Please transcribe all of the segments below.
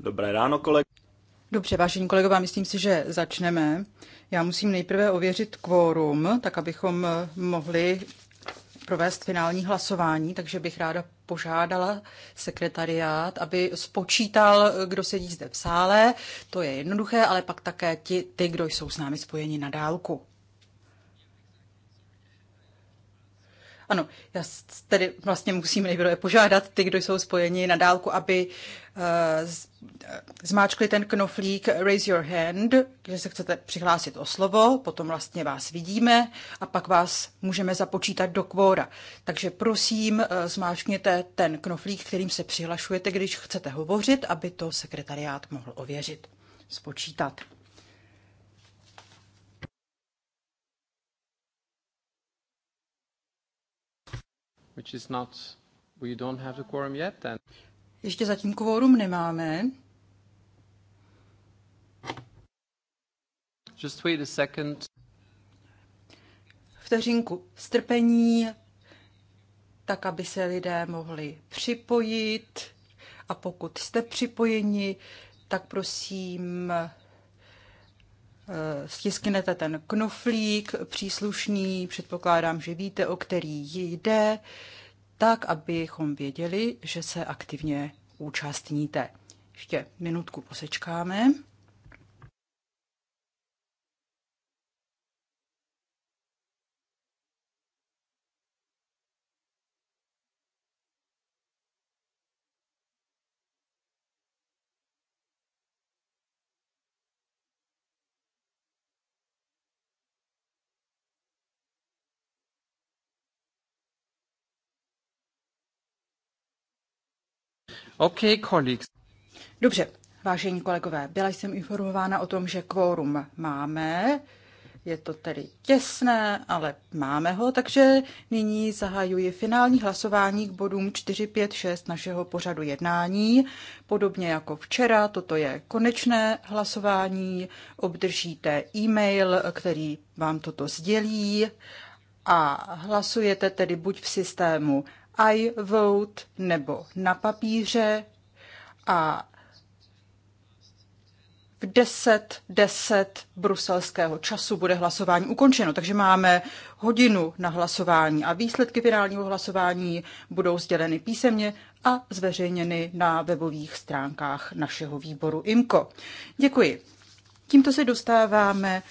Dobré ráno, koleg. Dobře, vážení kolegové, myslím si, že začneme. Já musím nejprve ověřit kvórum, tak abychom eh, mohli provést finální hlasování, takže bych ráda požádala sekretariát, aby spočítal, eh, kdo sedí zde v sále. To je jednoduché, ale pak také ti, ty, kdo jsou s námi spojeni na dálku. Ano, já tedy vlastně musím nejprve požádat ty, kdo jsou spojeni na dálku, aby eh, eh, zmáčkli ten knoflík Raise Your Hand, když se chcete přihlásit o slovo, potom vlastně vás vidíme a pak vás můžeme započítat do kvóra. Takže prosím, eh, zmáčkněte ten knoflík, kterým se přihlašujete, když chcete hovořit, aby to sekretariát mohl ověřit, spočítat. which is not, we don't have the quorum yet then. Ještě zatím kvórum nemáme. Just wait a second. Vteřinku strpení, tak aby se lidé mohli připojit. A pokud jste připojeni, tak prosím Eh, stisknete ten knoflík příslušný, předpokládám, že víte, o který jde, tak, abychom věděli, že se aktivně účastníte. Ještě minutku posečkáme. Okay, colleagues. Dobře, vážení kolegové, byla jsem informována o tom, že kvórum máme. Je to tedy těsné, ale máme ho, takže nyní zahajuji finální hlasování k bodům 4, 5, 6 našeho pořadu jednání. Podobně jako včera, toto je konečné hlasování. Obdržíte e-mail, který vám toto sdělí a hlasujete tedy buď v systému iVote nebo na papíře a v 10.10 10 bruselského času bude hlasování ukončeno, takže máme hodinu na hlasování a výsledky finálního hlasování budou sděleny písemně a zveřejněny na webových stránkách našeho výboru IMCO. Děkuji. Tímto se dostáváme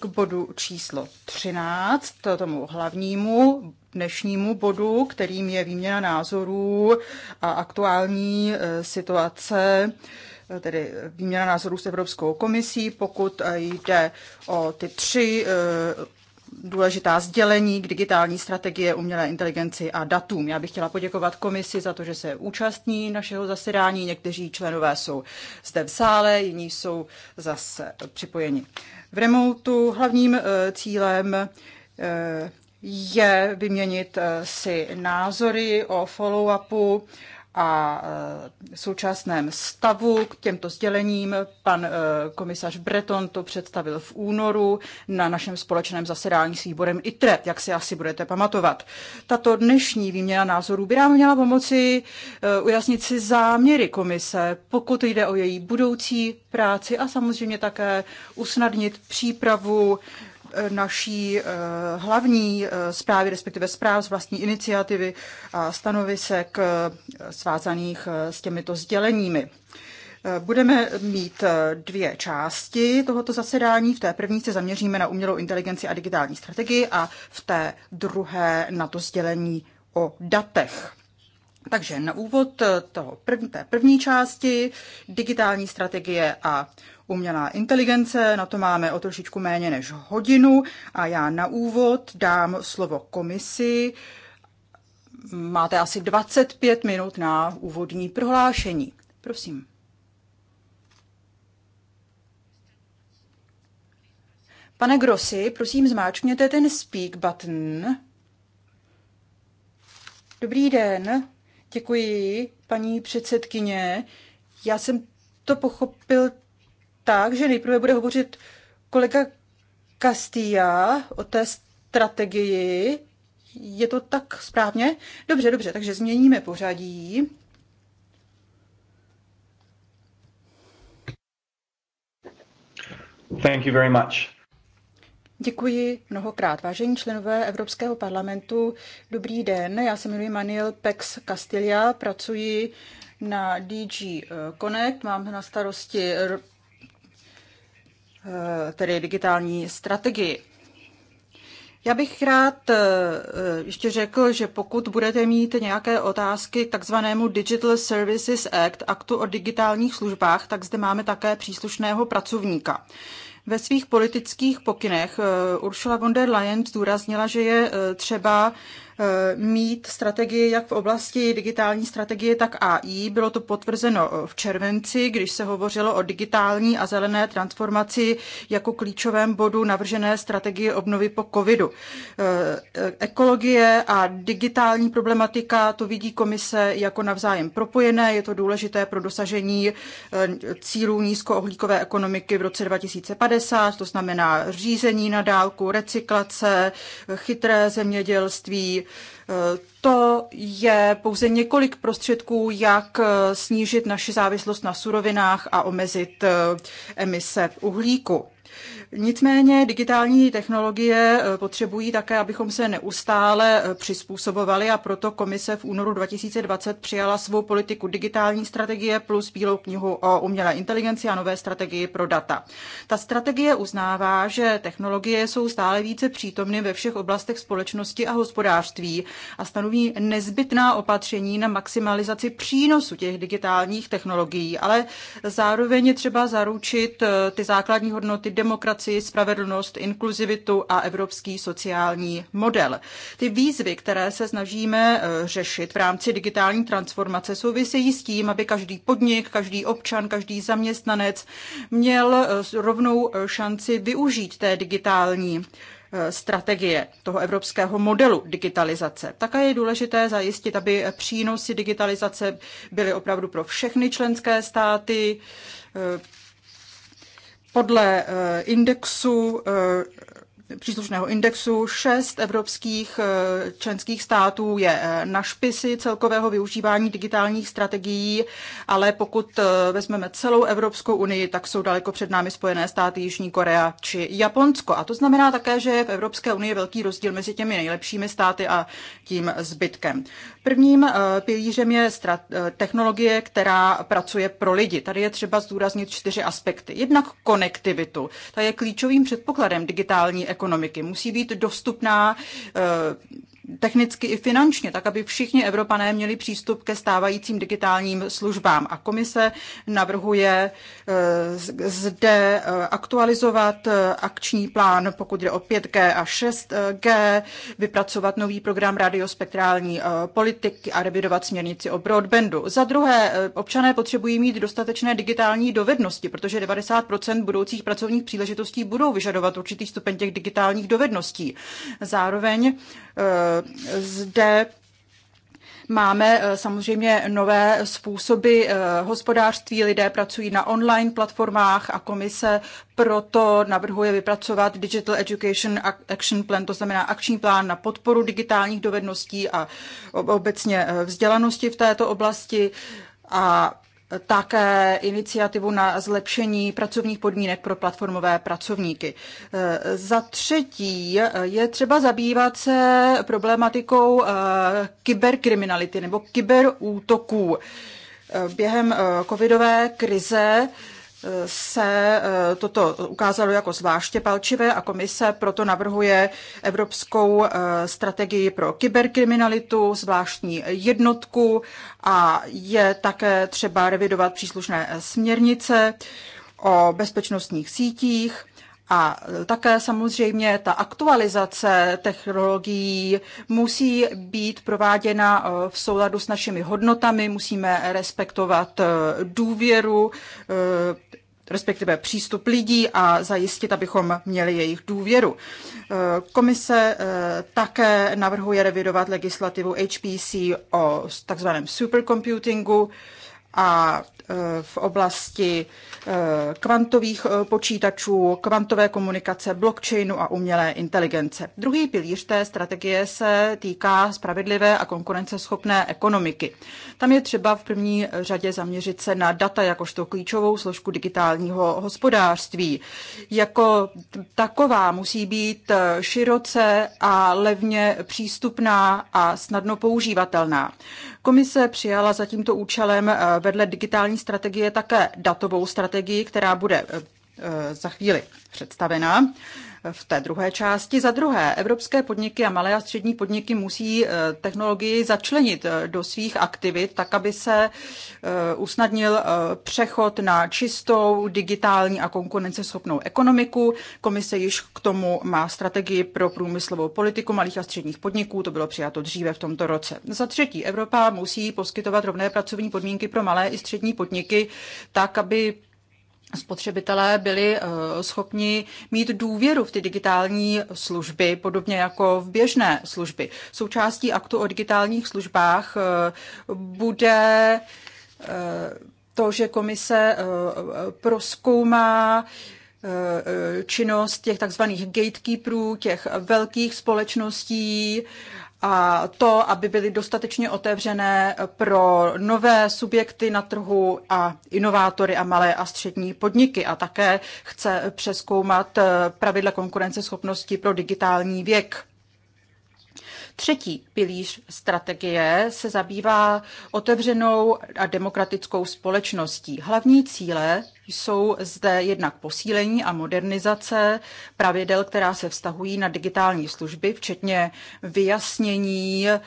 k bodu číslo 13, to tomu hlavnímu dnešnímu bodu, kterým je výměna názorů a aktuální eh, situace, eh, tedy výměna názorů s Evropskou komisí, pokud jde o ty tři eh, důležitá sdělení k digitální strategie, umělé inteligenci a datům. Já bych chtěla poděkovat komisi za to, že se účastní našeho zasedání. Někteří členové jsou zde v sále, jiní jsou zase připojeni v remoutu hlavním eh, cílem eh, je vyměnit eh, si názory o follow-upu a e, současném stavu k těmto sdělením. Pan e, komisař Breton to představil v únoru na našem společném zasedání s výborem ITRE, jak si asi budete pamatovat. Tato dnešní výměna názorů by nám měla pomoci e, ujasnit si záměry komise, pokud jde o její budoucí práci a samozřejmě také usnadnit přípravu naší eh, hlavní eh, zprávy, respektive zpráv z vlastní iniciativy a stanovisek eh, svázaných s těmito sděleními. Budeme mít dvě části tohoto zasedání. V té první se zaměříme na umělou inteligenci a digitální strategii a v té druhé na to sdělení o datech. Takže na úvod toho první, té první části digitální strategie a umělá inteligence, na to máme o trošičku méně než hodinu a já na úvod dám slovo komisi. Máte asi 25 minut na úvodní prohlášení. Prosím. Pane Grossi, prosím zmáčkněte ten speak button. Dobrý den, děkuji, paní předsedkyně. Já jsem to pochopil tak, že nejprve bude hovořit kolega Castilla o té strategii. Je to tak správně? Dobře, dobře, takže změníme pořadí. Thank you very much. Děkuji mnohokrát. Vážení členové Evropského parlamentu, dobrý den. Já se jmenuji Manuel Pex Castilla, pracuji na DG eh, Connect, mám na starosti Eh, tedy digitální strategii. Já bych rád eh, ještě řekl, že pokud budete mít nějaké otázky k takzvanému Digital Services Act, aktu o digitálních službách, tak zde máme také příslušného pracovníka. Ve svých politických pokynech eh, Ursula von der Leyen zdůraznila, že je třeba Eh, mít strategii jak v oblasti digitální strategie, tak AI. Bylo to potvrzeno eh, v červenci, když se hovořilo o digitální a zelené transformaci jako klíčovém bodu navržené strategie obnovy po covidu. Eh, ekologie a digitální problematika, to vidí komise jako navzájem propojené, je to důležité pro dosažení cílů nízkouhlíkové ekonomiky v roce 2050, to znamená řízení na dálku, recyklace, chytré zemědělství, to je pouze několik prostředků, jak snížit naši závislost na surovinách a omezit eh, emise uhlíku. Nicméně digitální technologie eh, potřebují také, abychom se neustále eh, přizpůsobovali a proto komise v únoru 2020 přijala svou politiku digitální strategie plus bílou knihu o umělé inteligenci a nové strategii pro data. Ta strategie uznává, že technologie jsou stále více přítomny ve všech oblastech společnosti a hospodářství a stanoví nezbytná opatření na maximalizaci přínosu těch digitálních technologií, ale zároveň je třeba zaručit eh, ty základní hodnoty demokracie, demokracii, spravedlnost, inkluzivitu a evropský sociální model. Ty výzvy, které se snažíme eh, řešit v rámci digitální transformace, souvisejí s tím, aby každý podnik, každý občan, každý zaměstnanec měl eh, rovnou eh, šanci využít té digitální strategie toho evropského modelu digitalizace. Také je důležité zajistit, aby přínosy digitalizace byly opravdu pro všechny členské státy, podle eh, indexu eh, příslušného indexu šest evropských eh, členských států je na špisy celkového využívání digitálních strategií, ale pokud vezmeme celou Evropskou unii, tak jsou daleko před námi Spojené státy, Jižní Korea či Japonsko. A to znamená také, že je v Evropské unii velký rozdíl mezi těmi nejlepšími státy a tím zbytkem. Prvním eh, pilířem je eh, technologie, která pracuje pro lidi. Tady je třeba zdůraznit čtyři aspekty. Jednak konektivitu. Ta je klíčovým předpokladem digitální ekonomiky. Musí být dostupná eh, technicky i finančně, tak aby všichni Evropané měli přístup ke stávajícím digitálním službám. A komise navrhuje eh, zde eh, aktualizovat eh, akční plán, pokud jde o 5G a 6G, vypracovat nový program radiospektrální politiky a revidovat směrnici o broadbandu. Za druhé, občané potřebují mít dostatečné digitální dovednosti, protože 90 budoucích pracovních příležitostí budou vyžadovat určitý stupeň těch digitálních dovedností. Zároveň zde Máme eh, samozřejmě nové způsoby eh, hospodářství, lidé pracují na online platformách a komise proto navrhuje vypracovat Digital Education Action Plan, to znamená akční plán na podporu digitálních dovedností a obecně eh, vzdělanosti v této oblasti. A také iniciativu na zlepšení pracovních podmínek pro platformové pracovníky. Eh, za třetí eh, je třeba zabývat se problematikou eh, kyberkriminality nebo kyberútoků. Během covidové krize se eh, toto ukázalo jako zvláště palčivé a komise proto navrhuje evropskou eh, strategii pro kyberkriminalitu, zvláštní jednotku a je také třeba revidovat příslušné eh, směrnice o bezpečnostních sítích a také samozřejmě ta aktualizace technologií musí být prováděna eh, v souladu s našimi hodnotami, musíme respektovat eh, důvěru, eh, respektive přístup lidí a zajistit, abychom měli jejich důvěru. Komise také navrhuje revidovat legislativu HPC o takzvaném supercomputingu a Eh, v oblasti eh, kvantových eh, počítačů, kvantové komunikace, blockchainu a umělé inteligence. Druhý pilíř té strategie se týká spravedlivé a konkurenceschopné ekonomiky. Tam je třeba v první řadě zaměřit se na data jakožto klíčovou složku digitálního hospodářství. Jako taková musí být široce a levně přístupná a snadno používatelná. Komise přijala za tímto účelem vedle digitální digitální strategie také datovou strategii, která bude eh, eh, za chvíli představena v té druhé části. Za druhé, evropské podniky a malé a střední podniky musí eh, technologii začlenit eh, do svých aktivit, tak aby se eh, usnadnil přechod na čistou, digitální a konkurenceschopnou ekonomiku. Komise již k tomu má strategii pro průmyslovou politiku malých a středních podniků, to bylo přijato dříve v tomto roce. Za třetí, Evropa musí poskytovat rovné pracovní podmínky pro malé i střední podniky, tak aby spotřebitelé byli eh, schopni mít důvěru v ty digitální služby, podobně jako v běžné služby. Součástí aktu o digitálních službách eh, bude eh, to, že komise proskoumá činnost těch takzvaných gatekeeperů, těch velkých společností a to, aby byly dostatečně otevřené pro nové subjekty na trhu a inovátory a malé a střední podniky. A také chce přeskoumat eh, pravidla konkurenceschopnosti pro digitální věk. Třetí pilíř strategie se zabývá otevřenou a demokratickou společností. Hlavní cíle jsou zde jednak posílení a modernizace pravidel, která se vztahují na digitální služby, včetně vyjasnění eh,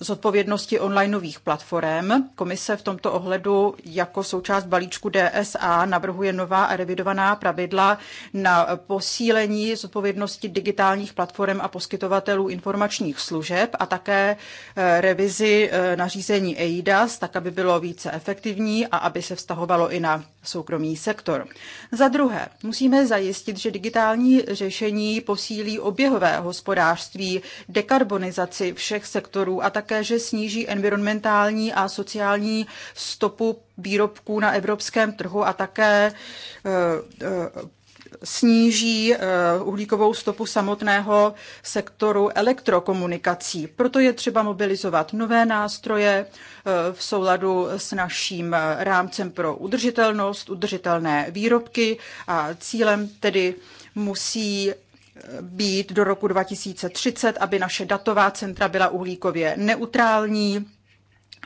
zodpovědnosti onlineových platform. Komise v tomto ohledu jako součást balíčku DSA navrhuje nová a revidovaná pravidla na posílení zodpovědnosti digitálních platform a poskytovatelů informačních služeb a také eh, revizi eh, nařízení EIDAS, tak aby bylo více efektivní a aby se vztahovalo i na soukromý sektor. Za druhé, musíme zajistit, že digitální řešení posílí oběhové hospodářství, dekarbonizaci všech sektorů a také také, že sníží environmentální a sociální stopu výrobků na evropském trhu a také eh, eh, sníží eh, uhlíkovou stopu samotného sektoru elektrokomunikací. Proto je třeba mobilizovat nové nástroje v souladu s naším rámcem pro udržitelnost, udržitelné výrobky a cílem tedy musí být do roku 2030, aby naše datová centra byla uhlíkově neutrální.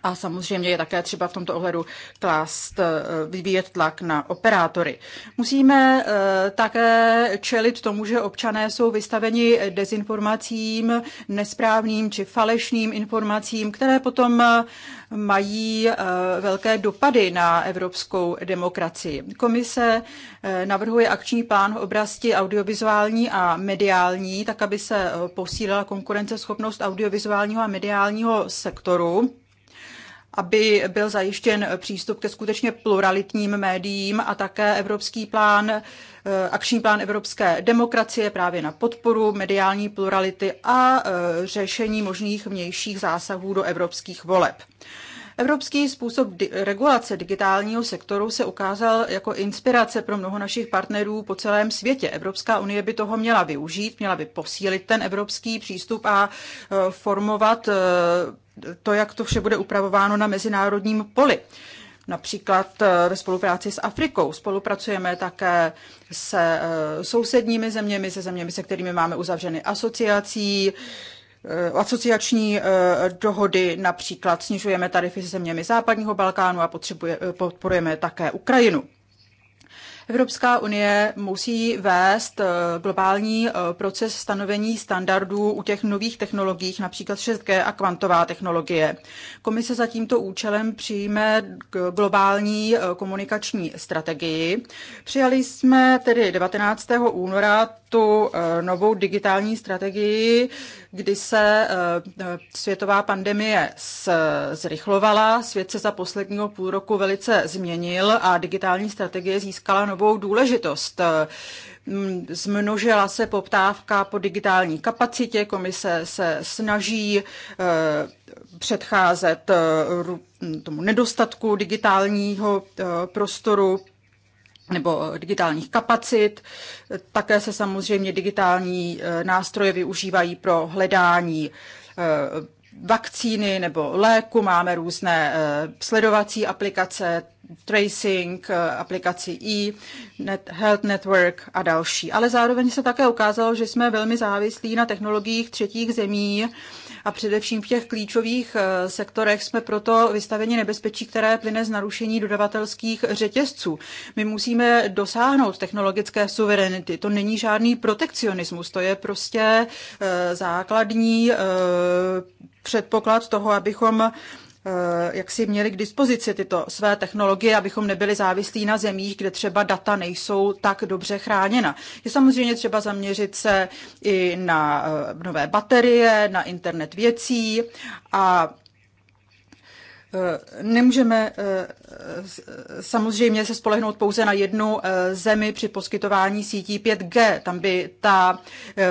A samozřejmě je také třeba v tomto ohledu klást, eh, vyvíjet tlak na operátory. Musíme eh, také čelit tomu, že občané jsou vystaveni dezinformacím, nesprávným či falešným informacím, které potom eh, mají velké dopady na evropskou demokracii. Komise navrhuje akční plán v oblasti audiovizuální a mediální, tak aby se posílila konkurenceschopnost audiovizuálního a mediálního sektoru aby byl zajištěn přístup ke skutečně pluralitním médiím a také evropský plán, eh, akční plán evropské demokracie právě na podporu mediální plurality a eh, řešení možných vnějších zásahů do evropských voleb. Evropský způsob di- regulace digitálního sektoru se ukázal jako inspirace pro mnoho našich partnerů po celém světě. Evropská unie by toho měla využít, měla by posílit ten evropský přístup a e, formovat e, to, jak to vše bude upravováno na mezinárodním poli například e, ve spolupráci s Afrikou. Spolupracujeme také se sousedními zeměmi, se zeměmi, se kterými máme uzavřeny asociací, Eh, asociační eh, dohody, například snižujeme tarify se zeměmi západního Balkánu a potřebuje, eh, podporujeme také Ukrajinu. Evropská unie musí vést eh, globální eh, proces stanovení standardů u těch nových technologií, například 6G a kvantová technologie. Komise za tímto účelem přijme globální eh, komunikační strategii. Přijali jsme tedy 19. února tu novou digitální strategii, kdy se světová pandemie zrychlovala, svět se za posledního půl roku velice změnil a digitální strategie získala novou důležitost. Mm, Zmnožila se poptávka po digitální kapacitě, komise se snaží eh, předcházet eh, mm, tomu nedostatku digitálního eh, prostoru nebo digitálních kapacit. Také se samozřejmě digitální nástroje využívají pro hledání vakcíny nebo léku, máme různé sledovací aplikace, tracing, eh, aplikaci E, Net, Health Network a další. Ale zároveň se také ukázalo, že jsme velmi závislí na technologiích třetích zemí a především v těch klíčových eh, sektorech jsme proto vystaveni nebezpečí, které plyne z narušení dodavatelských řetězců. My musíme dosáhnout technologické suverenity. To není žádný protekcionismus, to je prostě eh, základní předpoklad toho, abychom Eh, jak si měli k dispozici tyto své technologie, abychom nebyli závislí na zemích, kde třeba data nejsou tak dobře chráněna. Je samozřejmě třeba zaměřit se i na eh, nové baterie, na internet věcí a Eh, nemůžeme eh, samozřejmě se spolehnout pouze na jednu eh, zemi při poskytování sítí 5G. Tam by ta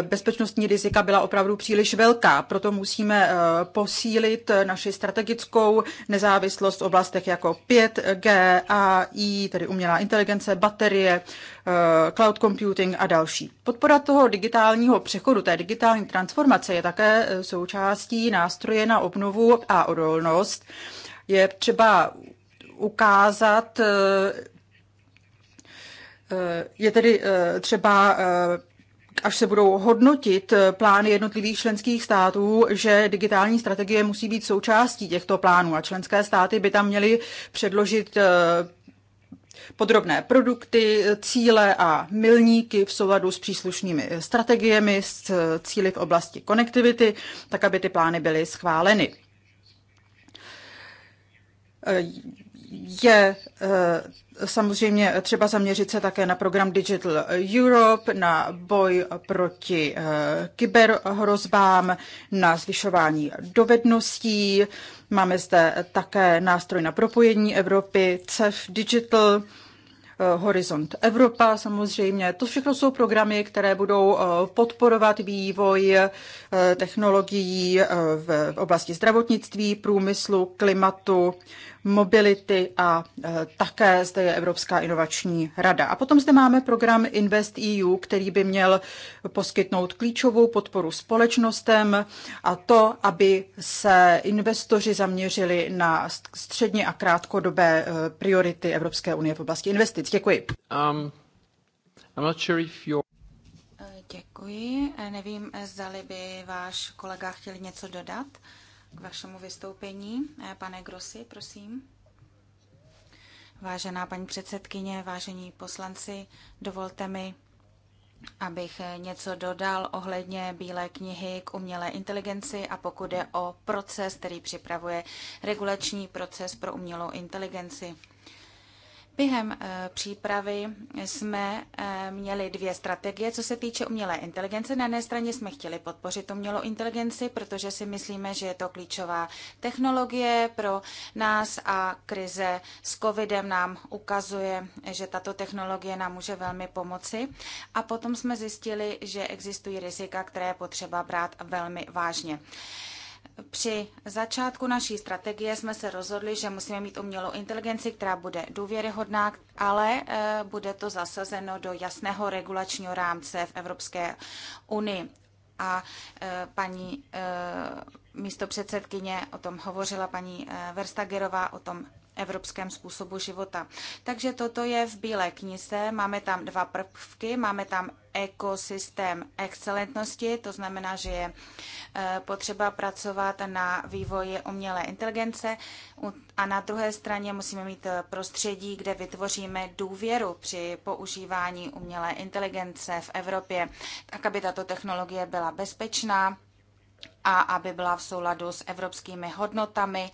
bezpečnostní rizika byla opravdu příliš velká. Proto musíme posílit naši strategickou nezávislost v oblastech jako 5G, AI, tedy umělá inteligence, baterie, cloud computing a další. Podpora toho digitálního přechodu, té digitální transformace je také součástí nástroje na obnovu a odolnost je třeba ukázat, eh, eh, je tedy eh, třeba až se budou hodnotit plány jednotlivých členských států, že digitální strategie musí být součástí těchto plánů a členské státy by tam měly předložit podrobné produkty, cíle a milníky v souladu s příslušnými strategiemi, s cíly v oblasti konektivity, tak aby ty plány byly schváleny. Eh, je eh, samozřejmě třeba zaměřit se také na program Digital Europe, na boj proti eh, kyberhrozbám, na zvyšování dovedností. Máme zde také nástroj na propojení Evropy, CEF Digital, Horizont Evropa samozřejmě. To všechno jsou programy, které budou podporovat vývoj technologií v oblasti zdravotnictví, průmyslu, klimatu, mobility a eh, také zde je Evropská inovační rada. A potom zde máme program Invest EU, který by měl poskytnout klíčovou podporu společnostem a to, aby se investoři zaměřili na středně a krátkodobé eh, priority Evropské unie v oblasti investic. Děkuji. Um, I'm not sure if you're... Eh, děkuji. Nevím, zdali by váš kolega chtěl něco dodat k vašemu vystoupení. Eh, pane Grossi, prosím. Vážená paní předsedkyně, vážení poslanci, dovolte mi, abych eh, něco dodal ohledně Bílé knihy k umělé inteligenci a pokud je o proces, který připravuje regulační proces pro umělou inteligenci. Během eh, přípravy jsme eh, měli dvě strategie, co se týče umělé inteligence. Na jedné straně jsme chtěli podpořit umělou inteligenci, protože si myslíme, že je to klíčová technologie pro nás a krize s covidem nám ukazuje, že tato technologie nám může velmi pomoci. A potom jsme zjistili, že existují rizika, které je potřeba brát velmi vážně. Při začátku naší strategie jsme se rozhodli, že musíme mít umělou inteligenci, která bude důvěryhodná, ale eh, bude to zasazeno do jasného regulačního rámce v Evropské unii. A eh, paní eh, místo předsedkyně o tom hovořila, paní Verstagerová o tom evropském způsobu života. Takže toto je v Bílé knize, máme tam dva prvky, máme tam ekosystém excelentnosti, to znamená, že je eh, potřeba pracovat na vývoji umělé inteligence a na druhé straně musíme mít eh, prostředí, kde vytvoříme důvěru při používání umělé inteligence v Evropě, tak aby tato technologie byla bezpečná a aby byla v souladu s evropskými hodnotami,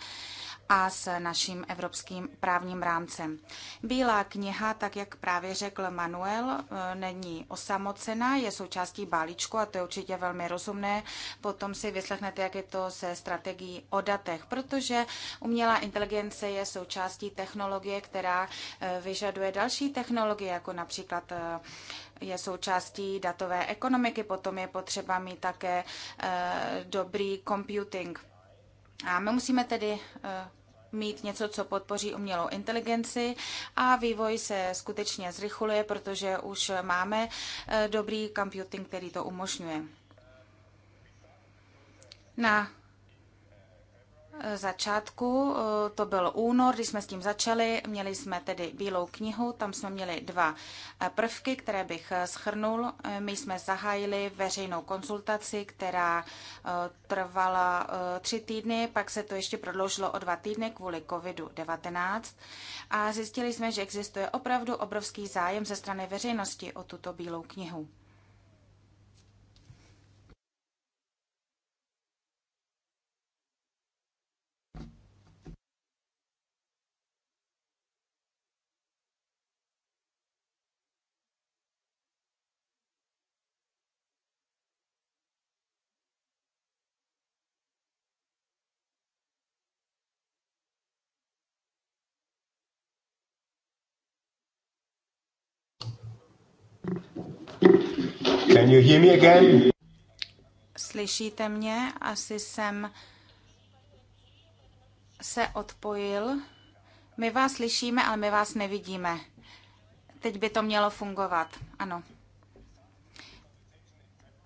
a s naším evropským právním rámcem. Bílá kniha, tak jak právě řekl Manuel, e, není osamocená, je součástí balíčku a to je určitě velmi rozumné. Potom si vyslechnete, jak je to se strategií o datech, protože umělá inteligence je součástí technologie, která e, vyžaduje další technologie, jako například e, je součástí datové ekonomiky, potom je potřeba mít také dobrý computing. A my musíme tedy mít něco, co podpoří umělou inteligenci a vývoj se skutečně zrychluje, protože už máme e, dobrý computing, který to umožňuje. Na začátku, eh, to byl únor, když jsme s tím začali, měli jsme tedy bílou knihu, tam jsme měli dva eh, prvky, které bych eh, schrnul. My jsme zahájili veřejnou konzultaci, která trvala tři týdny, pak se to ještě prodloužilo o dva týdny kvůli COVID-19 a zjistili jsme, že existuje opravdu obrovský zájem ze strany veřejnosti o tuto bílou knihu. Can you hear me again? Slyšíte mě? Asi jsem se odpojil. My vás slyšíme, ale my vás nevidíme. Teď by to mělo fungovat. Ano.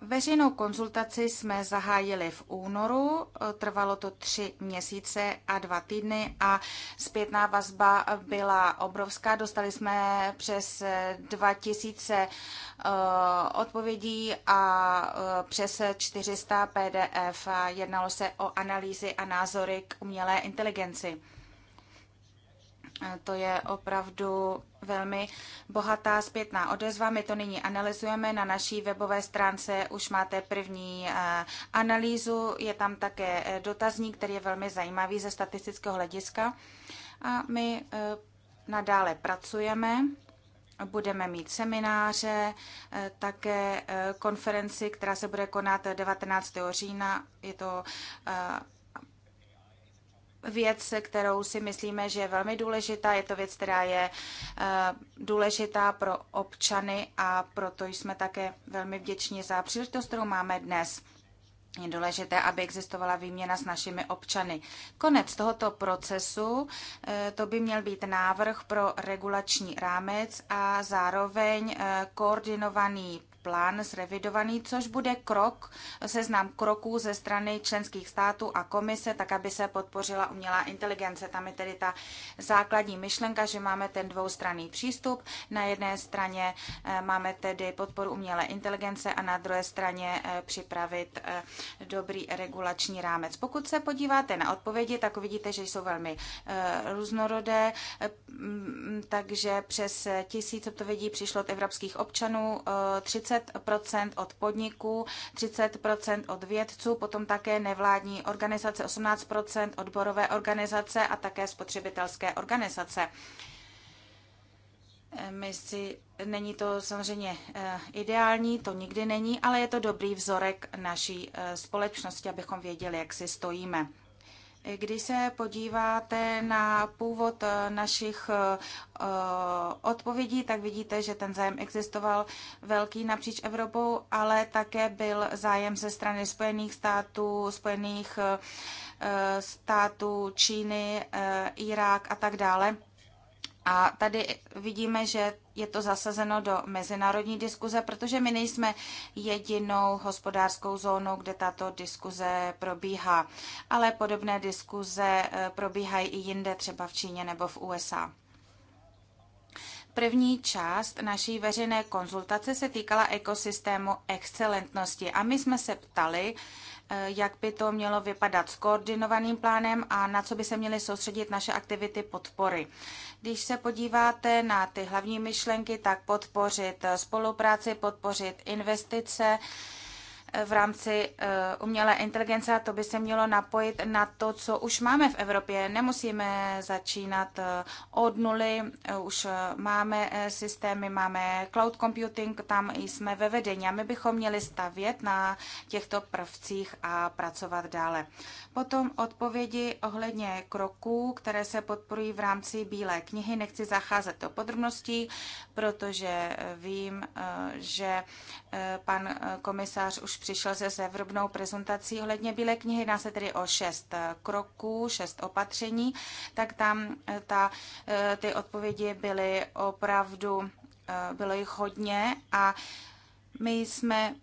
Veřejnou konzultaci jsme zahájili v únoru, e, trvalo to tři měsíce a dva týdny a zpětná vazba byla obrovská. Dostali jsme přes 2000 e, odpovědí a e, přes 400 PDF. Jednalo se o analýzy a názory k umělé inteligenci. To je opravdu velmi bohatá zpětná odezva. My to nyní analyzujeme na naší webové stránce. Už máte první eh, analýzu. Je tam také eh, dotazník, který je velmi zajímavý ze statistického hlediska. A my eh, nadále pracujeme. Budeme mít semináře, také konferenci, která se bude konat 19. října. Je to věc, kterou si myslíme, že je velmi důležitá. Je to věc, která je eh, důležitá pro občany a proto jsme také velmi vděční za příležitost, kterou máme dnes. Je důležité, aby existovala výměna s našimi občany. Konec tohoto procesu, eh, to by měl být návrh pro regulační rámec a zároveň eh, koordinovaný plán zrevidovaný, což bude krok, seznam kroků ze strany členských států a komise, tak aby se podpořila umělá inteligence. Tam je tedy ta základní myšlenka, že máme ten dvoustranný přístup. Na jedné straně eh, máme tedy podporu umělé inteligence a na druhé straně eh, připravit eh, dobrý regulační rámec. Pokud se podíváte na odpovědi, tak uvidíte, že jsou velmi různorodé, takže přes tisíc odpovědí přišlo od evropských občanů, 30 20 od podniků, 30 od vědců, potom také nevládní organizace, 18 odborové organizace a také spotřebitelské organizace. Eh, my si, není to samozřejmě eh, ideální, to nikdy není, ale je to dobrý vzorek naší eh, společnosti, abychom věděli, jak si stojíme. Když se podíváte na původ eh, našich eh, odpovědí, tak vidíte, že ten zájem existoval velký napříč Evropou, ale také byl zájem ze strany Spojených států, Spojených eh, států, Číny, Irák a tak dále. A tady vidíme, že je to zasazeno do mezinárodní diskuze, protože my nejsme jedinou hospodářskou zónou, kde tato diskuze probíhá. Ale podobné diskuze eh, probíhají i jinde, třeba v Číně nebo v USA. První část naší veřejné konzultace se týkala ekosystému excelentnosti a my jsme se ptali, eh, jak by to mělo vypadat s koordinovaným plánem a na co by se měly soustředit naše aktivity podpory. Když se podíváte na ty hlavní myšlenky, tak podpořit eh, spolupráci, podpořit investice, v rámci eh, umělé inteligence a to by se mělo napojit na to, co už máme v Evropě. Nemusíme začínat eh, od nuly, eh, už máme systémy, máme cloud computing, tam jsme ve vedení a my bychom měli stavět na těchto prvcích a pracovat dále. Potom odpovědi ohledně kroků, které se podporují v rámci Bílé knihy. Nechci zacházet do podrobností, protože vím, že pan komisář už přišel se zevrubnou prezentací ohledně Bílé knihy. Jedná se tedy o šest eh, kroků, šest opatření, tak tam eh, ta, eh, ty odpovědi byly opravdu, bylo jich hodně a my jsme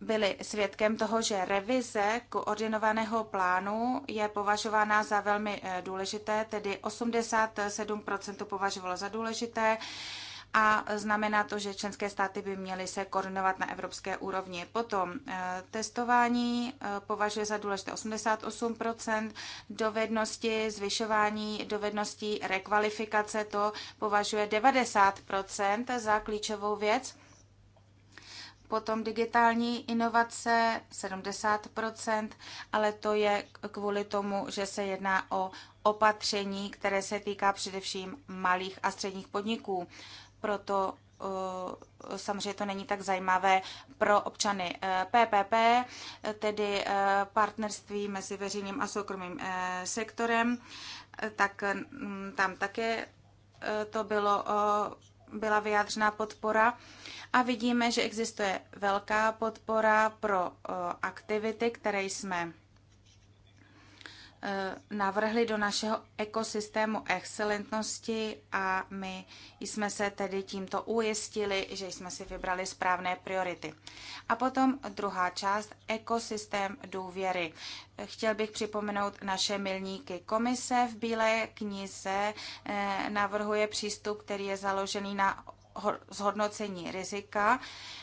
byli svědkem toho, že revize koordinovaného plánu je považována za velmi důležité, tedy 87% považovalo za důležité, a znamená to, že členské státy by měly se koordinovat na evropské úrovni. Potom eh, testování eh, považuje za důležité 88 dovednosti, zvyšování dovedností, rekvalifikace to považuje 90 za klíčovou věc. Potom digitální inovace 70 ale to je kvůli tomu, že se jedná o opatření, které se týká především malých a středních podniků proto eh, samozřejmě to není tak zajímavé pro občany PPP, eh, tedy eh, partnerství mezi veřejným a soukromým sektorem, tak mm, tam také to bylo, byla vyjádřená podpora a vidíme, že existuje velká podpora pro aktivity, které jsme Eh, navrhli do našeho ekosystému excelentnosti a my jsme se tedy tímto ujistili, že jsme si vybrali správné priority. A potom druhá část, ekosystém důvěry. Chtěl bych připomenout naše milníky. Komise v Bílé knize eh, navrhuje přístup, který je založený na zhodnocení rizika.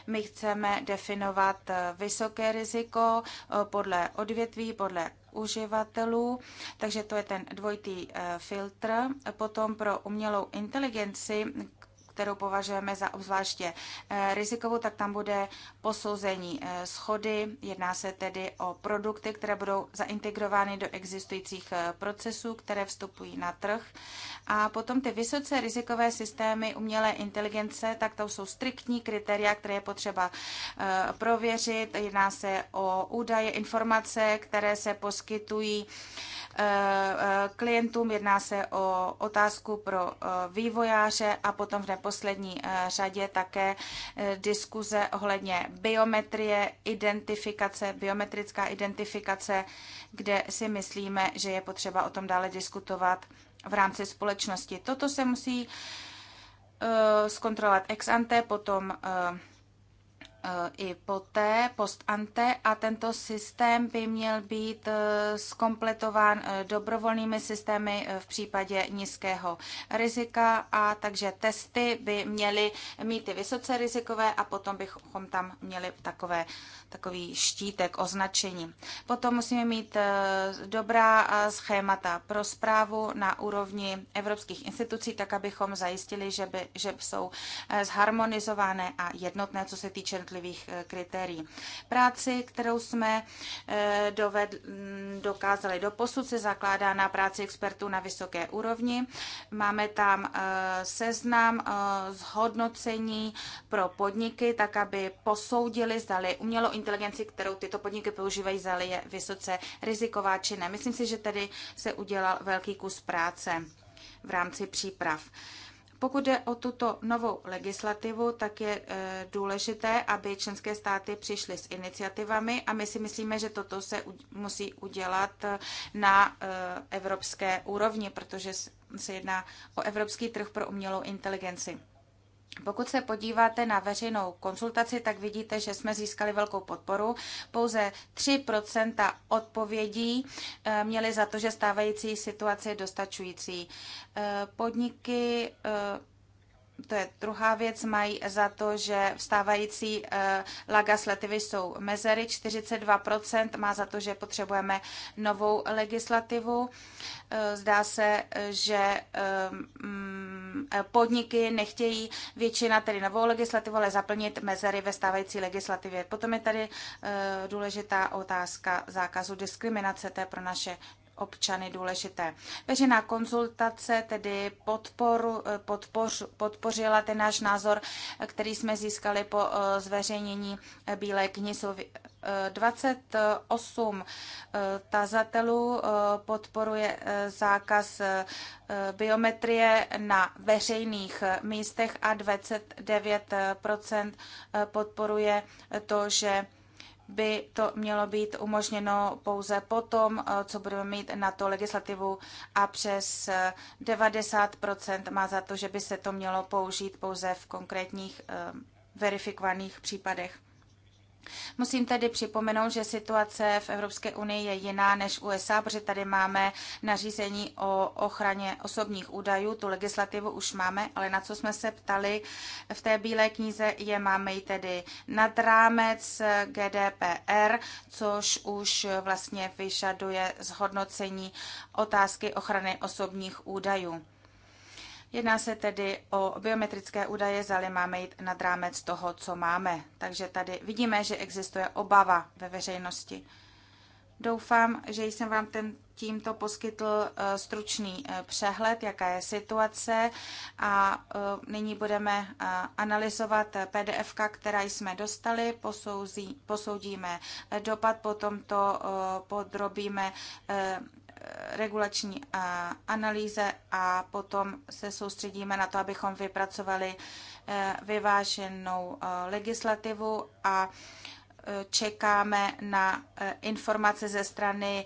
My chceme definovat eh, vysoké riziko podle odvětví, podle uživatelů, takže to je ten dvojitý eh, filtr. Potom pro umělou inteligenci, kterou považujeme za obzvláště eh, rizikovou, tak tam bude posouzení eh, schody. Jedná se tedy o produkty, které budou zaintegrovány do existujících eh, procesů, které vstupují na trh. A potom ty vysoce rizikové systémy umělé inteligence, tak to jsou striktní kritéria, které je potřeba prověřit. Jedná se o údaje, informace, které se poskytují Eh, eh, klientům, jedná se o otázku pro eh, vývojáře a potom v neposlední řadě také diskuze ohledně biometrie, identifikace, biometrická identifikace, kde si myslíme, že je potřeba o tom dále diskutovat v rámci společnosti. Toto se musí zkontrolovat ex ante, potom i poté, post ante, a tento systém by měl být skompletován eh, eh, dobrovolnými systémy eh, v případě nízkého rizika a takže testy by měly mít ty vysoce rizikové a potom bychom tam měli takové, takový štítek označení. Potom musíme mít dobrá schémata pro zprávu na úrovni evropských institucí, tak abychom zajistili, že, by, že jsou zharmonizované a jednotné, co se týče jednotlivých eh, kritérií. Práci, kterou jsme eh, doved, mm, dokázali do posud, se zakládá na práci expertů na vysoké úrovni. Máme tam eh, seznam zhodnocení pro podniky, tak aby posoudili, zdali umělou inteligenci, kterou tyto podniky používají, zdali je vysoce riziková či ne. Myslím si, že tady se udělal velký kus práce v rámci příprav. Pokud jde o tuto novou legislativu, tak je e, důležité, aby členské státy přišly s iniciativami a my si myslíme, že toto se musí udělat e, na e, evropské úrovni, protože se jedná o evropský trh pro umělou inteligenci. Pokud se podíváte na veřejnou konzultaci, tak vidíte, že jsme získali velkou podporu. Pouze 3 odpovědí eh, měly za to, že stávající situace je dostačující. Eh, podniky eh, to je druhá věc, mají za to, že vstávající eh, legislativy jsou mezery, 42% má za to, že potřebujeme novou legislativu. Eh, zdá se, že eh, mm, podniky nechtějí většina tedy novou legislativu, ale zaplnit mezery ve stávající legislativě. Potom je tady důležitá otázka zákazu diskriminace, to je pro naše občany důležité. Veřejná konzultace tedy podporu, eh, podpoř, podpořila ten náš názor, který jsme získali po eh, zveřejnění eh, Bílé knihy. 28 tazatelů podporuje zákaz biometrie na veřejných místech a 29 podporuje to, že by to mělo být umožněno pouze potom, eh, co budeme mít na to legislativu a přes 90 eh, má za to, že by se to mělo použít pouze v konkrétních eh, verifikovaných případech. Musím tedy připomenout, že situace v Evropské unii je jiná než USA, protože tady máme nařízení o ochraně osobních údajů, tu legislativu už máme, ale na co jsme se ptali v té bílé knize, je máme ji tedy nad rámec GDPR, což už vlastně vyžaduje zhodnocení otázky ochrany osobních údajů. Jedná se tedy o biometrické údaje, zda máme jít nad rámec toho, co máme. Takže tady vidíme, že existuje obava ve veřejnosti. Doufám, že jsem vám ten, tímto poskytl e, stručný e, přehled, jaká je situace a e, nyní budeme analyzovat PDF, která jsme dostali, posouzí, posoudíme dopad, potom to podrobíme regulační eh, analýze a potom se soustředíme na to, abychom vypracovali eh, vyváženou eh, legislativu a čekáme na informace ze strany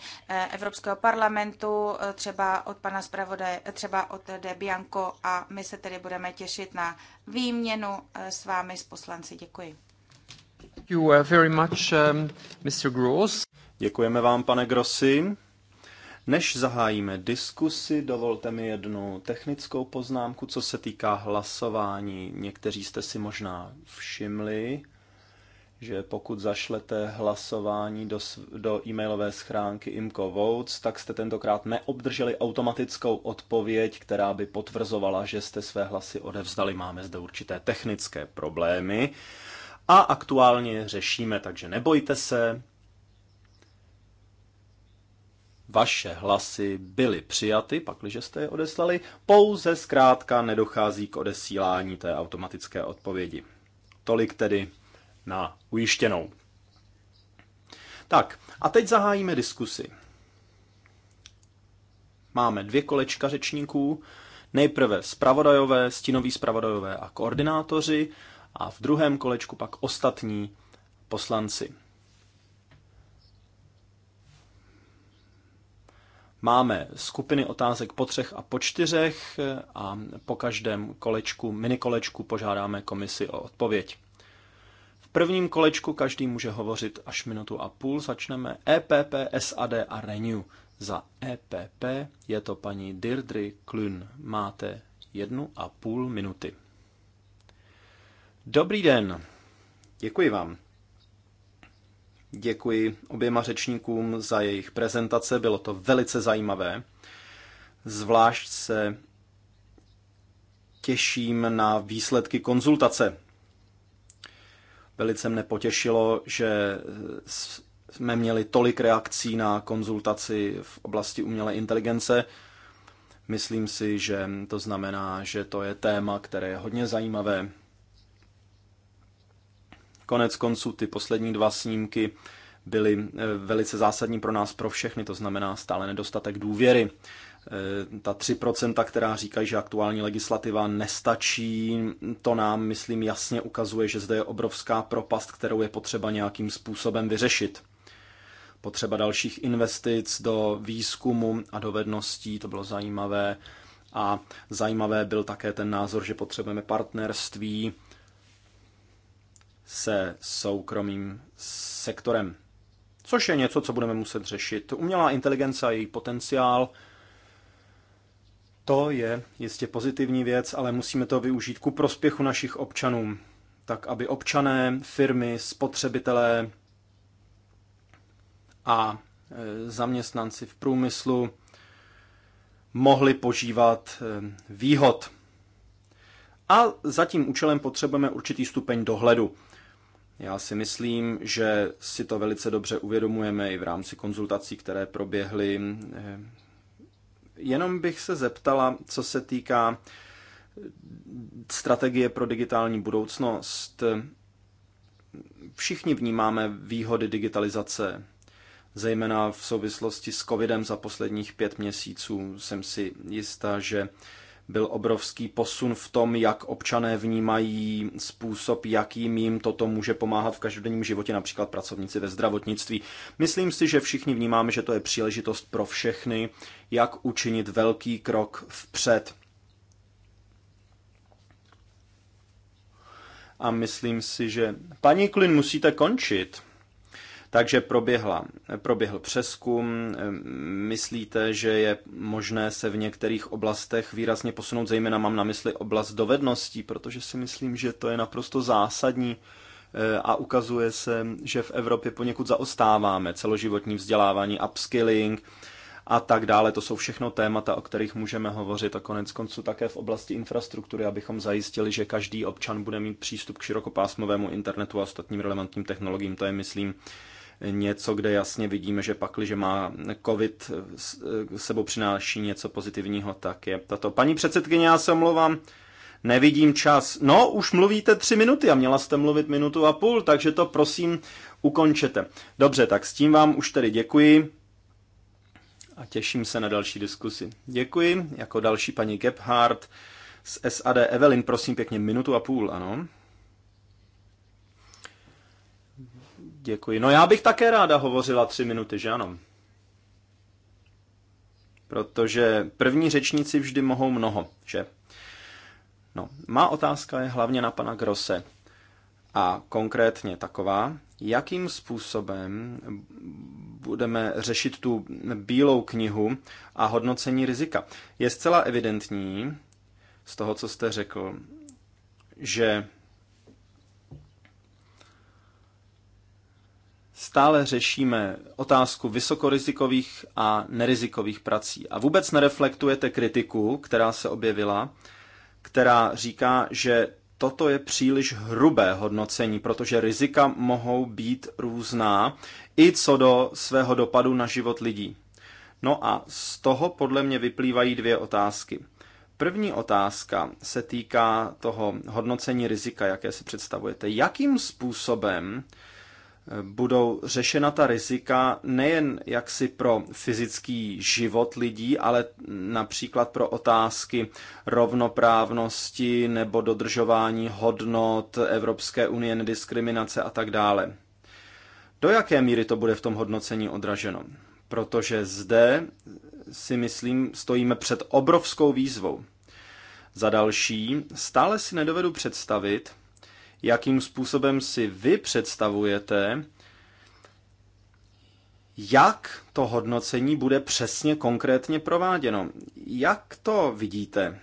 Evropského parlamentu, třeba od pana zpravodaje, třeba od De Bianco a my se tedy budeme těšit na výměnu s vámi, s poslanci. Děkuji. Thank you very much, Mr. Děkujeme vám, pane Grossi. Než zahájíme diskusi, dovolte mi jednu technickou poznámku, co se týká hlasování. Někteří jste si možná všimli, že pokud zašlete hlasování do, do e-mailové schránky IMCO Votes, tak jste tentokrát neobdrželi automatickou odpověď, která by potvrzovala, že jste své hlasy odevzdali. Máme zde určité technické problémy a aktuálně řešíme, takže nebojte se, vaše hlasy byly přijaty, pakliže jste je odeslali, pouze zkrátka nedochází k odesílání té automatické odpovědi. Tolik tedy na ujištěnou. Tak, a teď zahájíme diskusi. Máme dvě kolečka řečníků, nejprve spravodajové, stinoví spravodajové a koordinátoři a v druhém kolečku pak ostatní poslanci. Máme skupiny otázek po třech a po čtyřech a po každém kolečku, minikolečku požádáme komisi o odpověď. V prvním kolečku každý může hovořit až minutu a půl. Začneme EPP, SAD a Renew. Za EPP je to paní Dirdry Klun. Máte jednu a půl minuty. Dobrý den. Děkuji vám. Děkuji oběma řečníkům za jejich prezentace, bylo to velice zajímavé. Zvlášť se těším na výsledky konzultace. Velice mne potěšilo, že jsme měli tolik reakcí na konzultaci v oblasti umělé inteligence. Myslím si, že to znamená, že to je téma, které je hodně zajímavé Konec konců ty poslední dva snímky byly eh, velice zásadní pro nás, pro všechny, to znamená stále nedostatek důvěry. Eh, ta 3%, která říkají, že aktuální legislativa nestačí, to nám, myslím, jasně ukazuje, že zde je obrovská propast, kterou je potřeba nějakým způsobem vyřešit. Potřeba dalších investic do výzkumu a dovedností, to bylo zajímavé. A zajímavé byl také ten názor, že potřebujeme partnerství se soukromým sektorem. Což je něco, co budeme muset řešit. Umělá inteligence a její potenciál, to je jistě pozitivní věc, ale musíme to využít ku prospěchu našich občanů. Tak, aby občané, firmy, spotřebitelé a e, zaměstnanci v průmyslu mohli požívat e, výhod. A za tím účelem potřebujeme určitý stupeň dohledu. Já si myslím, že si to velice dobře uvědomujeme i v rámci konzultací, které proběhly. Eh, jenom bych se zeptala, co se týká eh, strategie pro digitální budoucnost. Všichni vnímáme výhody digitalizace, zejména v souvislosti s covidem za posledních pět měsíců. Jsem si jistá, že byl obrovský posun v tom, jak občané vnímají způsob, jakým jim toto může pomáhat v každodenním životě, například pracovníci ve zdravotnictví. Myslím si, že všichni vnímáme, že to je příležitost pro všechny, jak učinit velký krok vpřed. A myslím si, že... Paní Klin, musíte končit. Takže proběhla, proběhl přeskum. Myslíte, že je možné se v některých oblastech výrazně posunout, zejména mám na mysli oblast dovedností, protože si myslím, že to je naprosto zásadní eh, a ukazuje se, že v Evropě poněkud zaostáváme. Celoživotní vzdělávání, upskilling a tak dále. To jsou všechno témata, o kterých můžeme hovořit a konec konců také v oblasti infrastruktury, abychom zajistili, že každý občan bude mít přístup k širokopásmovému internetu a ostatním relevantním technologiím. To je, myslím, něco, kde jasně vidíme, že pakli, že má covid eh, sebou přináší něco pozitivního, tak je tato. Paní předsedkyně, já se omlouvám, nevidím čas. No, už mluvíte tři minuty a měla jste mluvit minutu a půl, takže to prosím ukončete. Dobře, tak s tím vám už tedy děkuji a těším se na další diskusi. Děkuji, jako další paní Gebhardt z SAD Evelyn, prosím pěkně minutu a půl, ano. Děkuji. No já bych také ráda hovořila tři minuty, že ano? Protože první řečníci vždy mohou mnoho, že? No, má otázka je hlavně na pana Grose. A konkrétně taková, jakým způsobem budeme řešit tu bílou knihu a hodnocení rizika. Je zcela evidentní z toho, co jste řekl, že stále řešíme otázku vysokorizikových a nerizikových prací. A vůbec nereflektujete kritiku, která se objevila, která říká, že toto je příliš hrubé hodnocení, protože rizika mohou být různá i co do svého dopadu na život lidí. No a z toho podle mě vyplývají dvě otázky. První otázka se týká toho hodnocení rizika, jaké si představujete. Jakým způsobem budou řešena ta rizika nejen jaksi pro fyzický život lidí, ale například pro otázky rovnoprávnosti nebo dodržování hodnot Evropské unie, nediskriminace a tak dále. Do jaké míry to bude v tom hodnocení odraženo? Protože zde si myslím, stojíme před obrovskou výzvou. Za další, stále si nedovedu představit, jakým způsobem si vy představujete, jak to hodnocení bude přesně konkrétně prováděno. Jak to vidíte?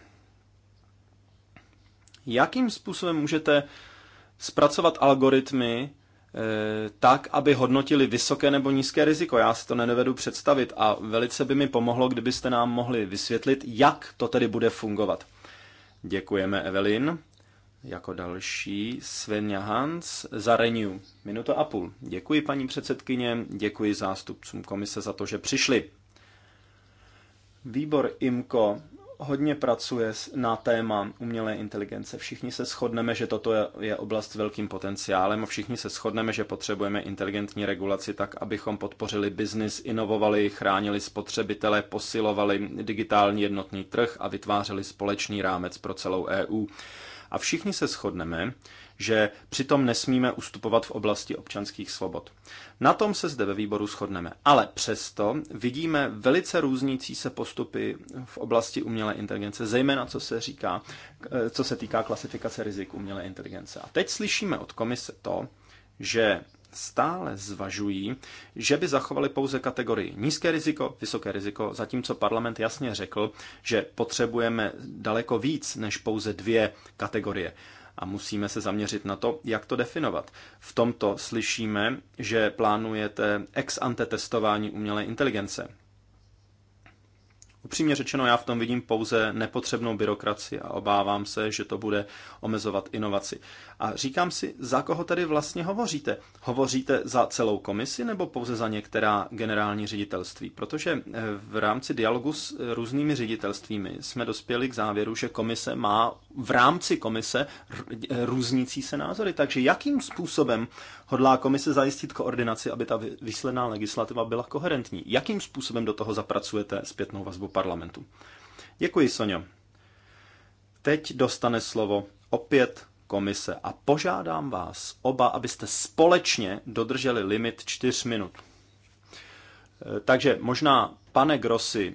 Jakým způsobem můžete zpracovat algoritmy eh, tak, aby hodnotili vysoké nebo nízké riziko. Já si to nedovedu představit a velice by mi pomohlo, kdybyste nám mohli vysvětlit, jak to tedy bude fungovat. Děkujeme, Evelyn. Jako další Svenja Hans za Renew. Minuta a půl. Děkuji paní předsedkyně, děkuji zástupcům komise za to, že přišli. Výbor IMKO hodně pracuje na téma umělé inteligence. Všichni se shodneme, že toto je oblast s velkým potenciálem a všichni se shodneme, že potřebujeme inteligentní regulaci tak, abychom podpořili biznis, inovovali, chránili spotřebitele, posilovali digitální jednotný trh a vytvářeli společný rámec pro celou EU. A všichni se shodneme, že přitom nesmíme ustupovat v oblasti občanských svobod. Na tom se zde ve výboru shodneme. Ale přesto vidíme velice různící se postupy v oblasti umělé inteligence, zejména co se, říká, co se týká klasifikace rizik umělé inteligence. A teď slyšíme od komise to, že stále zvažují, že by zachovali pouze kategorii nízké riziko, vysoké riziko, zatímco parlament jasně řekl, že potřebujeme daleko víc než pouze dvě kategorie a musíme se zaměřit na to, jak to definovat. V tomto slyšíme, že plánujete ex ante testování umělé inteligence. Upřímně řečeno, já v tom vidím pouze nepotřebnou byrokraci a obávám se, že to bude omezovat inovaci. A říkám si, za koho tady vlastně hovoříte? Hovoříte za celou komisi nebo pouze za některá generální ředitelství? Protože eh, v rámci dialogu s různými ředitelstvími jsme dospěli k závěru, že komise má v rámci komise různící se názory. Takže jakým způsobem hodlá komise zajistit koordinaci, aby ta výsledná legislativa byla koherentní? Jakým způsobem do toho zapracujete zpětnou vazbu parlamentu? Děkuji, Sonja. Teď dostane slovo opět komise a požádám vás oba, abyste společně dodrželi limit čtyř minut. Eh, takže možná, pane Grossi,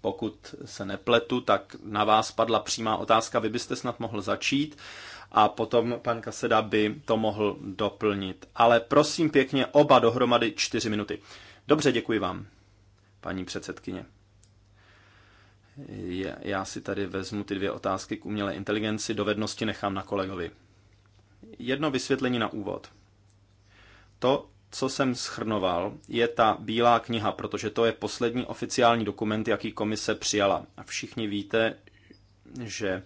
pokud se nepletu, tak na vás padla přímá otázka, vy byste snad mohl začít a potom pan Kaseda by to mohl doplnit. Ale prosím pěkně, oba dohromady čtyři minuty. Dobře, děkuji vám, paní předsedkyně. Já si tady vezmu ty dvě otázky k umělé inteligenci, dovednosti nechám na kolegovi. Jedno vysvětlení na úvod. To, co jsem schrnoval, je ta bílá kniha, protože to je poslední oficiální dokument, jaký komise přijala. A všichni víte, že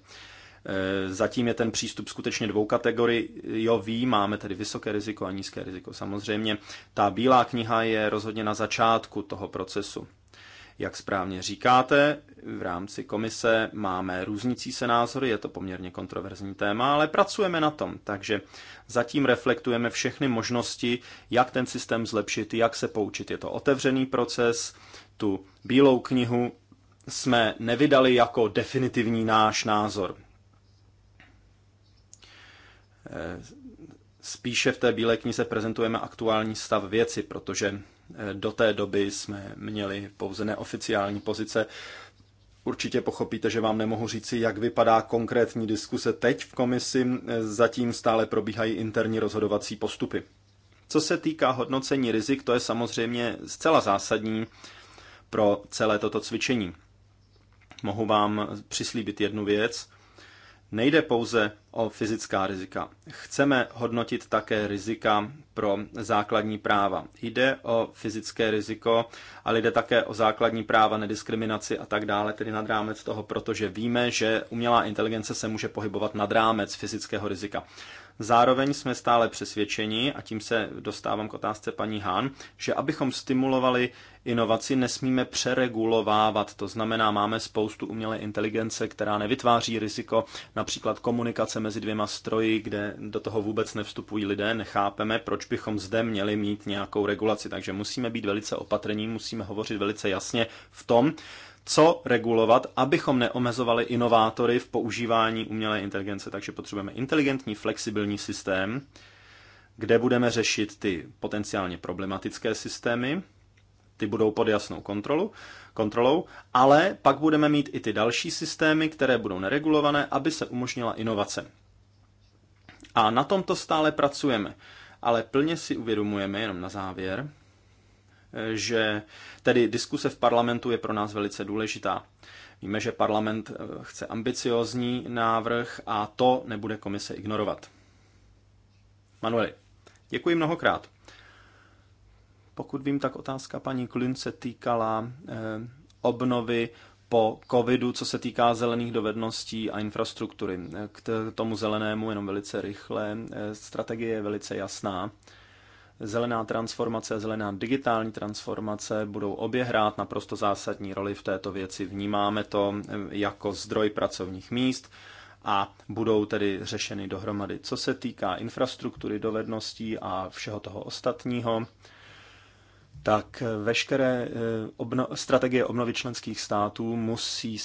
Eh, zatím je ten přístup skutečně dvou ví, máme tedy vysoké riziko a nízké riziko. Samozřejmě ta bílá kniha je rozhodně na začátku toho procesu. Jak správně říkáte, v rámci komise máme různící se názory, je to poměrně kontroverzní téma, ale pracujeme na tom, takže zatím reflektujeme všechny možnosti, jak ten systém zlepšit, jak se poučit. Je to otevřený proces, tu bílou knihu jsme nevydali jako definitivní náš názor. Eh, spíše v té bílé knize prezentujeme aktuální stav věci, protože eh, do té doby jsme měli pouze neoficiální pozice. Určitě pochopíte, že vám nemohu říci, jak vypadá konkrétní diskuse teď v komisi, eh, zatím stále probíhají interní rozhodovací postupy. Co se týká hodnocení rizik, to je samozřejmě zcela zásadní pro celé toto cvičení. Mohu vám přislíbit jednu věc. Nejde pouze o fyzická rizika. Chceme hodnotit také rizika pro základní práva. Jde o fyzické riziko, ale jde také o základní práva, nediskriminaci a tak dále, tedy nad rámec toho, protože víme, že umělá inteligence se může pohybovat nad rámec fyzického rizika. Zároveň jsme stále přesvědčeni, a tím se dostávám k otázce paní Hán, že abychom stimulovali inovaci, nesmíme přeregulovávat. To znamená, máme spoustu umělé inteligence, která nevytváří riziko, například komunikace mezi dvěma stroji, kde do toho vůbec nevstupují lidé, nechápeme, proč bychom zde měli mít nějakou regulaci. Takže musíme být velice opatrní, musíme hovořit velice jasně v tom, co regulovat, abychom neomezovali inovátory v používání umělé inteligence. Takže potřebujeme inteligentní, flexibilní systém, kde budeme řešit ty potenciálně problematické systémy, ty budou pod jasnou kontrolu, kontrolou, ale pak budeme mít i ty další systémy, které budou neregulované, aby se umožnila inovace. A na tomto stále pracujeme, ale plně si uvědomujeme, jenom na závěr, že tedy diskuse v parlamentu je pro nás velice důležitá. Víme, že parlament eh, chce ambiciozní návrh a to nebude komise ignorovat. Manueli, děkuji mnohokrát. Pokud vím, tak otázka paní Klin se týkala eh, obnovy po covidu, co se týká zelených dovedností a infrastruktury. K tomu zelenému jenom velice rychle. Eh, strategie je velice jasná. Zelená transformace a zelená digitální transformace budou obě hrát naprosto zásadní roli v této věci. Vnímáme to eh, jako zdroj pracovních míst a budou tedy řešeny dohromady. Co se týká infrastruktury, dovedností a všeho toho ostatního, tak eh, veškeré eh, obno- strategie obnovy členských států musí,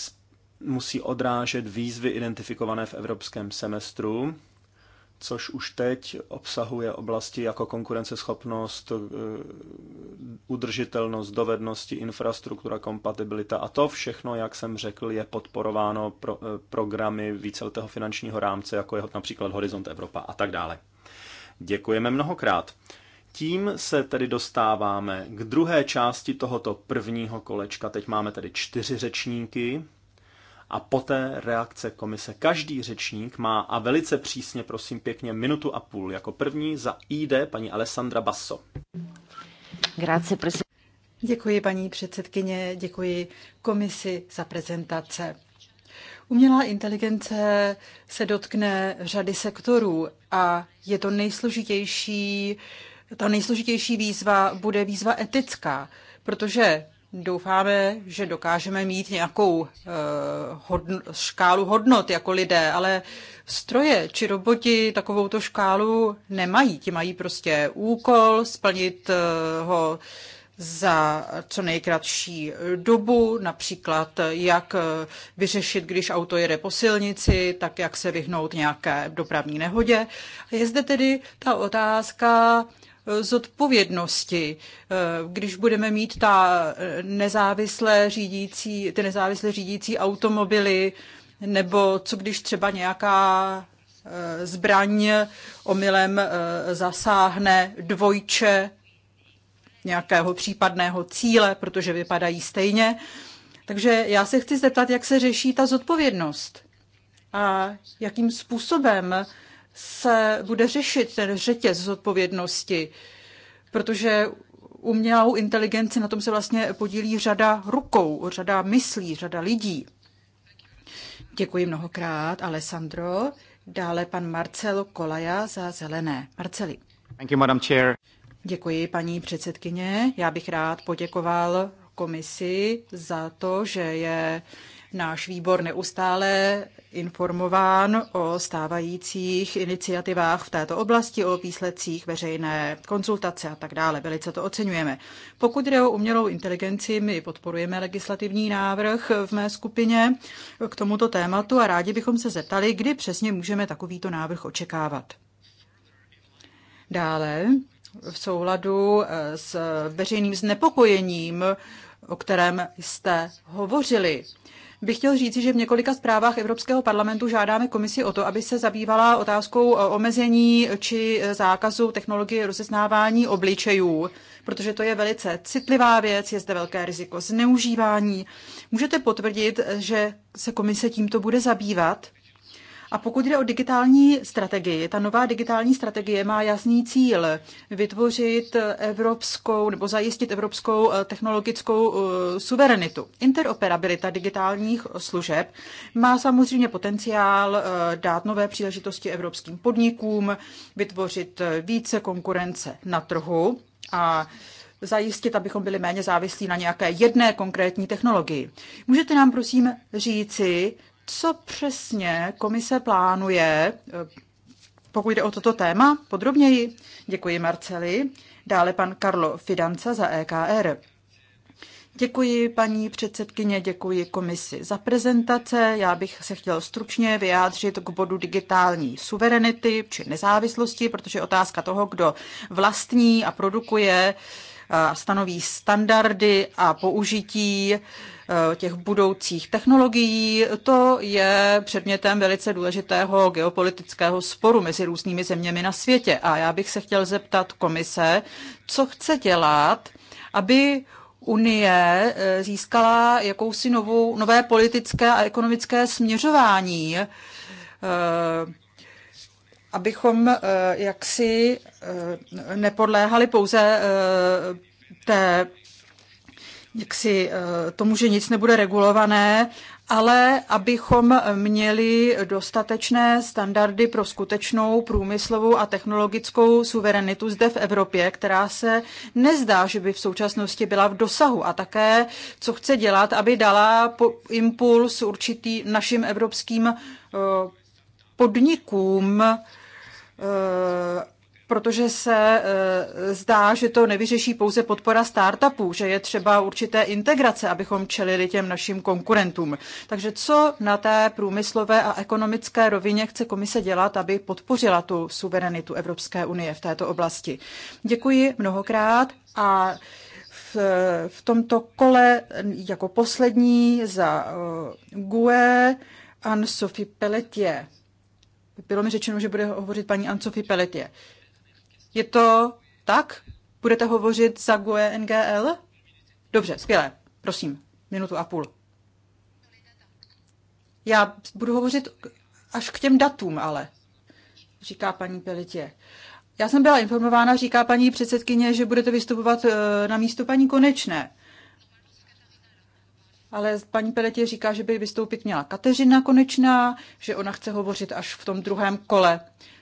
musí odrážet výzvy identifikované v evropském semestru což už teď obsahuje oblasti jako konkurenceschopnost, eh, udržitelnost, dovednosti, infrastruktura, kompatibilita a to všechno, jak jsem řekl, je podporováno pro, eh, programy víceletého finančního rámce, jako je například Horizont Evropa a tak dále. Děkujeme mnohokrát. Tím se tedy dostáváme k druhé části tohoto prvního kolečka. Teď máme tedy čtyři řečníky, a poté reakce komise. Každý řečník má a velice přísně, prosím pěkně, minutu a půl. Jako první za ID paní Alessandra Basso. Grazie, prosím. Děkuji paní předsedkyně, děkuji komisi za prezentace. Umělá inteligence se dotkne řady sektorů a je to nejsložitější, ta nejsložitější výzva bude výzva etická, protože doufáme, že dokážeme mít nějakou eh, hodn- škálu hodnot jako lidé, ale stroje či roboti takovouto škálu nemají. Ti mají prostě úkol splnit eh, ho za co nejkratší dobu, například jak eh, vyřešit, když auto jede po silnici, tak jak se vyhnout nějaké dopravní nehodě. Je zde tedy ta otázka zodpovědnosti, eh, když budeme mít ta nezávislé řídící, ty nezávislé řídící automobily, nebo co když třeba nějaká eh, zbraň omylem eh, zasáhne dvojče nějakého případného cíle, protože vypadají stejně. Takže já se chci zeptat, jak se řeší ta zodpovědnost a jakým způsobem se bude řešit ten řetěz zodpovědnosti, protože umělou inteligenci na tom se vlastně podílí řada rukou, řada myslí, řada lidí. Děkuji mnohokrát, Alessandro. Dále pan Marcelo Kolaja za zelené. Marceli. Thank you, Madam Chair. Děkuji, paní předsedkyně. Já bych rád poděkoval komisi za to, že je náš výbor neustále informován o stávajících iniciativách v této oblasti, o výsledcích veřejné konzultace a tak dále. Velice to oceňujeme. Pokud jde o umělou inteligenci, my podporujeme legislativní návrh v mé skupině k tomuto tématu a rádi bychom se zeptali, kdy přesně můžeme takovýto návrh očekávat. Dále v souladu eh, s veřejným znepokojením, o kterém jste hovořili bych chtěl říci, že v několika zprávách Evropského parlamentu žádáme komisi o to, aby se zabývala otázkou eh, omezení či eh, zákazu technologie rozeznávání obličejů, protože to je velice citlivá věc, je zde velké riziko zneužívání. Můžete potvrdit, eh, že se komise tímto bude zabývat? A pokud jde o digitální strategii, ta nová digitální strategie má jasný cíl vytvořit evropskou nebo zajistit evropskou eh, technologickou eh, suverenitu. Interoperabilita digitálních služeb má samozřejmě potenciál eh, dát nové příležitosti evropským podnikům, vytvořit více konkurence na trhu a zajistit, abychom byli méně závislí na nějaké jedné konkrétní technologii. Můžete nám prosím říci, co přesně komise plánuje, eh, pokud jde o toto téma, podrobněji. Děkuji Marceli. Dále pan Karlo Fidanca za EKR. Děkuji paní předsedkyně, děkuji komisi za prezentace. Já bych se chtěl stručně vyjádřit k bodu digitální suverenity či nezávislosti, protože otázka toho, kdo vlastní a produkuje uh, stanoví standardy a použití eh, těch budoucích technologií. To je předmětem velice důležitého geopolitického sporu mezi různými zeměmi na světě. A já bych se chtěl zeptat komise, co chce dělat, aby Unie eh, získala jakousi novou, nové politické a ekonomické směřování eh, abychom eh, jaksi eh, nepodléhali pouze eh, té jaksi tomu, že nic nebude regulované, ale abychom měli dostatečné standardy pro skutečnou průmyslovou a technologickou suverenitu zde v Evropě, která se nezdá, že by v současnosti byla v dosahu a také, co chce dělat, aby dala impuls určitý našim evropským podnikům, Eh, protože se eh, zdá, že to nevyřeší pouze podpora startupů, že je třeba určité integrace, abychom čelili těm našim konkurentům. Takže co na té průmyslové a ekonomické rovině chce komise dělat, aby podpořila tu suverenitu Evropské unie v této oblasti? Děkuji mnohokrát a v, v tomto kole jako poslední za eh, GUE Anne-Sophie Pelletier. Bylo mi řečeno, že bude hovořit paní Ancofi Pelletě. Je to tak? Budete hovořit za GUE NGL? Dobře, skvělé. Prosím, minutu a půl. Já budu hovořit až k těm datům, ale, říká paní Pelitě. Já jsem byla informována, říká paní předsedkyně, že budete vystupovat eh, na místo paní Konečné ale paní Peletě říká, že by vystoupit měla Kateřina Konečná, že ona chce hovořit až v tom druhém kole.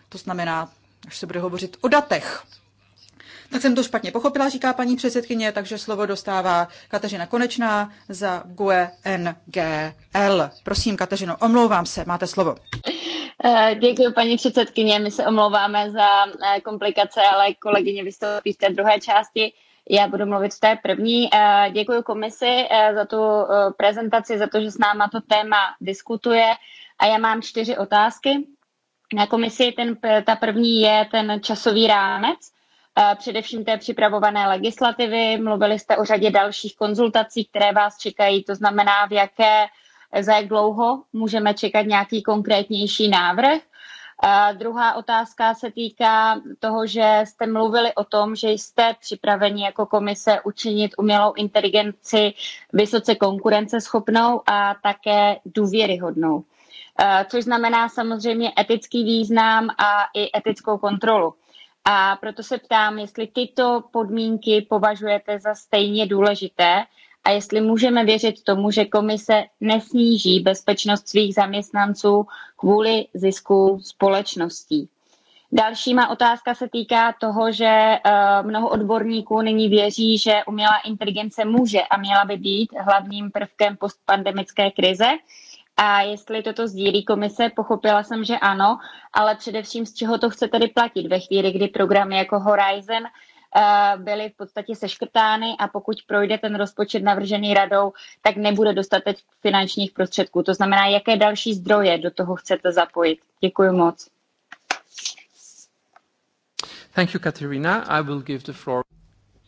To znamená, až se bude hovořit o datech. Tak jsem to špatně pochopila, říká paní předsedkyně, takže slovo dostává Kateřina Konečná za GUE NGL. Prosím, Kateřino, omlouvám se, máte slovo. Eh, děkuji, paní předsedkyně. My se omlouváme za eh, komplikace, ale kolegyně vystoupí v té druhé části. Já budu mluvit z té první. Eh, děkuji komisi eh, za tu eh, prezentaci, za to, že s náma to téma diskutuje. A já mám čtyři otázky. Na komisi ten, ta první je ten časový rámec, především té připravované legislativy. Mluvili jste o řadě dalších konzultací, které vás čekají, to znamená, v jaké, za jak dlouho můžeme čekat nějaký konkrétnější návrh. A druhá otázka se týká toho, že jste mluvili o tom, že jste připraveni jako komise učinit umělou inteligenci vysoce konkurenceschopnou a také důvěryhodnou. Což znamená samozřejmě etický význam a i etickou kontrolu. A proto se ptám, jestli tyto podmínky považujete za stejně důležité a jestli můžeme věřit tomu, že komise nesníží bezpečnost svých zaměstnanců kvůli zisku společností. Další má otázka se týká toho, že eh, mnoho odborníků nyní věří, že umělá inteligence může a měla by být hlavním prvkem postpandemické krize. A jestli toto sdílí komise, pochopila jsem, že ano, ale především z čeho to chce tedy platit ve chvíli, kdy programy jako Horizon Eh, byly v podstatě seškrtány a pokud projde ten rozpočet navržený radou, tak nebude dostatek finančních prostředků. To znamená, jaké další zdroje do toho chcete zapojit. Děkuji moc. Thank you, Katerina. I will give the floor.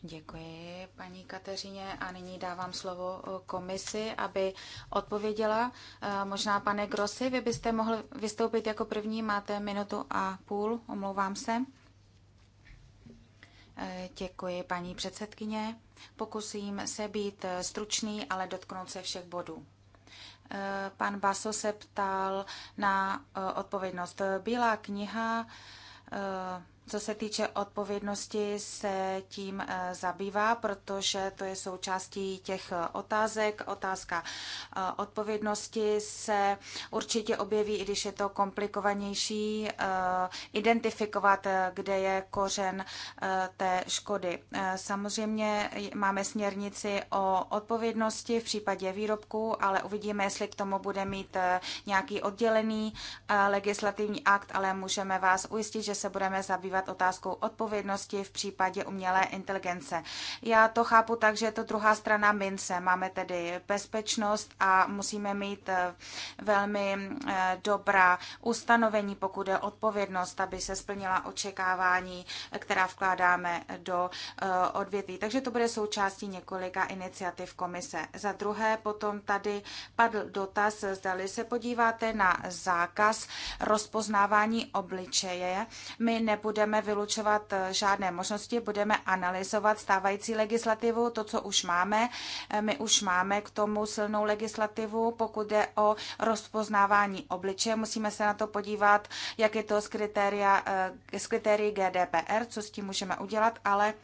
Děkuji, paní Kateřině. A nyní dávám slovo eh, komisi, aby odpověděla. Eh, možná, pane Grossi, vy byste mohl vystoupit jako první, máte minutu a půl, omlouvám se. Děkuji, paní předsedkyně. Pokusím se být stručný, ale dotknout se všech bodů. Pan Baso se ptal na eh, odpovědnost. Bílá kniha eh, co se týče odpovědnosti, se tím eh, zabývá, protože to je součástí těch eh, otázek. Otázka eh, odpovědnosti se určitě objeví, i když je to komplikovanější, identifikovat, kde je kořen té škody. Samozřejmě máme směrnici o odpovědnosti v případě výrobku, ale uvidíme, jestli k tomu bude mít nějaký oddělený legislativní akt, ale můžeme vás ujistit, že se budeme zabývat zabývat otázkou odpovědnosti v případě umělé inteligence. Já to chápu tak, že je to druhá strana mince. Máme tedy bezpečnost a musíme mít eh, velmi eh, dobrá ustanovení, pokud je odpovědnost, aby se splnila očekávání, která vkládáme do eh, odvětví. Takže to bude součástí několika iniciativ komise. Za druhé potom tady padl dotaz, zdali se podíváte na zákaz rozpoznávání obličeje. My nebudeme nebudeme vylučovat eh, žádné možnosti, budeme analyzovat stávající legislativu, to, co už máme. Eh, my už máme k tomu silnou legislativu, pokud jde o rozpoznávání obličeje. Musíme se na to podívat, jak je to z, kritéria, eh, z kritérií GDPR, co s tím můžeme udělat, ale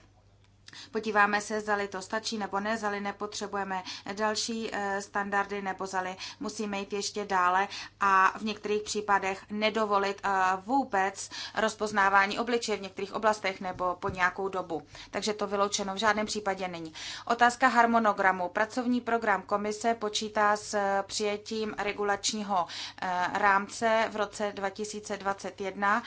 Podíváme se, zali to stačí nebo ne, zali nepotřebujeme další eh, standardy nebo zali musíme jít ještě dále a v některých případech nedovolit eh, vůbec rozpoznávání obličeje v některých oblastech nebo po nějakou dobu. Takže to vyloučeno v žádném případě není. Otázka harmonogramu. Pracovní program komise počítá s eh, přijetím regulačního rámce v roce 2021.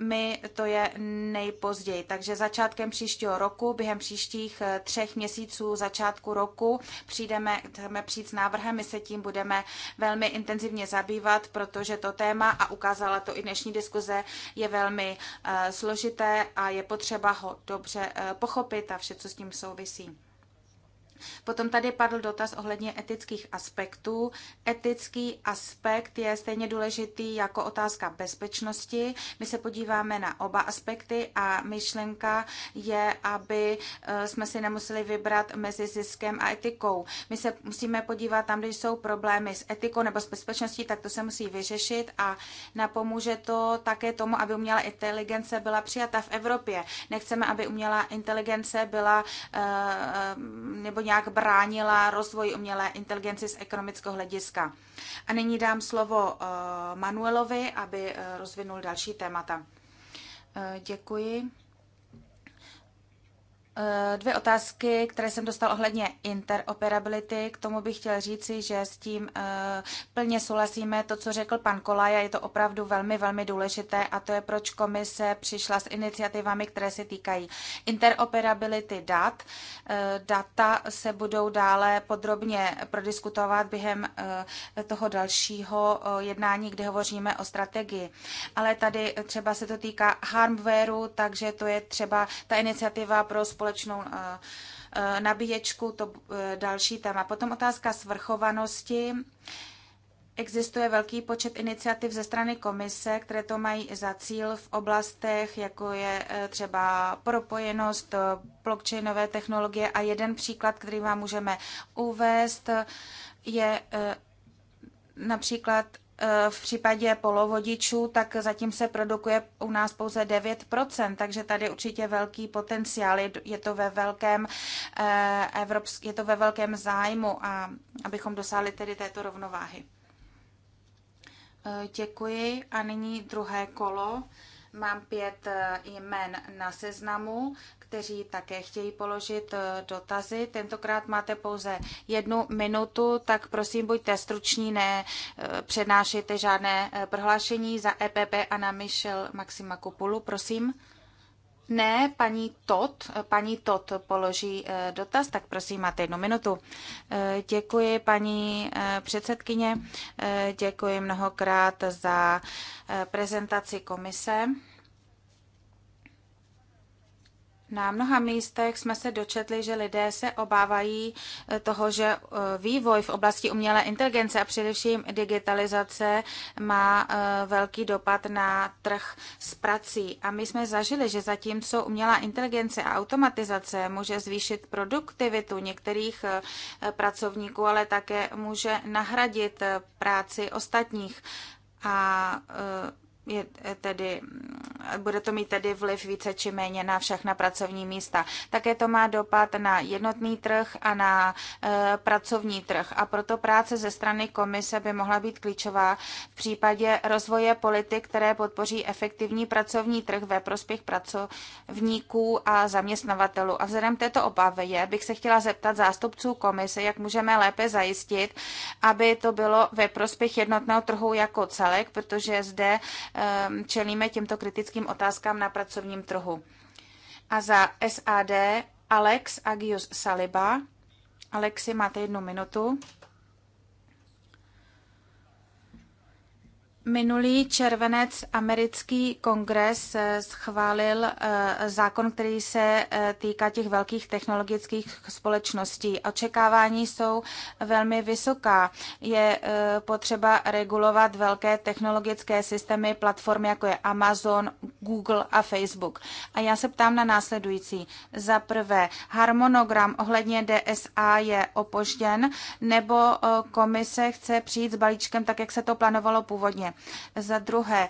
My to je nejpozději, takže začátkem příštího roku během během příštích eh, třech měsíců začátku roku přijdeme, chceme přijít s návrhem, my se tím budeme velmi intenzivně zabývat, protože to téma, a ukázala to i dnešní diskuze, je velmi eh, složité a je potřeba ho dobře eh, pochopit a vše, co s tím souvisí. Potom tady padl dotaz ohledně etických aspektů. Etický aspekt je stejně důležitý jako otázka bezpečnosti. My se podíváme na oba aspekty a myšlenka je, aby eh, jsme si nemuseli vybrat mezi ziskem a etikou. My se musíme podívat tam, kde jsou problémy s etikou nebo s bezpečností, tak to se musí vyřešit a napomůže to také tomu, aby umělá inteligence byla přijata v Evropě. Nechceme, aby umělá inteligence byla eh, eh, nebo nějak bránila rozvoj umělé inteligence z ekonomického hlediska. A nyní dám slovo eh, Manuelovi, aby eh, rozvinul další témata. Eh, děkuji. Eh, dvě otázky, které jsem dostal ohledně interoperability. K tomu bych chtěl říci, že s tím eh, plně souhlasíme. To, co řekl pan a je to opravdu velmi, velmi důležité a to je, proč komise přišla s iniciativami, které se týkají interoperability dat. Eh, data se budou dále podrobně prodiskutovat během toho dalšího jednání, kdy hovoříme o strategii. Ale tady třeba se to týká harmwareu, takže to je třeba ta iniciativa pro společnost společnou eh, eh, nabíječku, to eh, další téma. Potom otázka svrchovanosti. Existuje velký počet iniciativ ze strany komise, které to mají za cíl v oblastech, jako je třeba propojenost, blockchainové technologie. A jeden příklad, který vám můžeme uvést, je například v případě polovodičů, tak zatím se produkuje u nás pouze 9%, takže tady určitě velký potenciál. Je to ve velkém, eh, je to ve velkém zájmu, a abychom dosáhli tedy této rovnováhy. Eh, děkuji a nyní druhé kolo. Mám pět eh, jmen na seznamu, kteří také chtějí položit eh, dotazy. Tentokrát máte pouze jednu minutu, tak prosím buďte struční, ne eh, přednášejte žádné prohlášení za EPP a na Michel Maxima Kupulu, prosím. Ne, paní Tot, paní Tot položí eh, dotaz, tak prosím, máte jednu minutu. Eh, děkuji, paní eh, předsedkyně, děkuji mnohokrát za prezentaci komise. Na mnoha místech jsme se dočetli, že lidé se obávají eh, toho, že eh, vývoj v oblasti umělé inteligence a především digitalizace má eh, velký dopad na trh s prací. A my jsme zažili, že zatímco umělá inteligence a automatizace může zvýšit produktivitu některých pracovníků, ale také může nahradit práci ostatních. A je tedy, mm, bude to mít tedy vliv více či méně na všechna pracovní místa. Také to má dopad na jednotný trh a na e, pracovní trh. A proto práce ze strany komise by mohla být klíčová v případě rozvoje politik, které podpoří efektivní pracovní trh ve prospěch pracovníků a zaměstnavatelů. A vzhledem k této obavě bych se chtěla zeptat zástupců komise, jak můžeme lépe zajistit, aby to bylo ve prospěch jednotného trhu jako celek, protože zde Ehm, čelíme těmto kritickým otázkám na pracovním trhu. A za SAD Alex Agius Saliba. Alexi, máte jednu minutu. Minulý červenec americký kongres eh, schválil eh, zákon, který se eh, týká těch velkých technologických společností. Očekávání jsou velmi vysoká. Je potřeba regulovat velké technologické systémy, platformy jako je Amazon, Google a Facebook. A já se ptám na následující. Za prvé, harmonogram ohledně DSA je opožděn, nebo komise chce přijít s balíčkem tak, jak se to plánovalo původně. Za druhé,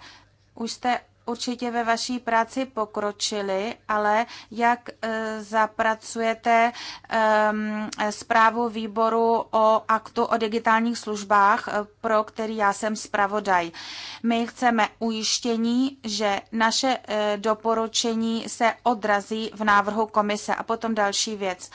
už jste určitě ve vaší práci pokročili, ale jak eh, zapracujete ehm, zprávu výboru o aktu o digitálních službách, eh, pro který já jsem zpravodaj. My chceme ujištění, že naše eh, doporučení se odrazí v návrhu komise. A potom další věc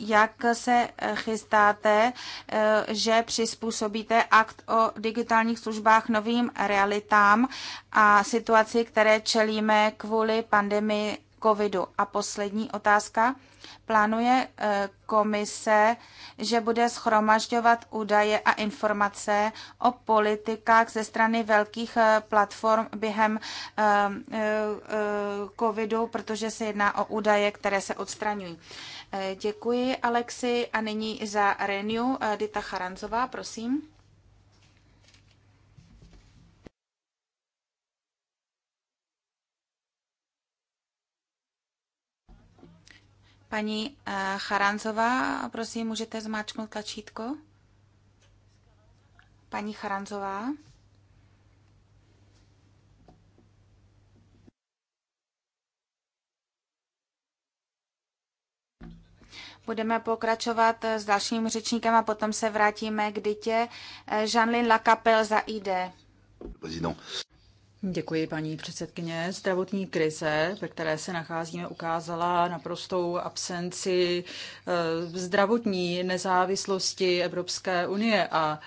jak se eh, chystáte, eh, že přizpůsobíte akt o digitálních službách novým realitám a situaci, které čelíme kvůli pandemii covidu. A poslední otázka. Plánuje eh, komise, že bude schromažďovat údaje a informace o politikách ze strany velkých eh, platform během eh, covidu, protože se jedná o údaje, které se odstraňují. Děkuji Alexi a nyní za Renew Dita Charanzová, prosím. Paní eh, Charanzová, prosím, můžete zmáčknout tlačítko? Paní Charanzová. Budeme pokračovat s dalším řečníkem a potom se vrátíme k dytě. Eh, Jean-Lin Lacapelle za ID. Děkuji, paní předsedkyně. Zdravotní krize, ve které se nacházíme, ukázala naprostou absenci eh, zdravotní nezávislosti Evropské unie a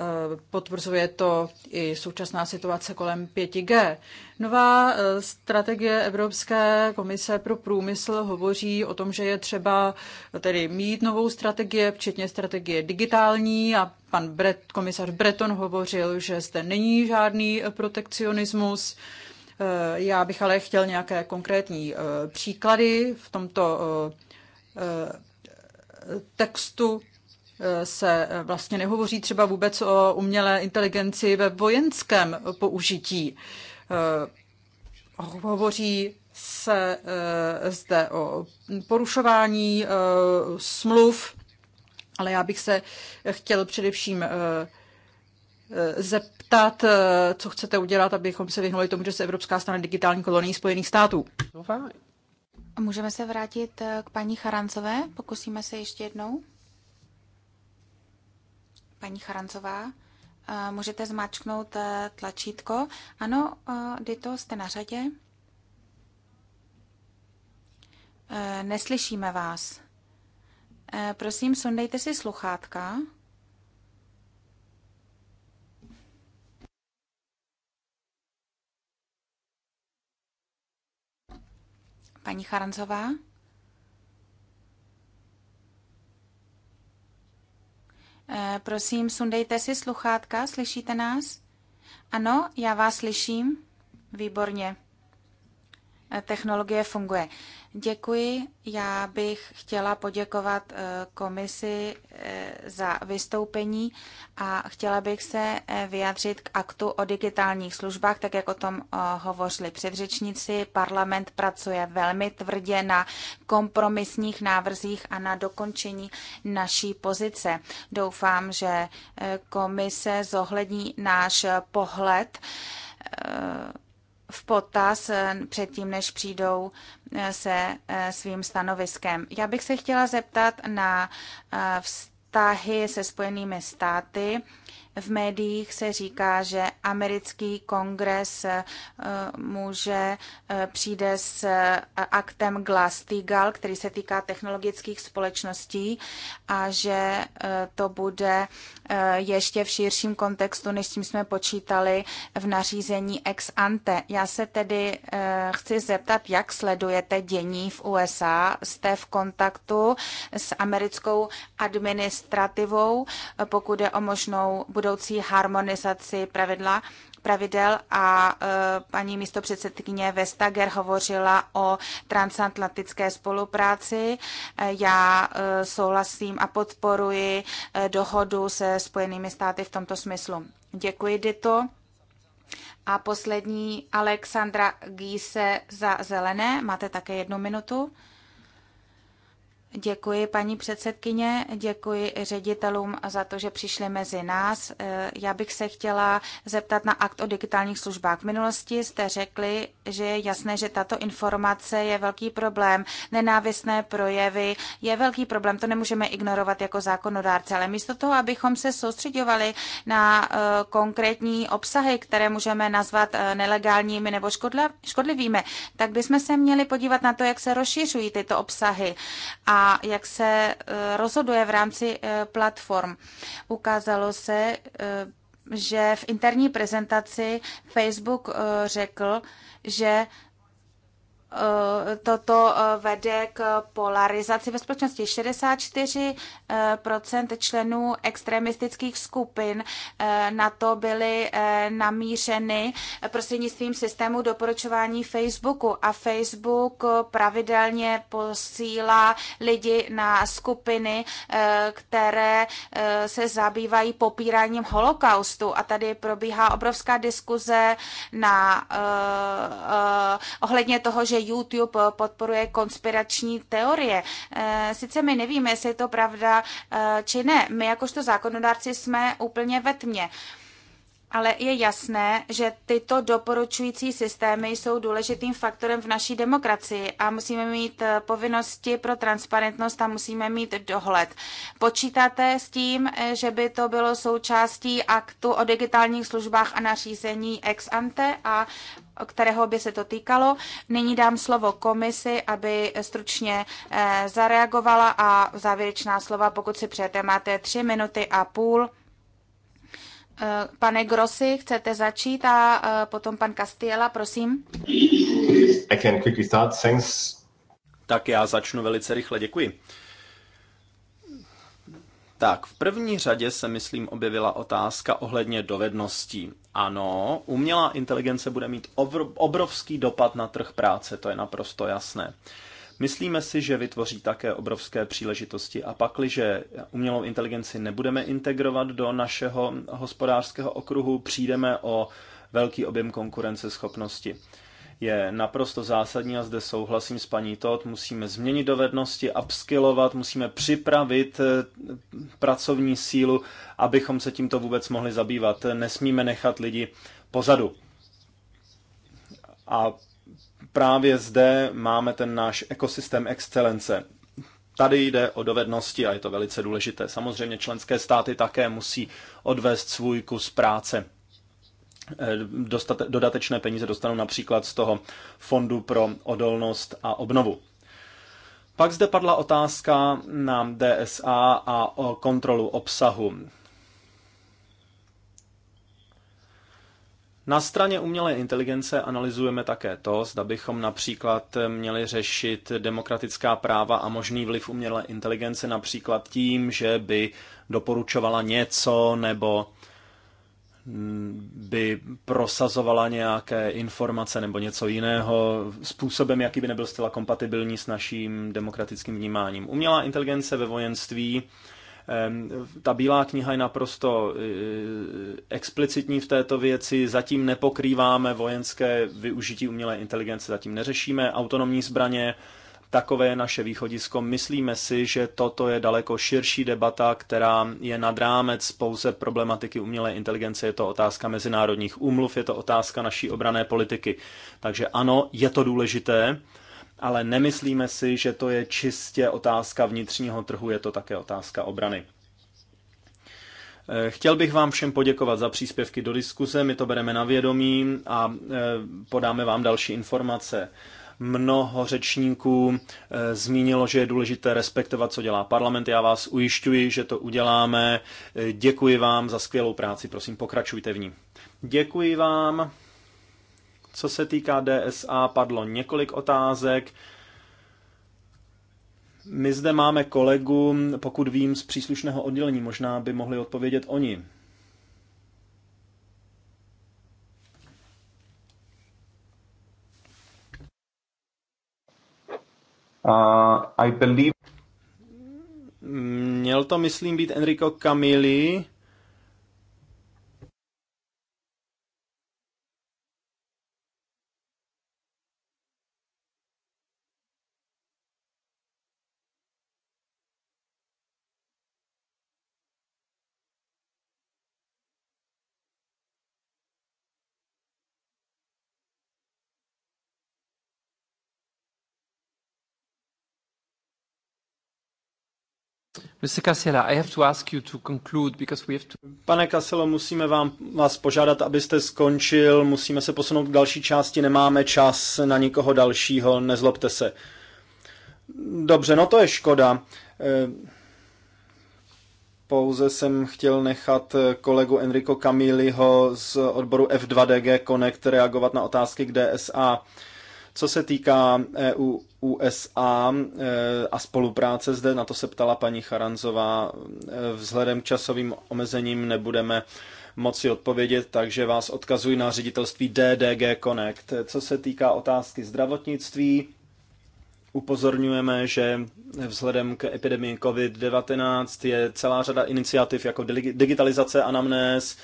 Eh, potvrzuje to i současná situace kolem 5G. Nová eh, strategie Evropské komise pro průmysl hovoří o tom, že je třeba tedy mít novou strategie, včetně strategie digitální a pan Bret, komisař Breton hovořil, že zde není žádný eh, protekcionismus. Já bych ale chtěl nějaké konkrétní příklady v tomto textu se eh, vlastně nehovoří třeba vůbec o umělé inteligenci ve vojenském použití. Eh, hovoří se eh, zde o porušování smluv, ale já bych se chtěl především zeptat, co chcete udělat, abychom se vyhnuli tomu, že se Evropská stane digitální kolonií Spojených států. Můžeme se vrátit k paní Charancové, pokusíme se ještě jednou paní Charancová. Eh, můžete zmáčknout eh, tlačítko. Ano, eh, Dito, jste na řadě. Neslyšíme vás. Prosím, sundejte si sluchátka. Paní Charanzová? Eh, prosím, sundejte si sluchátka, slyšíte nás? Ano, já vás slyším. Výborně technologie funguje. Děkuji. Já bych chtěla poděkovat eh, komisi eh, za vystoupení a chtěla bych se eh, vyjádřit k aktu o digitálních službách, tak jak o tom hovořili předřečníci. Parlament pracuje velmi tvrdě na kompromisních návrzích a na dokončení naší pozice. Doufám, že komise zohlední náš pohled v potaz eh, předtím, než přijdou eh, se eh, svým stanoviskem. Já bych se chtěla zeptat na vztahy se Spojenými státy v médiích se říká, že americký kongres eh, může eh, přijde s eh, aktem Glass-Steagall, který se týká technologických společností a že to bude ještě v širším kontextu, než tím jsme počítali v nařízení ex ante. Já se tedy chci zeptat, jak sledujete dění v USA? Jste v kontaktu s americkou administrativou, pokud je o možnou budoucí harmonizaci pravidla, pravidel a e, paní místo předsedkyně Vestager hovořila o transatlantické spolupráci. E, já e, souhlasím a podporuji dohodu se Spojenými státy v tomto smyslu. Děkuji, Dito. A poslední Alexandra Gíse za zelené. Máte také jednu minutu. Děkuji paní předsedkyně, děkuji ředitelům za to, že přišli mezi nás. Eh, já bych se chtěla zeptat na akt o digitálních službách. V minulosti jste řekli, že je jasné, že tato informace je velký problém. Nenávistné projevy je velký problém, to nemůžeme ignorovat jako zákonodárce, ale místo toho, abychom se soustředovali na eh, konkrétní obsahy, které můžeme nazvat eh, nelegálními nebo škodlivými, tak bychom se měli podívat na to, jak se rozšiřují tyto obsahy. A a jak se eh, rozhoduje v rámci eh, platform. Ukázalo se, eh, že v interní prezentaci Facebook řekl, že Eh, toto eh, vede k polarizaci ve společnosti. 64% eh, členů extremistických skupin na to byly namířeny prostřednictvím systému doporučování Facebooku a Facebook pravidelně posílá lidi na skupiny, které se zabývají popíráním holokaustu a tady probíhá obrovská diskuze na ohledně toho, že YouTube podporuje konspirační teorie. Eh, sice my nevíme, jestli je to pravda eh, či ne. My jakožto zákonodárci jsme úplně ve tmě. Ale je jasné, že tyto doporučující systémy jsou důležitým faktorem v naší demokracii a musíme mít eh, povinnosti pro transparentnost a musíme mít dohled. Počítáte s tím, že by to bylo součástí aktu o digitálních službách a nařízení ex ante a kterého by se to týkalo. Nyní dám slovo komisi, aby stručně eh, zareagovala a závěrečná slova, pokud si přejete, máte tři minuty a půl. Eh, pane Grossi, chcete začít a eh, potom pan Castiela, prosím. I can quickly start. Thanks. Tak já začnu velice rychle, děkuji. Tak, v první řadě se, myslím, objevila otázka ohledně dovedností. Ano, umělá inteligence bude mít obrovský dopad na trh práce, to je naprosto jasné. Myslíme si, že vytvoří také obrovské příležitosti a pakliže umělou inteligenci nebudeme integrovat do našeho hospodářského okruhu, přijdeme o velký objem konkurenceschopnosti. schopnosti je naprosto zásadní a zde souhlasím s paní Todd, musíme změnit dovednosti, upskillovat, musíme připravit eh, pracovní sílu, abychom se tímto vůbec mohli zabývat. Nesmíme nechat lidi pozadu. A právě zde máme ten náš ekosystém excelence. Tady jde o dovednosti a je to velice důležité. Samozřejmě členské státy také musí odvést svůj kus práce. Eh, dodatečné peníze dostanou například z toho fondu pro odolnost a obnovu. Pak zde padla otázka na DSA a o kontrolu obsahu. Na straně umělé inteligence analyzujeme také to, zda bychom například měli řešit demokratická práva a možný vliv umělé inteligence například tím, že by doporučovala něco nebo by prosazovala nějaké informace nebo něco jiného způsobem, jaký by nebyl zcela kompatibilní s naším demokratickým vnímáním. Umělá inteligence ve vojenství ta bílá kniha je naprosto e, explicitní v této věci. Zatím nepokrýváme vojenské využití umělé inteligence, zatím neřešíme autonomní zbraně, Takové je naše východisko. Myslíme si, že toto je daleko širší debata, která je nad rámec pouze problematiky umělé inteligence. Je to otázka mezinárodních úmluv, je to otázka naší obrané politiky. Takže ano, je to důležité, ale nemyslíme si, že to je čistě otázka vnitřního trhu, je to také otázka obrany. Eh, chtěl bych vám všem poděkovat za příspěvky do diskuze, my to bereme na vědomí a eh, podáme vám další informace. Mnoho řečníků eh, zmínilo, že je důležité respektovat, co dělá parlament. Já vás ujišťuji, že to uděláme. Eh, děkuji vám za skvělou práci. Prosím, pokračujte v ní. Děkuji vám. Co se týká DSA, padlo několik otázek. My zde máme kolegu, pokud vím, z příslušného oddělení. Možná by mohli odpovědět oni. Uh, I believe... Měl to, myslím, být Enrico Camilli, Pane Caselo, musíme vám, vás požádat, abyste skončil, musíme se posunout k další části, nemáme čas na nikoho dalšího, nezlobte se. Dobře, no to je škoda. Eh, pouze jsem chtěl nechat kolegu Enrico Camilliho z odboru F2DG Connect reagovat na otázky k DSA. Co se týká EU, eh, USA eh, a spolupráce zde, na to se ptala paní Charanzová, eh, vzhledem k časovým omezením nebudeme moci odpovědět, takže vás odkazuji na ředitelství DDG Connect. Co se týká otázky zdravotnictví, upozorňujeme, že vzhledem k epidemii COVID-19 je celá řada iniciativ jako digitalizace anamnéz,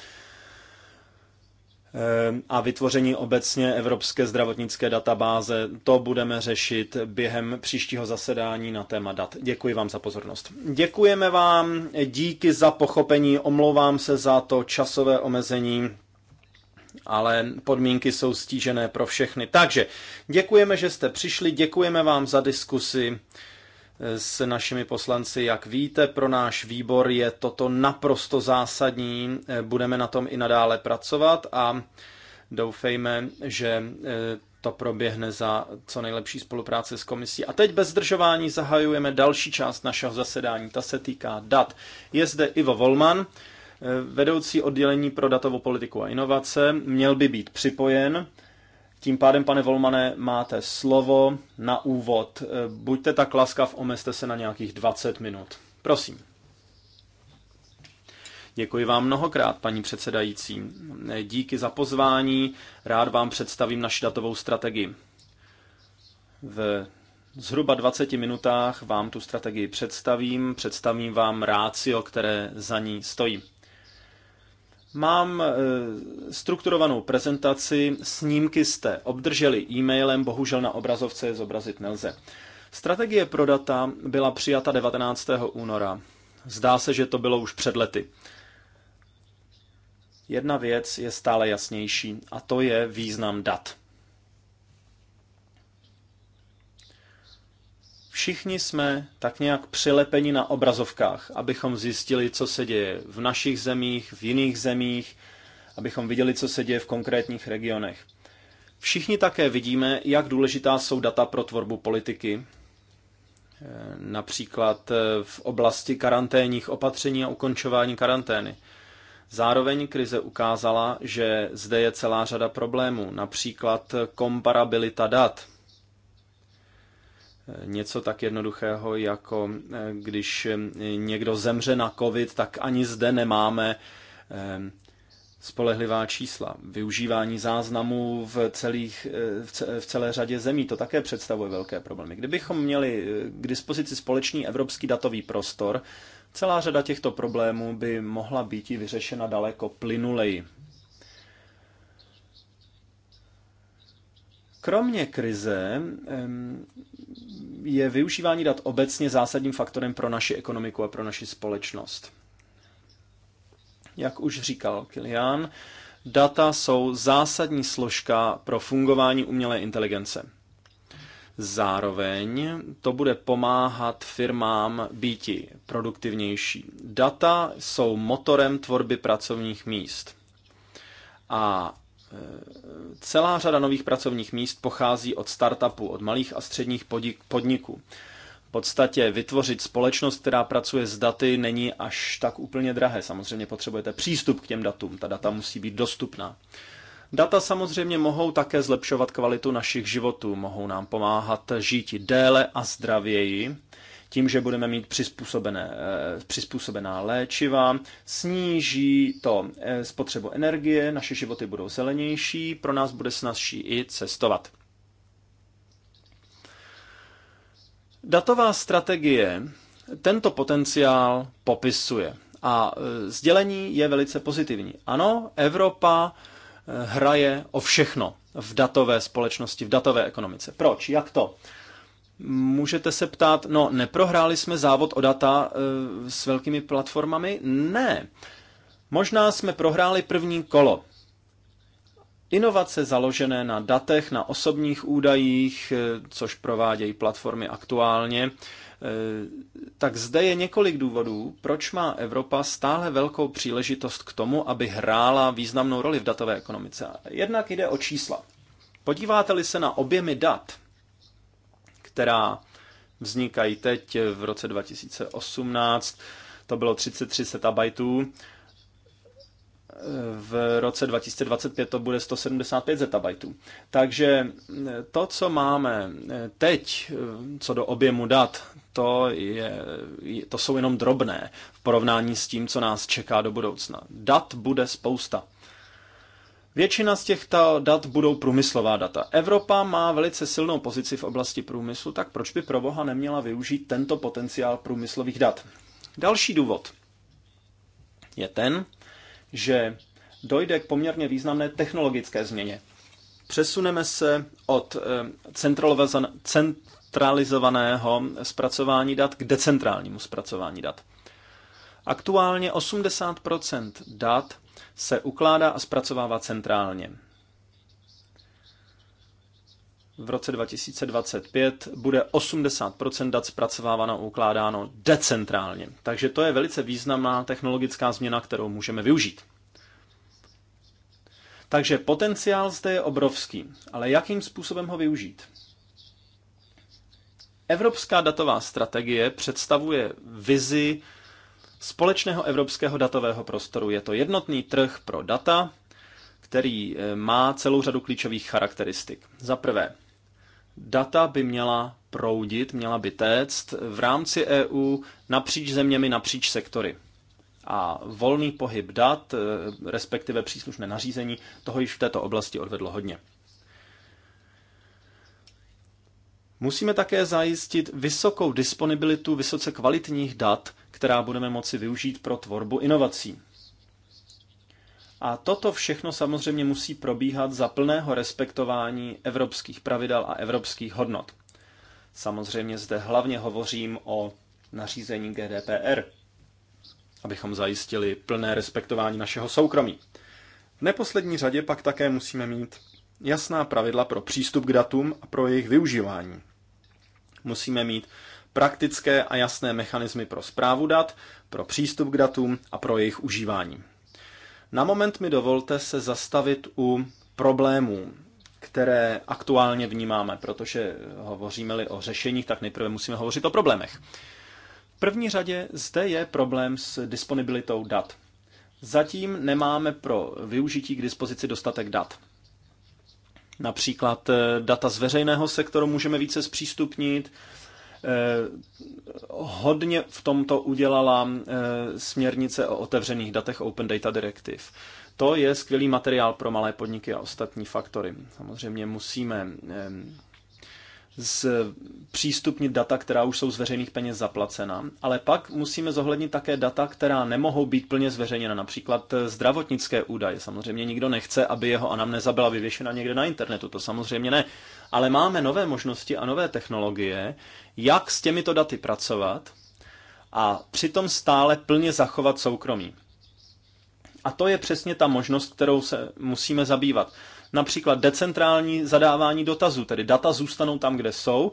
Ehm, a vytvoření obecně Evropské zdravotnické databáze. To budeme řešit během příštího zasedání na téma dat. Děkuji vám za pozornost. Děkujeme vám, díky za pochopení, omlouvám se za to časové omezení ale podmínky jsou stížené pro všechny. Takže děkujeme, že jste přišli, děkujeme vám za diskusi s našimi poslanci. Jak víte, pro náš výbor je toto naprosto zásadní. Eh, budeme na tom i nadále pracovat a doufejme, že eh, to proběhne za co nejlepší spolupráce s komisí. A teď bez zdržování zahajujeme další část našeho zasedání. Ta se týká dat. Je zde Ivo Volman, eh, vedoucí oddělení pro datovou politiku a inovace. Měl by být připojen tím pádem, pane Volmane, máte slovo na úvod. Eh, buďte tak laskav, omezte se na nějakých 20 minut. Prosím. Děkuji vám mnohokrát, paní předsedající. Eh, díky za pozvání. Rád vám představím naši datovou strategii. V zhruba 20 minutách vám tu strategii představím. Představím vám rácio, které za ní stojí. Mám e, strukturovanou prezentaci, snímky jste obdrželi e-mailem, bohužel na obrazovce je zobrazit nelze. Strategie pro data byla přijata 19. února. Zdá se, že to bylo už před lety. Jedna věc je stále jasnější a to je význam dat. Všichni jsme tak nějak přilepeni na obrazovkách, abychom zjistili, co se děje v našich zemích, v jiných zemích, abychom viděli, co se děje v konkrétních regionech. Všichni také vidíme, jak důležitá jsou data pro tvorbu politiky, eh, například eh, v oblasti karanténních opatření a ukončování karantény. Zároveň krize ukázala, že zde je celá řada problémů, například komparabilita dat – něco tak jednoduchého, jako eh, když eh, někdo zemře na COVID, tak ani zde nemáme eh, spolehlivá čísla. Využívání záznamů v, celých, v celé řadě zemí, to také představuje velké problémy. Kdybychom měli k dispozici společný evropský datový prostor, celá řada těchto problémů by mohla být i vyřešena daleko plynuleji. Kromě krize je využívání dat obecně zásadním faktorem pro naši ekonomiku a pro naši společnost. Jak už říkal Kilian, data jsou zásadní složka pro fungování umělé inteligence. Zároveň to bude pomáhat firmám být produktivnější. Data jsou motorem tvorby pracovních míst. A celá řada nových pracovních míst pochází od startupů, od malých a středních podniků. V podstatě vytvořit společnost, která pracuje s daty, není až tak úplně drahé. Samozřejmě potřebujete přístup k těm datům, ta data musí být dostupná. Data samozřejmě mohou také zlepšovat kvalitu našich životů, mohou nám pomáhat žít déle a zdravěji, tím, že budeme mít přizpůsobené, eh, přizpůsobená léčiva, sníží to eh, spotřebu energie, naše životy budou zelenější, pro nás bude snazší i cestovat. Datová strategie tento potenciál popisuje a eh, sdělení je velice pozitivní. Ano, Evropa hraje o všechno v datové společnosti, v datové ekonomice. Proč? Jak to? Můžete se ptát, no neprohráli jsme závod o data e, s velkými platformami? Ne. Možná jsme prohráli první kolo. Inovace založené na datech, na osobních údajích, eh, což provádějí platformy aktuálně, eh, tak zde je několik důvodů, proč má Evropa stále velkou příležitost k tomu, aby hrála významnou roli v datové ekonomice. Jednak jde o čísla. Podíváte-li se na objemy dat, která vznikají teď v roce 2018. To bylo 33 zetabajtů. V roce 2025 to bude 175 zetabajtů. Takže to, co máme teď, co do objemu dat, to, je, to jsou jenom drobné v porovnání s tím, co nás čeká do budoucna. Dat bude spousta. Většina z těchto dat budou průmyslová data. Evropa má velice silnou pozici v oblasti průmyslu, tak proč by pro boha neměla využít tento potenciál průmyslových dat? Další důvod je ten, že dojde k poměrně významné technologické změně. Přesuneme se od eh, centralizovaného zpracování dat k decentrálnímu zpracování dat. Aktuálně 80 dat se ukládá a zpracovává centrálně. V roce 2025 bude 80% dat zpracováváno a ukládáno decentrálně. Takže to je velice významná technologická změna, kterou můžeme využít. Takže potenciál zde je obrovský, ale jakým způsobem ho využít? Evropská datová strategie představuje vizi společného evropského datového prostoru. Je to jednotný trh pro data, který eh, má celou řadu klíčových charakteristik. Za prvé, data by měla proudit, měla by téct v rámci EU napříč zeměmi, napříč sektory. A volný pohyb dat, eh, respektive příslušné nařízení, toho již v této oblasti odvedlo hodně. Musíme také zajistit vysokou disponibilitu vysoce kvalitních dat která budeme moci využít pro tvorbu inovací. A toto všechno samozřejmě musí probíhat za plného respektování evropských pravidel a evropských hodnot. Samozřejmě zde hlavně hovořím o nařízení GDPR, abychom zajistili plné respektování našeho soukromí. V neposlední řadě pak také musíme mít jasná pravidla pro přístup k datům a pro jejich využívání. Musíme mít praktické a jasné mechanismy pro zprávu dat, pro přístup k datům a pro jejich užívání. Na moment mi dovolte se zastavit u problémů, které aktuálně vnímáme, protože hovoříme-li o řešeních, tak nejprve musíme hovořit o problémech. V první řadě zde je problém s disponibilitou dat. Zatím nemáme pro využití k dispozici dostatek dat. Například eh, data z veřejného sektoru můžeme více zpřístupnit, Eh, hodně v tomto udělala eh, směrnice o otevřených datech Open Data Directive. To je skvělý materiál pro malé podniky a ostatní faktory. Samozřejmě musíme zpřístupnit data, která už jsou z veřejných peněz zaplacena, ale pak musíme zohlednit také data, která nemohou být plně zveřejněna, například eh, zdravotnické údaje. Samozřejmě nikdo nechce, aby jeho anamneza byla vyvěšena někde na internetu, to samozřejmě ne. Ale máme nové možnosti a nové technologie, jak s těmito daty pracovat a přitom stále plně zachovat soukromí. A to je přesně ta možnost, kterou se musíme zabývat. Například decentrální zadávání dotazů, tedy data zůstanou tam, kde jsou,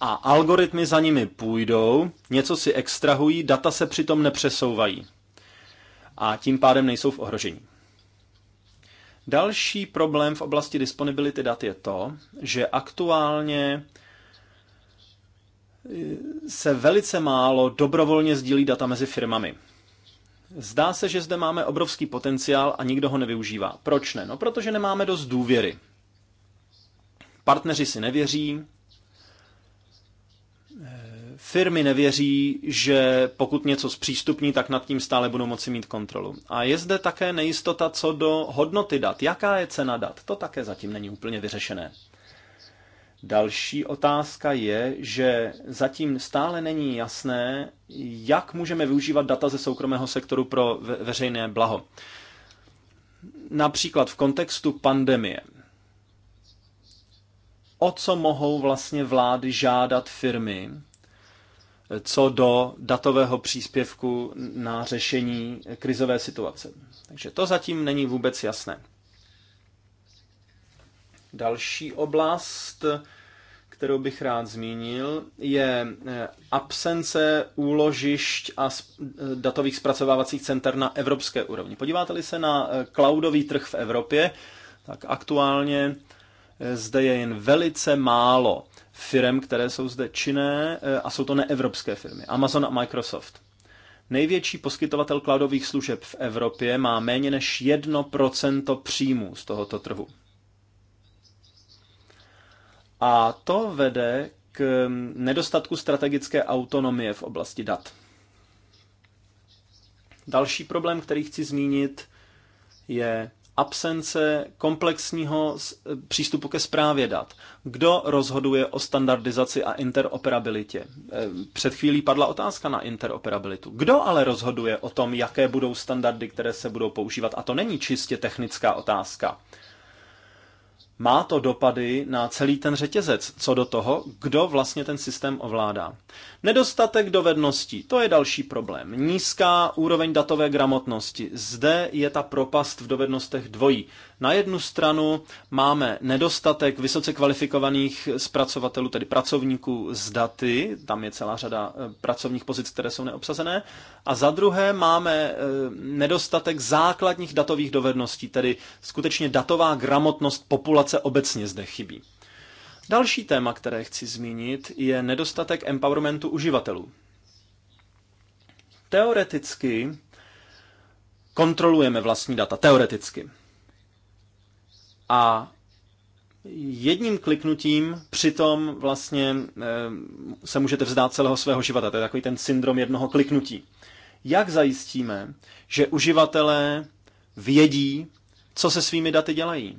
a algoritmy za nimi půjdou, něco si extrahují, data se přitom nepřesouvají. A tím pádem nejsou v ohrožení. Další problém v oblasti disponibility dat je to, že aktuálně eh, se velice málo dobrovolně sdílí data mezi firmami. Zdá se, že zde máme obrovský potenciál a nikdo ho nevyužívá. Proč ne? No, protože nemáme dost důvěry. Partneři si nevěří, firmy nevěří, že pokud něco zpřístupní, tak nad tím stále budou moci mít kontrolu. A je zde také nejistota co do hodnoty dat. Jaká je cena dat? To také zatím není úplně vyřešené. Další otázka je, že zatím stále není jasné, jak můžeme využívat data ze soukromého sektoru pro veřejné blaho. Například v kontextu pandemie. O co mohou vlastně vlády žádat firmy co do datového příspěvku na řešení krizové situace? Takže to zatím není vůbec jasné. Další oblast, kterou bych rád zmínil, je eh, absence úložišť a eh, datových zpracovávacích center na evropské úrovni. Podíváte-li se na eh, cloudový trh v Evropě, tak aktuálně zde je jen velice málo firm, které jsou zde činné a jsou to neevropské firmy. Amazon a Microsoft. Největší poskytovatel cloudových služeb v Evropě má méně než 1% příjmů z tohoto trhu. A to vede k mm, nedostatku strategické autonomie v oblasti dat. Další problém, který chci zmínit, je absence komplexního přístupu ke zprávě dat. Kdo rozhoduje o standardizaci a interoperabilitě? E, před chvílí padla otázka na interoperabilitu. Kdo ale rozhoduje o tom, jaké budou standardy, které se budou používat? A to není čistě technická otázka má to dopady na celý ten řetězec, co do toho, kdo vlastně ten systém ovládá. Nedostatek dovedností, to je další problém. Nízká úroveň datové gramotnosti, zde je ta propast v dovednostech dvojí. Na jednu stranu máme nedostatek vysoce kvalifikovaných zpracovatelů, tedy pracovníků z daty, tam je celá řada eh, pracovních pozic, které jsou neobsazené, a za druhé máme eh, nedostatek základních datových dovedností, tedy skutečně datová gramotnost populace regulace obecně zde chybí. Další téma, které chci zmínit, je nedostatek empowermentu uživatelů. Teoreticky kontrolujeme vlastní data, teoreticky. A jedním kliknutím přitom vlastně eh, se můžete vzdát celého svého života. To je takový ten syndrom jednoho kliknutí. Jak zajistíme, že uživatelé vědí, co se svými daty dělají?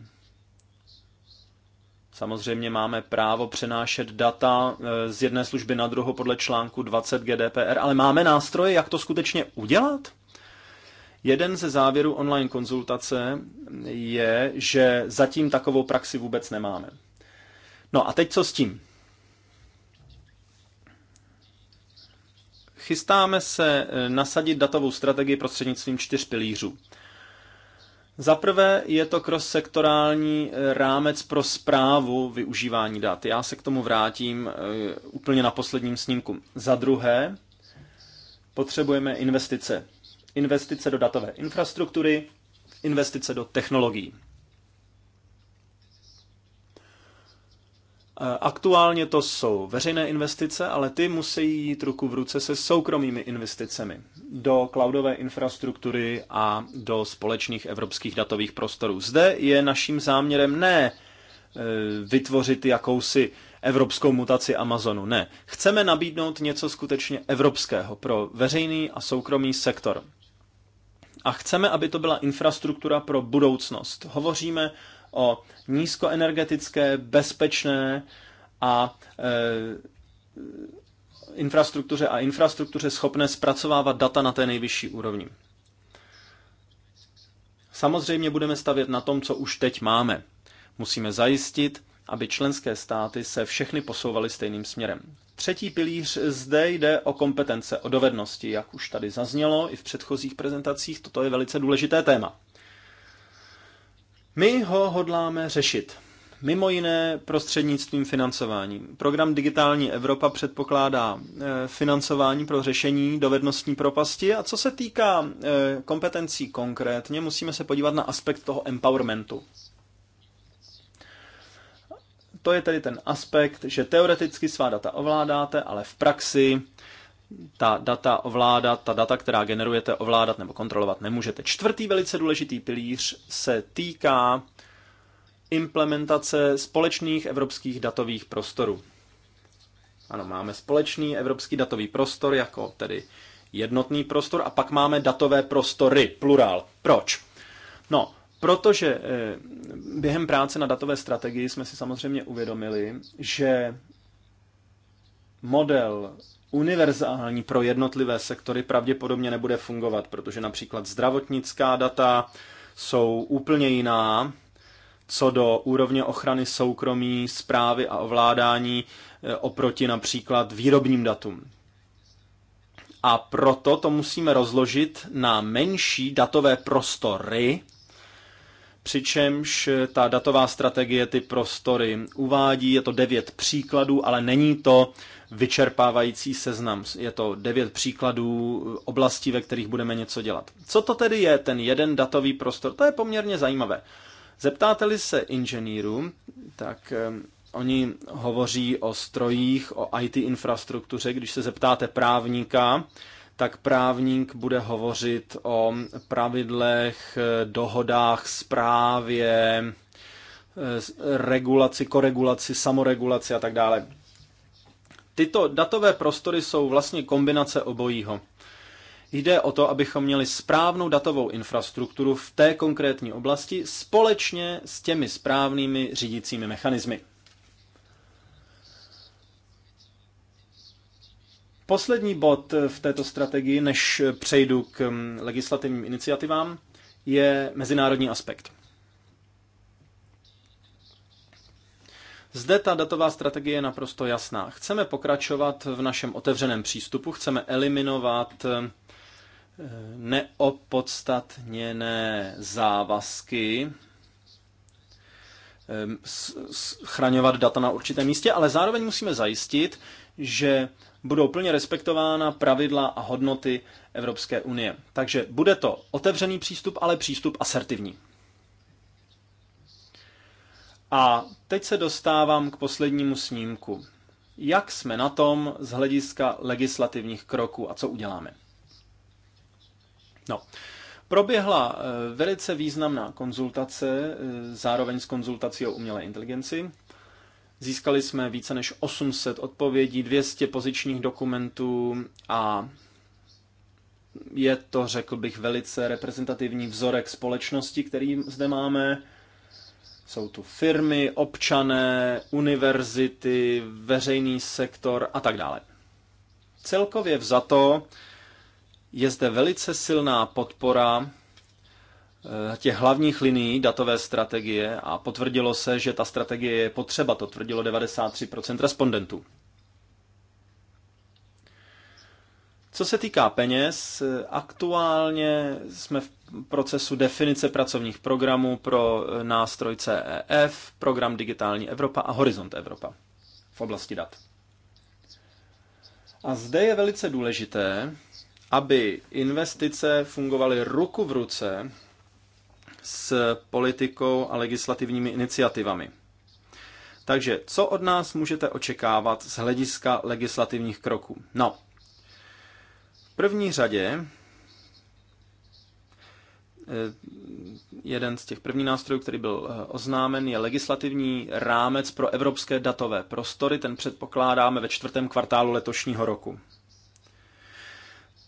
Samozřejmě máme právo přenášet data eh, z jedné služby na druhou podle článku 20 GDPR, ale máme nástroje, jak to skutečně udělat? Jeden ze závěrů online konzultace je, že zatím takovou praxi vůbec nemáme. No a teď co s tím? Chystáme se eh, nasadit datovou strategii prostřednictvím čtyř pilířů. Za prvé je to cross-sektorální eh, rámec pro zprávu využívání dat. Já se k tomu vrátím eh, úplně na posledním snímku. Za druhé potřebujeme investice. Investice do datové infrastruktury, investice do technologií. Eh, aktuálně to jsou veřejné investice, ale ty musí jít ruku v ruce se soukromými investicemi do cloudové infrastruktury a do společných evropských datových prostorů. Zde je naším záměrem ne eh, vytvořit jakousi evropskou mutaci Amazonu. Ne. Chceme nabídnout něco skutečně evropského pro veřejný a soukromý sektor. A chceme, aby to byla infrastruktura pro budoucnost. Hovoříme o nízkoenergetické, bezpečné a e, infrastruktuře a infrastruktuře schopné zpracovávat data na té nejvyšší úrovni. Samozřejmě budeme stavět na tom, co už teď máme. Musíme zajistit, aby členské státy se všechny posouvaly stejným směrem. Třetí pilíř zde jde o kompetence, o dovednosti, jak už tady zaznělo i v předchozích prezentacích, toto je velice důležité téma. My ho hodláme řešit. Mimo jiné prostřednictvím financování. Program Digitální Evropa předpokládá e, financování pro řešení dovednostní propasti a co se týká e, kompetencí konkrétně, musíme se podívat na aspekt toho empowermentu. To je tedy ten aspekt, že teoreticky svá data ovládáte, ale v praxi ta data ovládat, ta data, která generujete, ovládat nebo kontrolovat nemůžete. Čtvrtý velice důležitý pilíř se týká implementace společných evropských datových prostorů. Ano, máme společný evropský datový prostor jako tedy jednotný prostor a pak máme datové prostory, plurál. Proč? No, protože eh, během práce na datové strategii jsme si samozřejmě uvědomili, že model univerzální pro jednotlivé sektory pravděpodobně nebude fungovat, protože například zdravotnická data jsou úplně jiná co do úrovně ochrany soukromí, zprávy a ovládání e, oproti například výrobním datům. A proto to musíme rozložit na menší datové prostory, přičemž eh, ta datová strategie ty prostory uvádí, je to devět příkladů, ale není to vyčerpávající seznam. Je to devět příkladů eh, oblastí, ve kterých budeme něco dělat. Co to tedy je ten jeden datový prostor? To je poměrně zajímavé. Zeptáte-li se inženýrů, tak eh, oni hovoří o strojích, o IT infrastruktuře. Když se zeptáte právníka, tak právník bude hovořit o pravidlech, dohodách, správě, regulaci, koregulaci, samoregulaci a tak dále. Tyto datové prostory jsou vlastně kombinace obojího. Jde o to, abychom měli správnou datovou infrastrukturu v té konkrétní oblasti společně s těmi správnými řídícími mechanismy. Poslední bod v této strategii, než přejdu k mm, legislativním iniciativám, je mezinárodní aspekt. Zde ta datová strategie je naprosto jasná. Chceme pokračovat v našem otevřeném přístupu, chceme eliminovat eh, neopodstatněné závazky, eh, schraňovat data na určitém místě, ale zároveň musíme zajistit, že budou plně respektována pravidla a hodnoty Evropské unie. Takže bude to otevřený přístup, ale přístup asertivní. A teď se dostávám k poslednímu snímku. Jak jsme na tom z hlediska legislativních kroků a co uděláme? No, proběhla eh, velice významná konzultace, eh, zároveň s konzultací o umělé inteligenci, Získali jsme více než 800 odpovědí, 200 pozičních dokumentů a je to, řekl bych, velice reprezentativní vzorek společnosti, který zde máme. Jsou tu firmy, občané, univerzity, veřejný sektor a tak dále. Celkově vzato je zde velice silná podpora Eh, těch hlavních linií datové strategie a potvrdilo se, že ta strategie je potřeba, to tvrdilo 93% respondentů. Co se týká peněz, eh, aktuálně jsme v procesu definice pracovních programů pro eh, nástroj CEF, program Digitální Evropa a Horizont Evropa v oblasti dat. A zde je velice důležité, aby investice fungovaly ruku v ruce s politikou a legislativními iniciativami. Takže co od nás můžete očekávat z hlediska legislativních kroků? No, v první řadě eh, jeden z těch prvních nástrojů, který byl eh, oznámen, je legislativní rámec pro evropské datové prostory. Ten předpokládáme ve čtvrtém kvartálu letošního roku.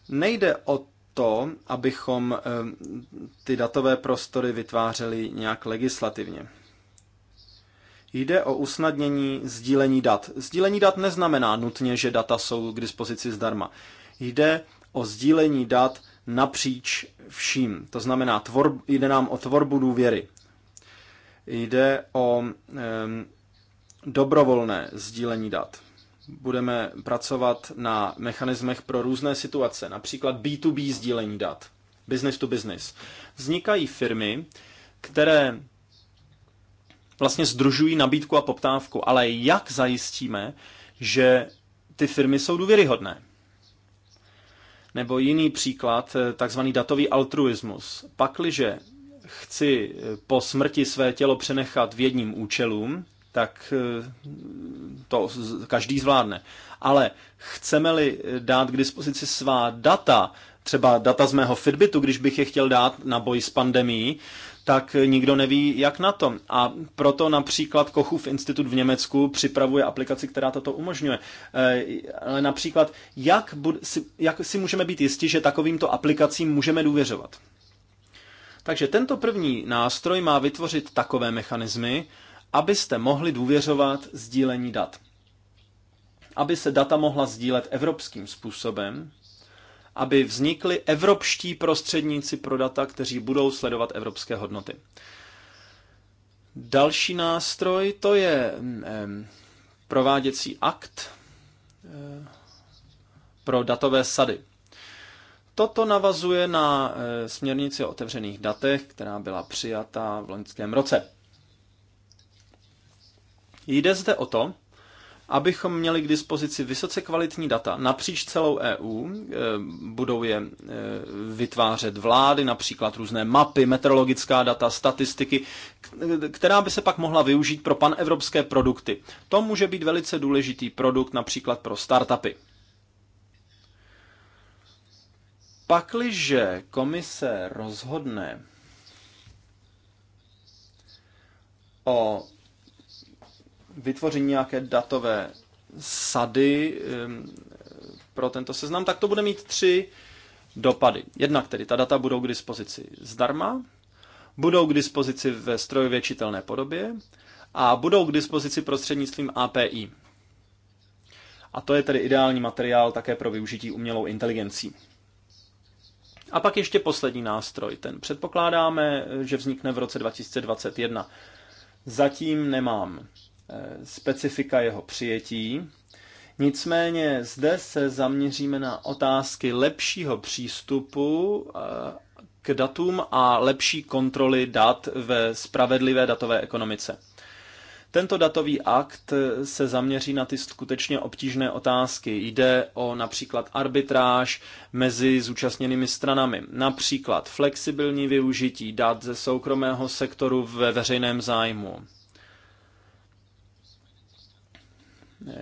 Nejde o to, abychom eh, ty datové prostory vytvářeli nějak legislativně. Jde o usnadnění sdílení dat. Sdílení dat neznamená nutně, že data jsou k dispozici zdarma. Jde o sdílení dat napříč vším. To znamená, tvorb, jde nám o tvorbu důvěry. Jde o e, dobrovolné sdílení dat budeme pracovat na mechanismech pro různé situace, například B2B sdílení dat, business to business. Vznikají firmy, které vlastně združují nabídku a poptávku, ale jak zajistíme, že ty firmy jsou důvěryhodné? Nebo jiný příklad, eh, takzvaný datový altruismus. Pakliže chci eh, po smrti své tělo přenechat vědním účelům, tak eh, to každý zvládne. Ale chceme-li dát k dispozici svá data, třeba data z mého Fitbitu, když bych je chtěl dát na boj s pandemí, tak nikdo neví, jak na to. A proto například Kochův institut v Německu připravuje aplikaci, která toto umožňuje. Eh, ale například, jak, si, jak si můžeme být jistí, že takovýmto aplikacím můžeme důvěřovat? Takže tento první nástroj má vytvořit takové mechanismy, abyste mohli důvěřovat sdílení dat. Aby se data mohla sdílet evropským způsobem, aby vznikly evropští prostředníci pro data, kteří budou sledovat evropské hodnoty. Další nástroj to je mm, prováděcí akt eh, pro datové sady. Toto navazuje na eh, směrnici o otevřených datech, která byla přijata v loňském roce. Jde zde o to, abychom měli k dispozici vysoce kvalitní data napříč celou EU. E, budou je e, vytvářet vlády, například různé mapy, meteorologická data, statistiky, která by se pak mohla využít pro panevropské produkty. To může být velice důležitý produkt například pro startupy. Pakliže komise rozhodne o vytvoření nějaké datové sady pro tento seznam, tak to bude mít tři dopady. Jednak tedy ta data budou k dispozici zdarma, budou k dispozici ve strojově čitelné podobě a budou k dispozici prostřednictvím API. A to je tedy ideální materiál také pro využití umělou inteligencí. A pak ještě poslední nástroj. Ten předpokládáme, že vznikne v roce 2021. Zatím nemám specifika jeho přijetí. Nicméně zde se zaměříme na otázky lepšího přístupu eh, k datům a lepší kontroly dat ve spravedlivé datové ekonomice. Tento datový akt se zaměří na ty skutečně obtížné otázky. Jde o například arbitráž mezi zúčastněnými stranami, například flexibilní využití dat ze soukromého sektoru ve veřejném zájmu,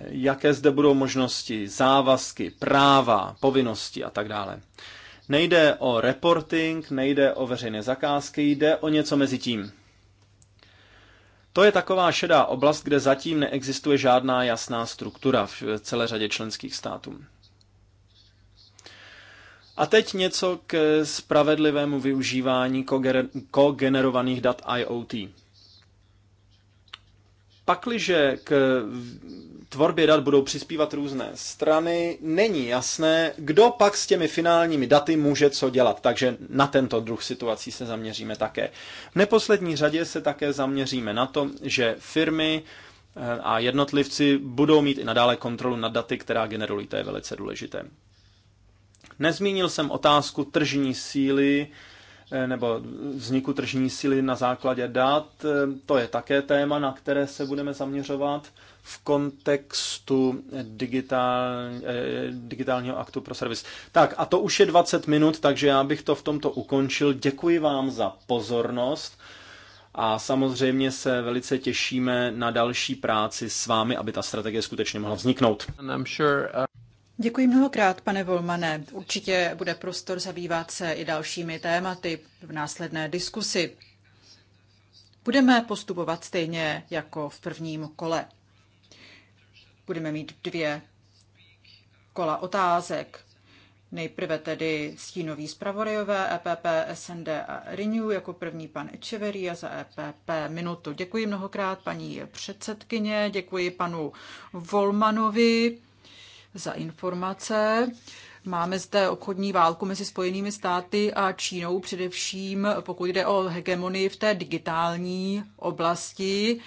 jaké zde budou možnosti, závazky, práva, povinnosti a tak dále. Nejde o reporting, nejde o veřejné zakázky, jde o něco mezi tím. To je taková šedá oblast, kde zatím neexistuje žádná jasná struktura v celé řadě členských států. A teď něco k spravedlivému využívání kogenerovaných dat IoT. Pakliže k tvorbě dat budou přispívat různé strany, není jasné, kdo pak s těmi finálními daty může co dělat. Takže na tento druh situací se zaměříme také. V neposlední řadě se také zaměříme na to, že firmy eh, a jednotlivci budou mít i nadále kontrolu nad daty, která generují. To je velice důležité. Nezmínil jsem otázku tržní síly Eh, nebo vzniku tržní síly na základě dat. Eh, to je také téma, na které se budeme zaměřovat v kontextu digitál, eh, digitálního aktu pro servis. Tak a to už je 20 minut, takže já bych to v tomto ukončil. Děkuji vám za pozornost a samozřejmě se velice těšíme na další práci s vámi, aby ta strategie skutečně mohla vzniknout. Uh, Děkuji mnohokrát, pane Volmane. Určitě bude prostor zabývat se i dalšími tématy v následné diskusi. Budeme postupovat stejně jako v prvním kole. Budeme mít dvě kola otázek. Nejprve tedy stínový zpravodajové EPP, SND a Renew, jako první pan a za EPP minutu. Děkuji mnohokrát paní předsedkyně, děkuji panu Volmanovi za informace. Máme zde obchodní válku mezi Spojenými státy a Čínou, především pokud jde o hegemonii v té digitální oblasti.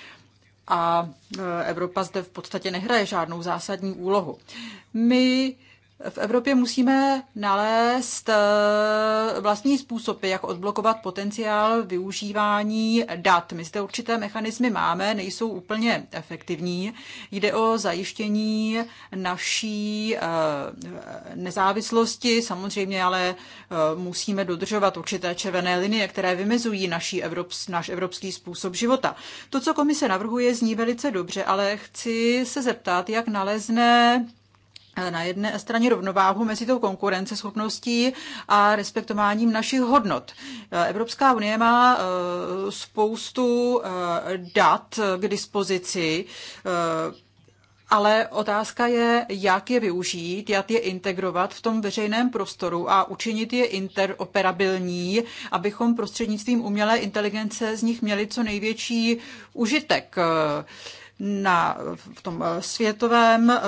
A e, Evropa zde v podstatě nehraje žádnou zásadní úlohu. My v Evropě musíme nalézt eh, vlastní způsoby, jak odblokovat potenciál využívání dat. My zde určité mechanismy máme, nejsou úplně efektivní. Jde o zajištění naší eh, nezávislosti, samozřejmě ale eh, musíme dodržovat určité červené linie, které vymezují naší Evrops, náš evropský způsob života. To, co komise navrhuje, zní velice dobře, ale chci se zeptat, jak nalezne na jedné straně rovnováhu mezi tou konkurenceschopností a respektováním našich hodnot. Evropská unie má eh, spoustu eh, dat k dispozici, eh, ale otázka je, jak je využít, jak je integrovat v tom veřejném prostoru a učinit je interoperabilní, abychom prostřednictvím umělé inteligence z nich měli co největší užitek na, v tom eh, světovém eh,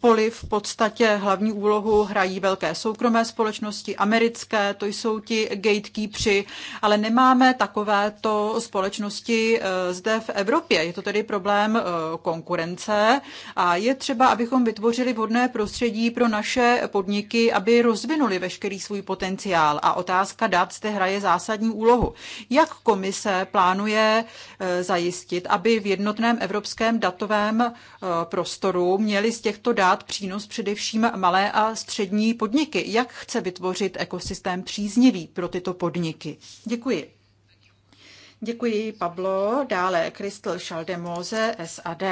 poli v podstatě hlavní úlohu hrají velké soukromé společnosti, americké, to jsou ti gatekeepři, ale nemáme takovéto společnosti eh, zde v Evropě. Je to tedy problém konkurence a je třeba, abychom vytvořili vhodné prostředí pro naše podniky, aby rozvinuli veškerý svůj potenciál. A otázka dat zde hraje zásadní úlohu. Jak komise plánuje zajistit, aby v jednotném evropském evropském datovém eh, prostoru měly z těchto dát přínos především malé a střední podniky. Jak chce vytvořit ekosystém příznivý pro tyto podniky? Děkuji. Děkuji Pablo, dále Kristel Schaldemose SAD.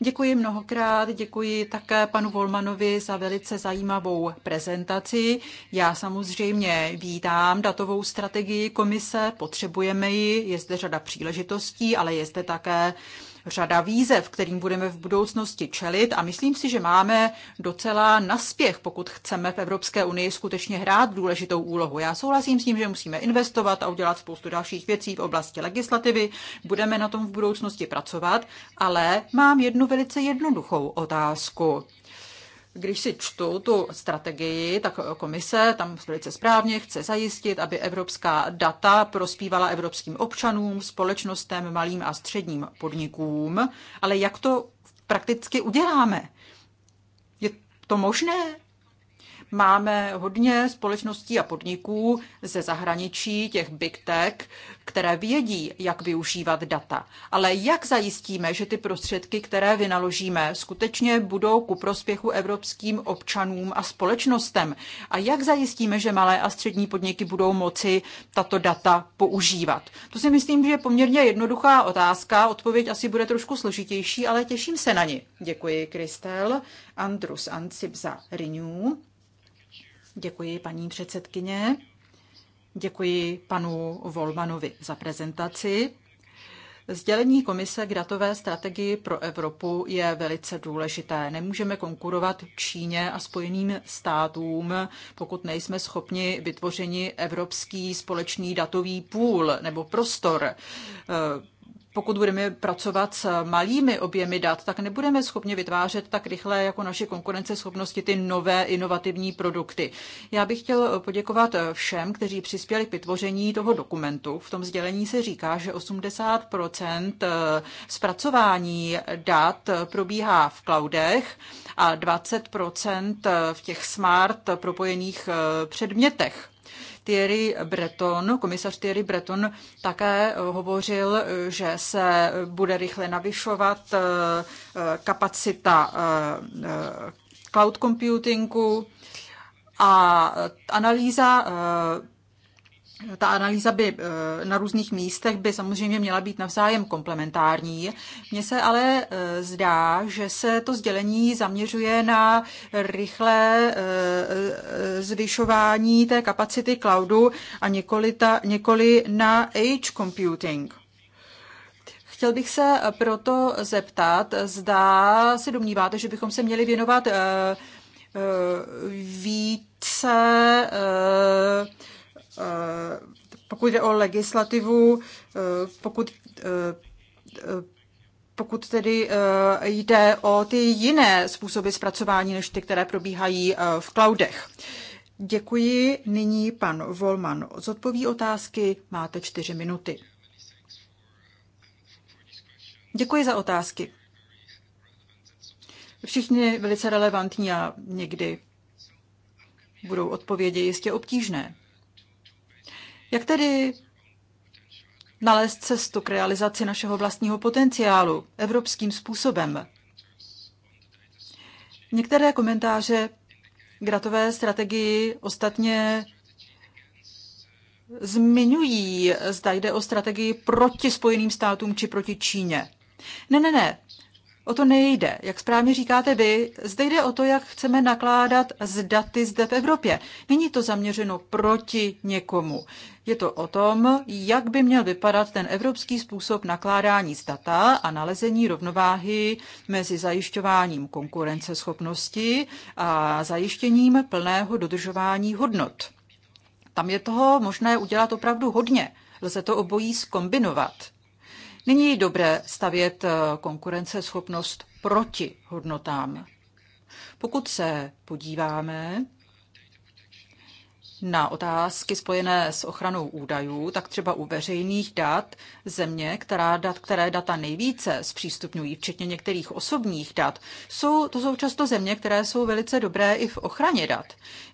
Děkuji mnohokrát, děkuji také panu Volmanovi za velice zajímavou prezentaci. Já samozřejmě vítám datovou strategii komise, potřebujeme ji, je zde řada příležitostí, ale je zde také uh, řada výzev, kterým budeme v budoucnosti čelit a myslím si, že máme docela naspěch, pokud chceme v Evropské unii skutečně hrát důležitou úlohu. Já souhlasím s tím, že musíme investovat a udělat spoustu dalších věcí v oblasti legislativy, budeme na tom v budoucnosti pracovat, ale mám jednu velice jednoduchou otázku. Když si čtu tu strategii, tak komise tam velice správně chce zajistit, aby evropská data prospívala evropským občanům, společnostem, malým a středním podnikům. Ale jak to prakticky uděláme? Je to možné? máme hodně společností a podniků ze zahraničí, těch big tech, které vědí, jak využívat data. Ale jak zajistíme, že ty prostředky, které vynaložíme, skutečně budou ku prospěchu evropským občanům a společnostem? A jak zajistíme, že malé a střední podniky budou moci tato data používat? To si myslím, že je poměrně jednoduchá otázka. Odpověď asi bude trošku složitější, ale těším se na ni. Děkuji, Kristel. Andrus Ancip za Renew. Děkuji, paní předsedkyně. Děkuji panu Volmanovi za prezentaci. Sdělení komise k datové strategii pro Evropu je velice důležité. Nemůžeme konkurovat Číně a Spojeným státům, pokud nejsme schopni vytvoření evropský společný datový půl nebo prostor pokud budeme pracovat s malými objemy dat, tak nebudeme schopni vytvářet tak rychle jako naše konkurenceschopnosti ty nové inovativní produkty. Já bych chtěl poděkovat všem, kteří přispěli k vytvoření toho dokumentu. V tom sdělení se říká, že 80 eh, zpracování dat probíhá v cloudech a 20 eh, v těch smart propojených eh, předmětech. Thierry Breton, komisař Thierry Breton také eh, hovořil, eh, že se bude rychle navyšovat eh, kapacita cloud computingu a analýza ta analýza by eh, na různých místech by samozřejmě měla být navzájem komplementární. Mně se ale eh, zdá, že se to sdělení zaměřuje na rychlé eh, zvyšování té kapacity cloudu a nikoli, ta, nikoli na age computing. Chtěl bych se proto zeptat, zda si domníváte, že bychom se měli věnovat více Eh, pokud jde o legislativu, eh, pokud, eh, pokud tedy jde o ty jiné způsoby zpracování, než ty, které probíhají v cloudech. Děkuji. Nyní pan Volman zodpoví otázky. Máte čtyři minuty. Děkuji za otázky. Všichni velice relevantní a někdy budou odpovědi jistě obtížné. Jak tedy nalézt cestu k realizaci našeho vlastního potenciálu evropským způsobem? Některé komentáře k datové strategii ostatně zmiňují, zda jde o strategii proti Spojeným státům či proti Číně. Ne, ne, ne. O to nejde. Jak správně říkáte vy, zde jde o to, jak chceme nakládat z daty zde v Evropě. Není to zaměřeno proti někomu. Je to o tom, jak by měl vypadat ten evropský způsob nakládání z data a nalezení rovnováhy mezi zajišťováním konkurenceschopnosti a zajištěním plného dodržování hodnot. Tam je toho možné udělat opravdu hodně. Lze to obojí skombinovat. Není dobré stavět eh, konkurenceschopnost proti hodnotám. Pokud se podíváme na otázky spojené s ochranou údajů, tak třeba u veřejných dat země, která dat, které data nejvíce zpřístupňují, včetně některých osobních dat, jsou, to jsou často země, které jsou velice dobré i v ochraně dat.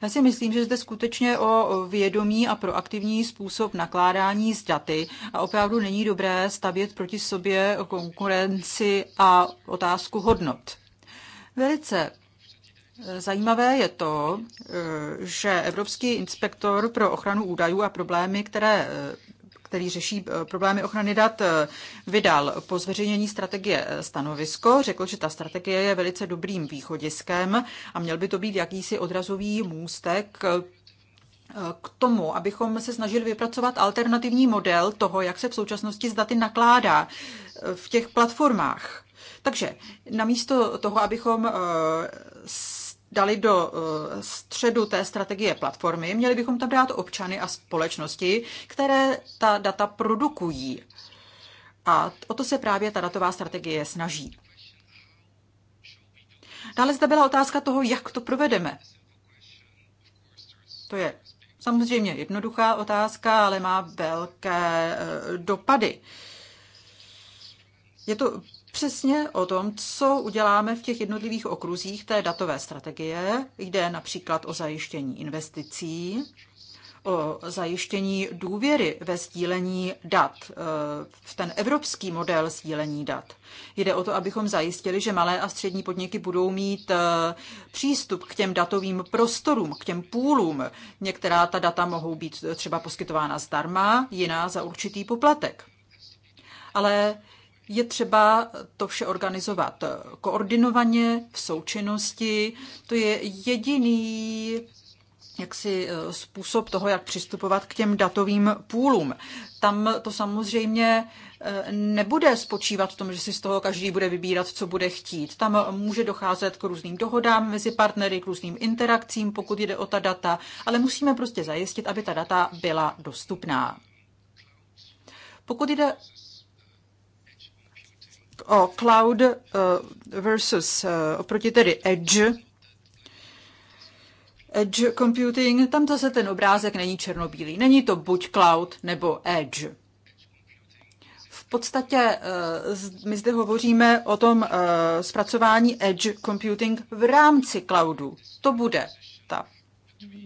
Já si myslím, že zde skutečně o vědomí a proaktivní způsob nakládání s daty a opravdu není dobré stavět proti sobě konkurenci a otázku hodnot. Velice Zajímavé je to, eh, že Evropský inspektor pro ochranu údajů a problémy, které eh, který řeší eh, problémy ochrany dat, vydal po zveřejnění strategie stanovisko. Řekl, že ta strategie je velice dobrým východiskem a měl by to být jakýsi odrazový můstek k tomu, abychom se snažili vypracovat alternativní model toho, jak se v současnosti z daty nakládá v těch platformách. Takže namísto toho, abychom dali do eh, středu té strategie platformy, měli bychom tam dát občany a společnosti, které ta data produkují. A o to se právě ta datová strategie snaží. Dále zde byla otázka toho, jak to provedeme. To je samozřejmě jednoduchá otázka, ale má velké eh, dopady. Je to přesně o tom, co uděláme v těch jednotlivých okruzích té datové strategie. Jde například o zajištění investicí, o zajištění důvěry ve sdílení dat, eh, v ten evropský model sdílení dat. Jde o to, abychom zajistili, že malé a střední podniky budou mít eh, přístup k těm datovým prostorům, k těm půlům. Některá ta data mohou být třeba poskytována zdarma, jiná za určitý poplatek. Ale je třeba to vše organizovat koordinovaně, v součinnosti. To je jediný jaksi eh, způsob toho, jak přistupovat k těm datovým půlům. Tam to samozřejmě eh, nebude spočívat v tom, že si z toho každý bude vybírat, co bude chtít. Tam může docházet k různým dohodám mezi partnery, k různým interakcím, pokud jde o ta data, ale musíme prostě zajistit, aby ta data byla dostupná. Pokud jde o cloud eh, versus eh, oproti tedy edge, edge computing, tam zase ten obrázek není černobílý. Není to buď cloud nebo edge. V podstatě eh, my zde hovoříme o tom zpracování edge computing v rámci cloudu. To bude ta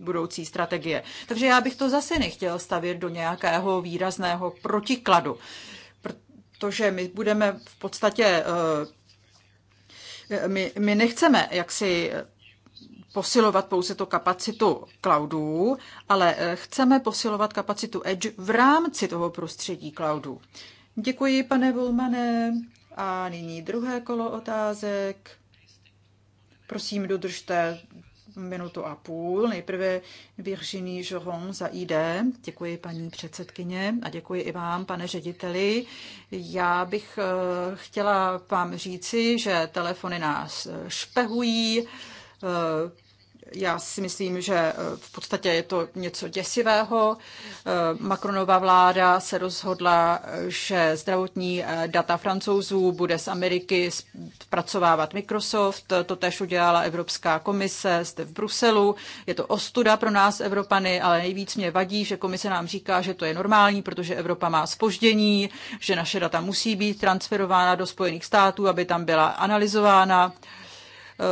budoucí strategie. Takže já bych to zase nechtěl stavět do nějakého výrazného protikladu že my budeme v podstatě, eh, my, my nechceme jaksi posilovat pouze tu kapacitu cloudů, ale eh, chceme posilovat kapacitu Edge v rámci toho prostředí cloudů. Děkuji, pane Volmane. A nyní druhé kolo otázek. Prosím, dodržte minutu a půl. Nejprve Virginie Joron za ID. Děkuji paní předsedkyně a děkuji i vám, pane řediteli. Já bych eh, chtěla vám říci, že telefony nás eh, špehují, eh, já si myslím, že eh, v podstatě je to něco děsivého. Eh, Macronova vláda se rozhodla, eh, že zdravotní data francouzů bude z Ameriky zpracovávat Microsoft. To tež udělala Evropská komise zde v Bruselu. Je to ostuda pro nás, Evropany, ale nejvíc mě vadí, že komise nám říká, že to je normální, protože Evropa má spoždění, že naše data musí být transferována do Spojených států, aby tam byla analyzována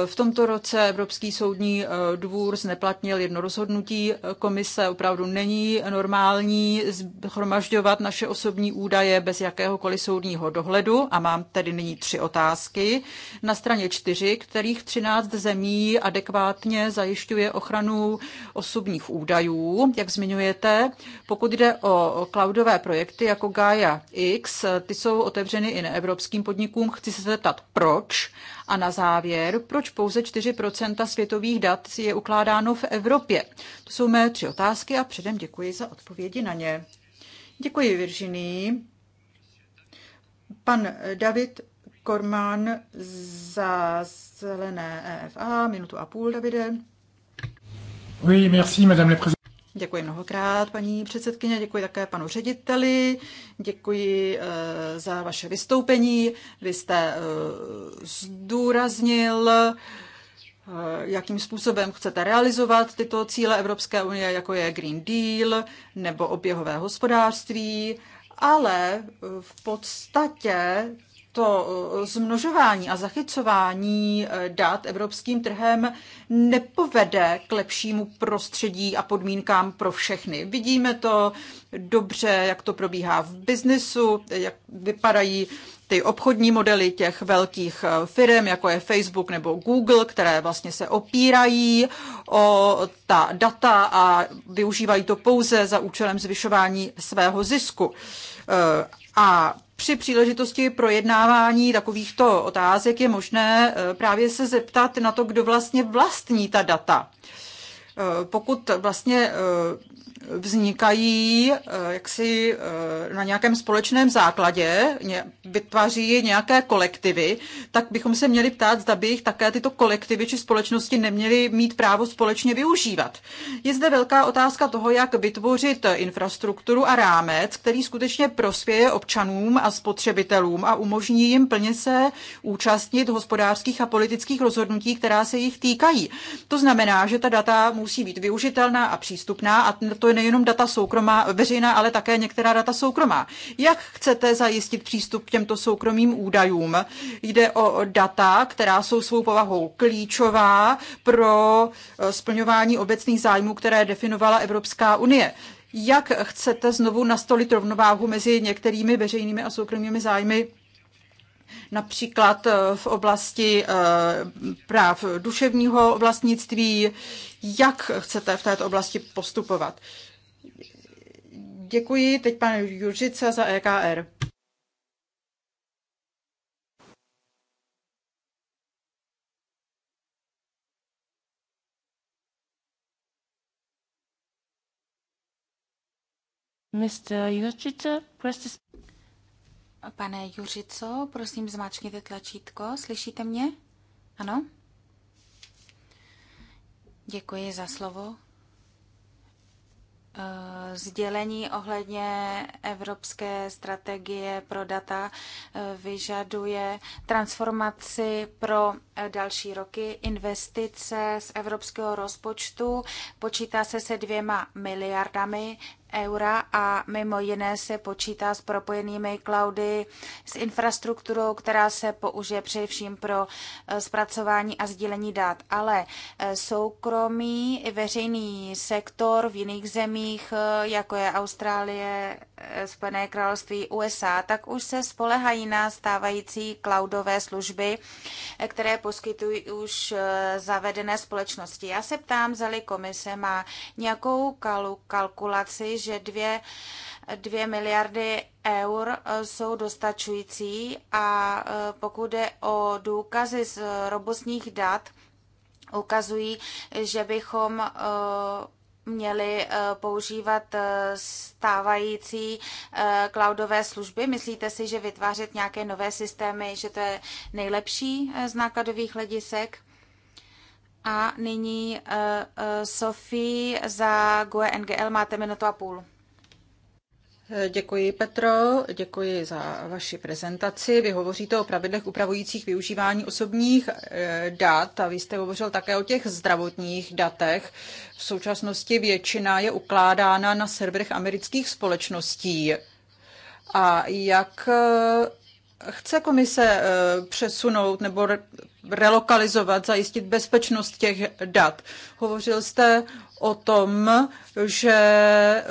v tomto roce Evropský soudní eh, dvůr zneplatnil jedno rozhodnutí komise. Opravdu není normální zhromažďovat naše osobní údaje bez jakéhokoliv soudního dohledu a mám tedy nyní tři otázky. Na straně čtyři, kterých 13 zemí adekvátně zajišťuje ochranu osobních údajů, jak zmiňujete. Pokud jde o cloudové projekty jako Gaia X, ty jsou otevřeny i neevropským podnikům. Chci se zeptat, proč a na závěr, proč pouze 4% světových dat je ukládáno v Evropě? To jsou mé tři otázky a předem děkuji za odpovědi na ně. Děkuji, Virginii. Pan David Korman za zelené EFA, minutu a půl, Davide. Oui, merci, madame la Děkuji mnohokrát, paní předsedkyně, děkuji také panu řediteli, děkuji eh, za vaše vystoupení. Vy jste eh, zdůraznil, eh, jakým způsobem chcete realizovat tyto cíle Evropské unie, jako je Green Deal nebo oběhové hospodářství, ale v podstatě to eh, zmnožování a zachycování eh, dat evropským trhem nepovede k lepšímu prostředí a podmínkám pro všechny. Vidíme to dobře, jak to probíhá v biznesu, jak vypadají ty obchodní modely těch velkých eh, firm, jako je Facebook nebo Google, které vlastně se opírají o ta data a využívají to pouze za účelem zvyšování svého zisku. A při příležitosti projednávání takovýchto otázek je možné e, právě se zeptat na to, kdo vlastně vlastní ta data. E, pokud vlastně e, vznikají eh, jaksi eh, na nějakém společném základě, vytváří nějaké kolektivy, tak bychom se měli ptát, zda by jich také tyto kolektivy či společnosti neměly mít právo společně využívat. Je zde velká otázka toho, jak vytvořit infrastrukturu a rámec, který skutečně prospěje občanům a spotřebitelům a umožní jim plně se účastnit hospodářských a politických rozhodnutí, která se jich týkají. To znamená, že ta data musí být využitelná a přístupná a to je nejenom data soukromá, veřejná, ale také některá data soukromá. Jak chcete zajistit přístup k těmto soukromým údajům? Jde o data, která jsou svou povahou klíčová pro eh, splňování obecných zájmů, které definovala Evropská unie. Jak chcete znovu nastolit rovnováhu mezi některými veřejnými a soukromými zájmy například eh, v oblasti eh, práv duševního vlastnictví. Jak chcete v této oblasti postupovat? Děkuji. Teď pan Juržica za EKR. Mr. Juržica, press this... Pane Juřico, prosím zmáčkněte tlačítko. Slyšíte mě? Ano? Děkuji za slovo. Eh, sdělení ohledně evropské strategie pro data eh, vyžaduje transformaci pro eh, další roky, investice z evropského rozpočtu, počítá se se dvěma miliardami eura a mimo jiné se počítá s propojenými cloudy, s infrastrukturou, která se použije především pro eh, zpracování a sdílení dat. Ale eh, soukromý i veřejný sektor v jiných zemích, eh, jako je Austrálie, Spojené království, USA, tak už se spolehají na stávající cloudové služby, které poskytují už zavedené společnosti. Já se ptám, zali komise má nějakou kalkulaci, že dvě, dvě miliardy eur e, jsou dostačující a e, pokud je o důkazy z robustních dat, ukazují, že bychom e, měli používat stávající cloudové služby? Myslíte si, že vytvářet nějaké nové systémy, že to je nejlepší z nákladových hledisek? A nyní uh, uh, Sofie za GUE NGL máte minutu a půl. Děkuji, Petro, děkuji za vaši prezentaci. Vy hovoříte o pravidlech upravujících využívání osobních eh, dat a vy jste hovořil také o těch zdravotních datech. V současnosti většina je ukládána na serverech amerických společností. A jak chce komise přesunout nebo relokalizovat, zajistit bezpečnost těch dat. Hovořil jste o tom, že eh,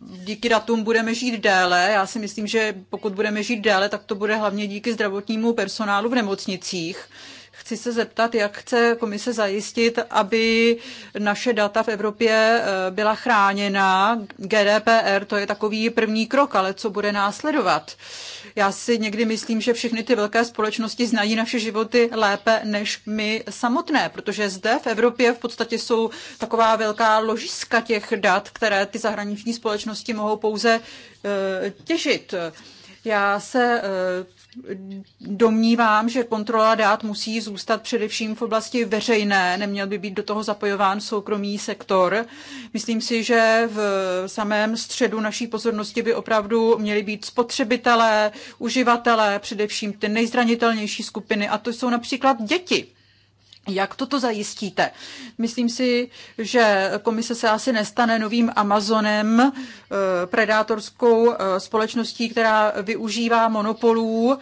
díky datům budeme žít déle. Já si myslím, že pokud budeme žít déle, tak to bude hlavně díky zdravotnímu personálu v nemocnicích. Chci se zeptat, jak chce komise zajistit, aby naše data v Evropě eh, byla chráněna. GDPR to je takový první krok, ale co bude následovat? Já si někdy myslím, že všechny ty velké společnosti znají naše životy lépe než my samotné, protože zde v Evropě v podstatě jsou taková velká ložiska těch dat, které ty zahraniční společnosti mohou pouze eh, těžit. Já se eh, domnívám, že kontrola dát musí zůstat především v oblasti veřejné, neměl by být do toho zapojován soukromý sektor. Myslím si, že v samém středu naší pozornosti by opravdu měli být spotřebitelé, uživatelé, především ty nejzranitelnější skupiny, a to jsou například děti. Jak toto zajistíte? Myslím si, že komise se asi nestane novým Amazonem, eh, predátorskou eh, společností, která využívá monopolů.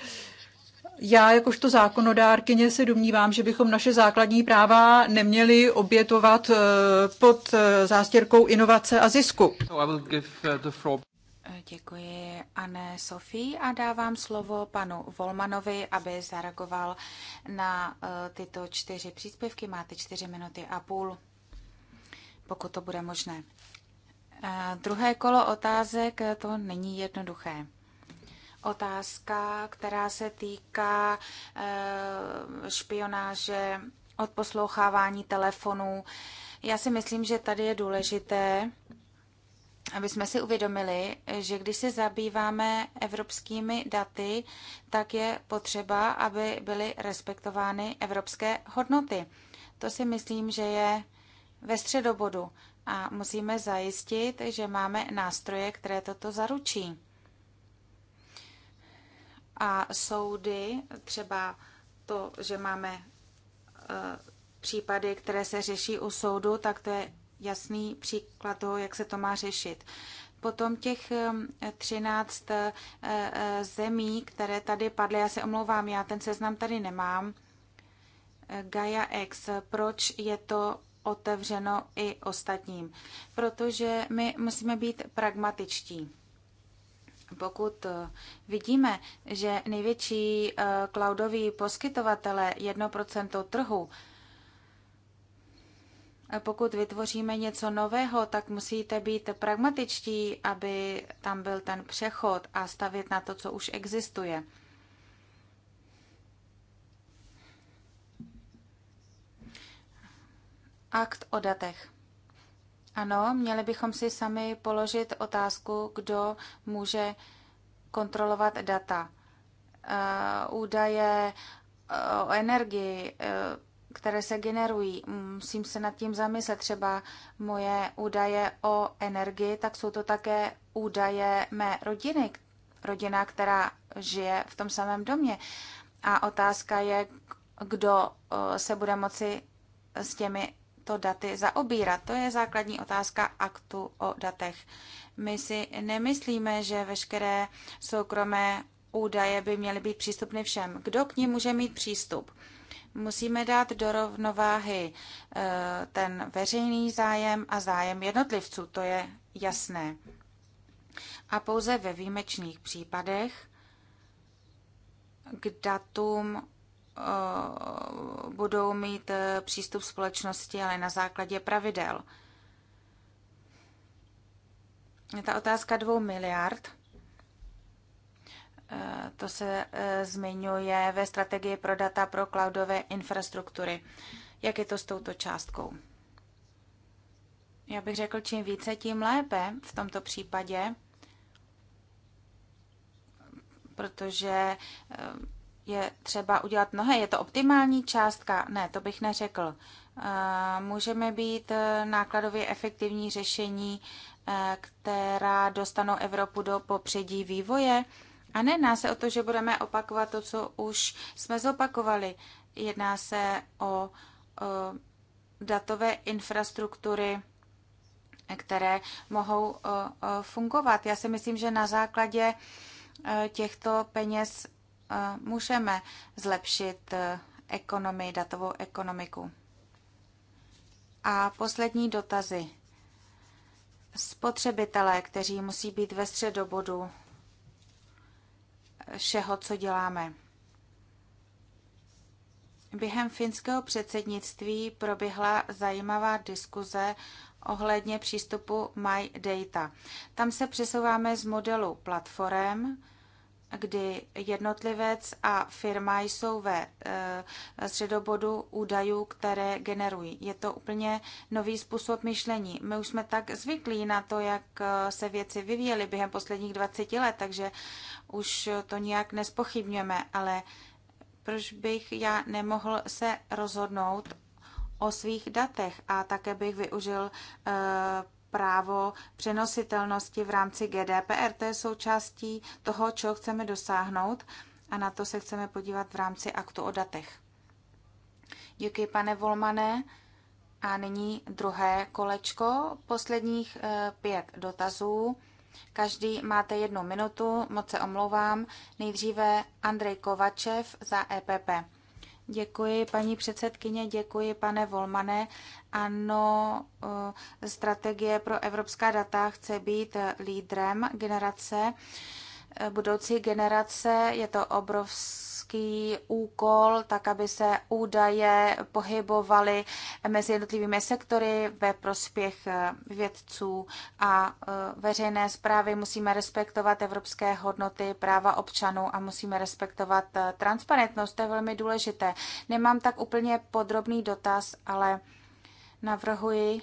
Já jakožto zákonodárkyně se domnívám, že bychom naše základní práva neměli obětovat eh, pod zástěrkou inovace a zisku. Děkuji Anne Sofii a dávám slovo panu Volmanovi, aby zareagoval na e, tyto čtyři příspěvky. Máte čtyři minuty a půl, pokud to bude možné. E, druhé kolo otázek e, to není jednoduché otázka, která se týká špionáže, odposlouchávání telefonů. Já si myslím, že tady je důležité, aby jsme si uvědomili, že když se zabýváme evropskými daty, tak je potřeba, aby byly respektovány evropské hodnoty. To si myslím, že je ve středobodu a musíme zajistit, že máme nástroje, které toto zaručí. A soudy, třeba to, že máme eh, případy, které se řeší u soudu, tak to je jasný příklad toho, jak se to má řešit. Potom těch 13 um, uh, uh, zemí, které tady padly, já se omlouvám, já ten seznam tady nemám. Gaia X, proč je to otevřeno i ostatním? Protože my musíme být pragmatičtí. Pokud uh, vidíme, že největší cloudoví poskytovatele 1% trhu, pokud vytvoříme něco nového, tak musíte být pragmatičtí, aby tam byl ten přechod a stavět na to, co už existuje. Akt o datech. Ano, měli bychom si sami položit otázku, kdo může kontrolovat data. Eh, údaje eh, o energii, eh, které se generují. Musím se nad tím zamyslet. Třeba moje údaje o energii, tak jsou to také údaje mé rodiny, rodina, která žije v tom samém domě. A otázka je, kdo eh, se bude moci s těmi to daty zaobírat. To je základní otázka aktu o datech. My si nemyslíme, že veškeré soukromé údaje by měly být přístupny všem. Kdo k ním může mít přístup? Musíme dát do rovnováhy eh, ten veřejný zájem a zájem jednotlivců, to je jasné. A pouze ve výjimečných případech k datům eh, budou mít eh, přístup společnosti, ale na základě pravidel. Ta otázka dvou miliard – to se e, zmiňuje ve strategii pro data pro cloudové infrastruktury. Jak je to s touto částkou? Já bych řekl, čím více, tím lépe v tomto případě, protože e, je třeba udělat mnohé. Je to optimální částka? Ne, to bych neřekl. E, můžeme být nákladově efektivní řešení, která dostanou Evropu do popředí vývoje. A nejedná se o to, že budeme opakovat to, co už jsme zopakovali. Jedná se o, o datové infrastruktury, které mohou o, o fungovat. Já si myslím, že na základě e, těchto peněz e, můžeme zlepšit e, ekonomii, datovou ekonomiku. A poslední dotazy. Spotřebitelé, kteří musí být ve středobodu všeho, co děláme. Během finského předsednictví proběhla zajímavá diskuze ohledně přístupu My Data. Tam se přesouváme z modelu platform kdy jednotlivec a firma jsou ve eh, středobodu údajů, které generují. Je to úplně nový způsob myšlení. My už jsme tak zvyklí na to, jak eh, se věci vyvíjely během posledních 20 let, takže už to nijak nespochybňujeme, ale proč bych já nemohl se rozhodnout o svých datech a také bych využil eh, právo přenositelnosti v rámci GDPR. To je součástí toho, čeho chceme dosáhnout a na to se chceme podívat v rámci aktu o datech. Díky, pane Volmané. A nyní druhé kolečko posledních eh, pět dotazů. Každý máte jednu minutu, moc se omlouvám. Nejdříve Andrej Kovačev za EPP. Děkuji, paní předsedkyně, děkuji, pane Volmane. Ano, eh, strategie pro evropská data chce být lídrem generace, eh, budoucí generace. Je to obrovský obrovský úkol, tak aby se údaje pohybovaly mezi jednotlivými sektory ve prospěch eh, vědců a eh, veřejné zprávy. Musíme respektovat evropské hodnoty, práva občanů a musíme respektovat eh, transparentnost. To je velmi důležité. Nemám tak úplně podrobný dotaz, ale navrhuji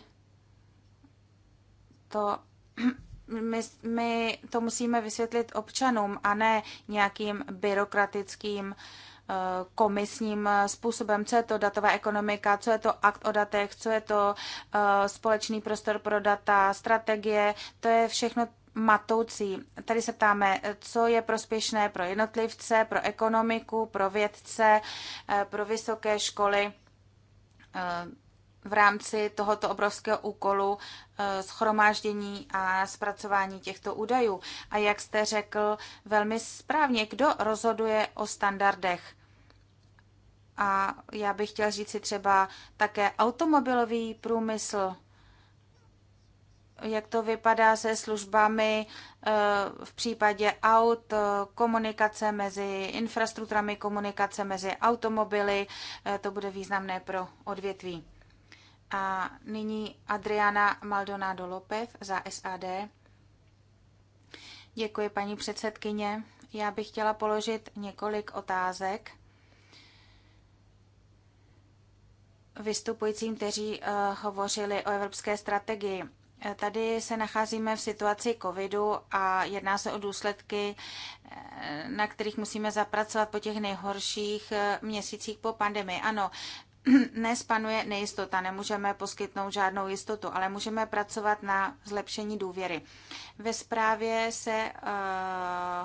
to my, my to musíme vysvětlit občanům a ne nějakým byrokratickým eh, komisním eh, způsobem, co je to datová ekonomika, co je to akt o datech, co je to eh, společný prostor pro data, strategie, to je všechno matoucí. Tady se ptáme, co je prospěšné pro jednotlivce, pro ekonomiku, pro vědce, pro vysoké školy v rámci tohoto obrovského úkolu eh, schromáždění a zpracování těchto údajů. A jak jste řekl velmi správně, kdo rozhoduje o standardech? A já bych chtěl říct si třeba také automobilový průmysl. Jak to vypadá se službami eh, v případě aut, eh, komunikace mezi infrastrukturami, komunikace mezi automobily, to bude významné pro odvětví. A nyní Adriana Maldonado López za SAD. Děkuji, paní předsedkyně. Já bych chtěla položit několik otázek vystupujícím, kteří uh, hovořili o evropské strategii. Eh, tady se nacházíme v situaci covidu a jedná se o důsledky, eh, na kterých musíme zapracovat po těch nejhorších měsících po pandemii. Ano, dnes panuje nejistota, nemůžeme poskytnout žádnou jistotu, ale můžeme pracovat na zlepšení důvěry. Ve zprávě se uh,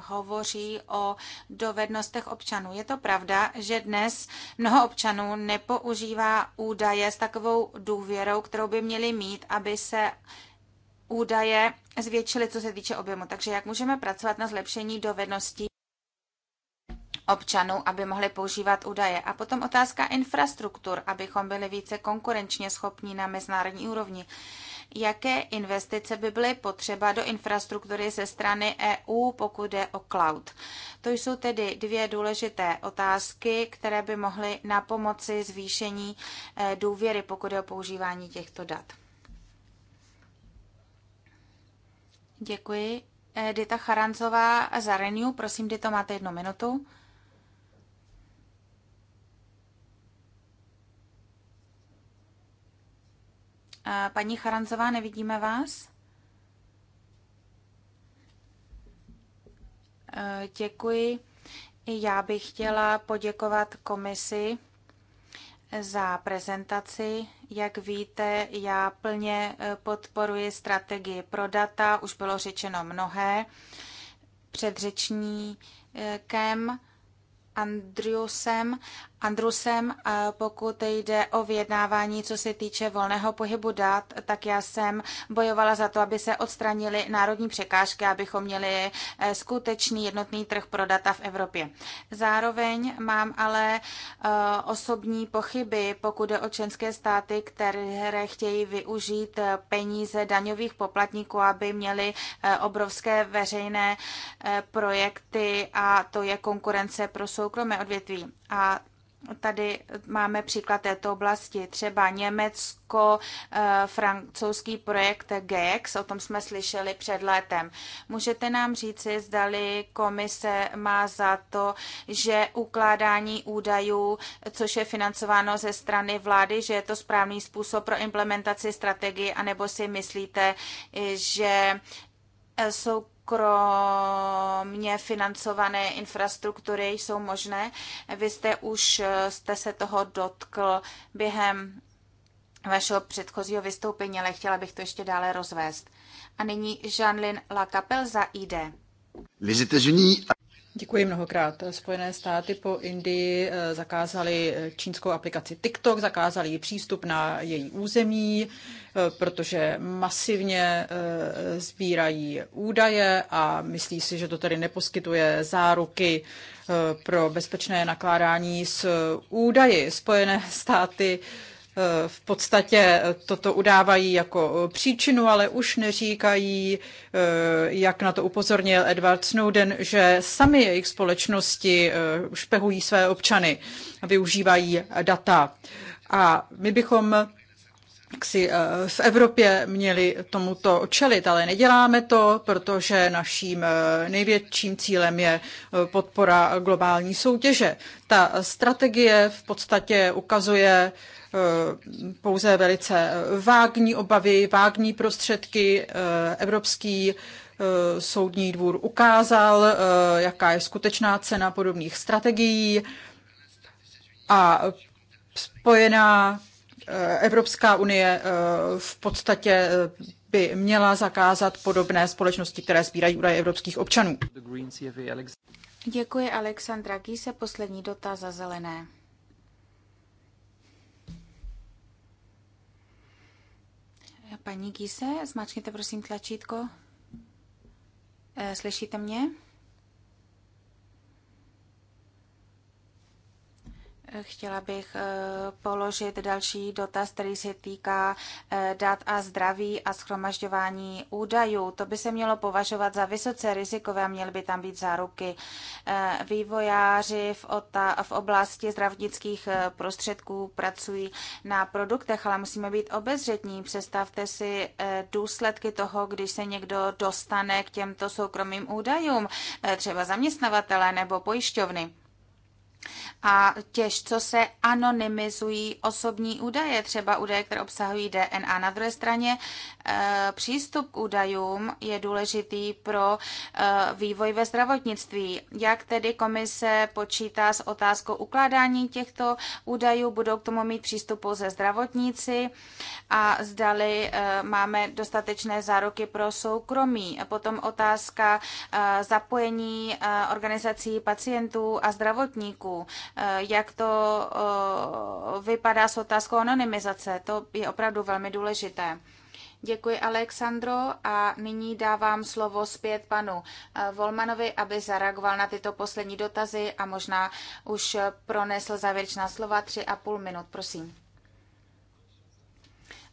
hovoří o dovednostech občanů. Je to pravda, že dnes mnoho občanů nepoužívá údaje s takovou důvěrou, kterou by měli mít, aby se údaje zvětšily, co se týče objemu. Takže jak můžeme pracovat na zlepšení dovedností občanů, aby mohli používat údaje. A potom otázka infrastruktur, abychom byli více konkurenčně schopní na mezinárodní úrovni. Jaké investice by byly potřeba do infrastruktury ze strany EU, pokud jde o cloud? To jsou tedy dvě důležité otázky, které by mohly na pomoci zvýšení eh, důvěry, pokud jde o používání těchto dat. Děkuji. Dita Charanzová za Renew. Prosím, Dito, máte jednu minutu. Paní Charanzová, nevidíme vás? E, děkuji. Já bych chtěla poděkovat komisi za prezentaci. Jak víte, já plně e, podporuji strategii pro data, už bylo řečeno mnohé. Předřečníkem Andriusem Andrusem, pokud jde o vyjednávání, co se týče volného pohybu dat, tak já jsem bojovala za to, aby se odstranily národní překážky, abychom měli eh, skutečný jednotný trh pro data v Evropě. Zároveň mám ale eh, osobní pochyby, pokud jde o členské státy, které chtějí využít eh, peníze daňových poplatníků, aby měli obrovské veřejné projekty a to je konkurence pro soukromé odvětví. A Tady máme příklad této oblasti, třeba německo-francouzský eh, projekt GEX, o tom jsme slyšeli před létem. Můžete nám říci, zdali komise má za to, že ukládání údajů, což je financováno ze strany vlády, že je to správný způsob pro implementaci strategie, anebo si myslíte, že jsou kromě financované infrastruktury jsou možné. Vy jste už jste se toho dotkl během vašeho předchozího vystoupení, ale chtěla bych to ještě dále rozvést. A nyní Jean-Lin Lacapelle za ID. Děkuji mnohokrát. Spojené státy po Indii eh, zakázali eh, čínskou aplikaci TikTok, zakázali jí přístup na její území, eh, protože masivně sbírají údaje a myslí si, že to tedy neposkytuje záruky pro bezpečné nakládání s údaji. Spojené státy v podstatě toto udávají jako příčinu, ale už neříkají, eh, jak na to upozornil Edward Snowden, že sami jejich společnosti eh, špehují své občany a využívají data. A my bychom jaksi eh, v Evropě měli tomuto čelit, ale neděláme to, protože naším eh, největším cílem je eh, podpora globální soutěže. Ta strategie v podstatě ukazuje pouze velice vágní obavy, vágní prostředky. Evropský soudní dvůr ukázal, jaká je skutečná cena podobných strategií a spojená Eh, Evropská unie eh, v podstatě eh, by měla zakázat podobné společnosti, které sbírají údaje evropských občanů. Děkuji Alexandra se poslední dotaz za zelené. Paní Gise, zmáčkněte prosím tlačítko. Slyšíte mě? Chtěla bych eh, položit další dotaz, který se týká eh, dat a zdraví a schromažďování údajů. To by se mělo považovat za vysoce rizikové a měly by tam být záruky. Eh, vývojáři v, oblasti zdravotnických prostředků pracují na produktech, ale musíme být obezřetní. Představte si důsledky toho, když se někdo dostane k těmto soukromým údajům, třeba zaměstnavatele nebo pojišťovny a těžco se anonymizují osobní údaje, třeba údaje, které obsahují DNA. Na druhé straně eh, přístup k údajům je důležitý pro eh, vývoj ve zdravotnictví. Jak tedy komise počítá s otázkou ukládání těchto údajů? Budou k tomu mít přístup pouze zdravotníci a zdali eh, máme dostatečné záruky pro soukromí. Potom otázka zapojení organizací pacientů a zdravotníků podniků, eh, jak to eh, vypadá s otázkou anonymizace. To je opravdu velmi důležité. Děkuji, Alexandro, a nyní dávám slovo zpět panu eh, Volmanovi, aby zareagoval na tyto poslední dotazy a možná už pronesl závěrečná slova tři a půl minut. Prosím.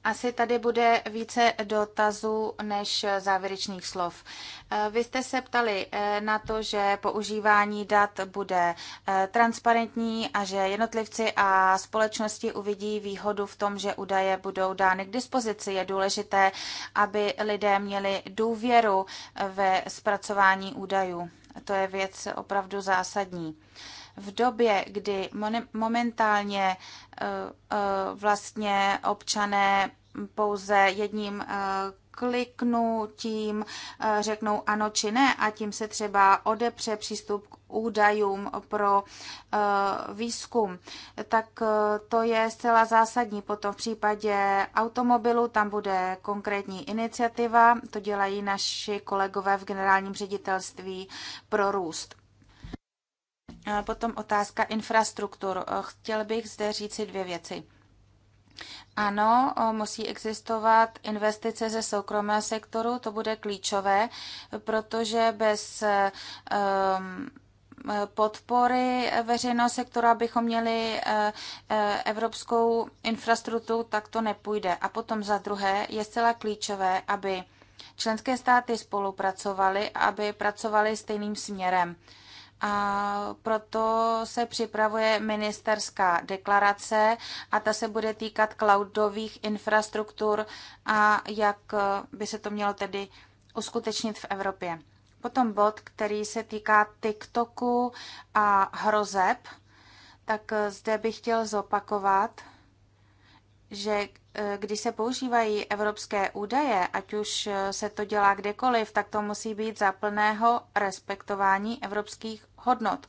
Asi tady bude více dotazů než závěrečných slov. Eh, vy jste se ptali eh, na to, že používání dat bude eh, transparentní a že jednotlivci a společnosti uvidí výhodu v tom, že údaje budou dány k dispozici. Je důležité, aby lidé měli důvěru ve zpracování údajů. To je věc opravdu zásadní v době, kdy momentálně eh, eh, vlastně občané pouze jedním eh, kliknutím řeknou ano či ne a tím se třeba odepře přístup k údajům pro výzkum, tak to je zcela zásadní. Potom v případě automobilu tam bude konkrétní iniciativa, to dělají naši kolegové v generálním ředitelství pro růst. Potom otázka infrastruktur. Eh, chtěl bych zde říci dvě věci. Ano, eh, musí existovat investice ze soukromého sektoru, to bude klíčové, protože bez um, podpory veřejného sektora, abychom měli eh, evropskou infrastrukturu, tak to nepůjde. A potom za druhé je zcela klíčové, aby členské státy spolupracovaly, aby pracovaly stejným směrem a proto se připravuje ministerská deklarace a ta se bude týkat cloudových infrastruktur a jak by se to mělo tedy uskutečnit v Evropě. Potom bod, který se týká TikToku a hrozeb, tak zde bych chtěl zopakovat, že eh, když se používají evropské údaje, ať už eh, se to dělá kdekoliv, tak to musí být za plného respektování evropských hodnot.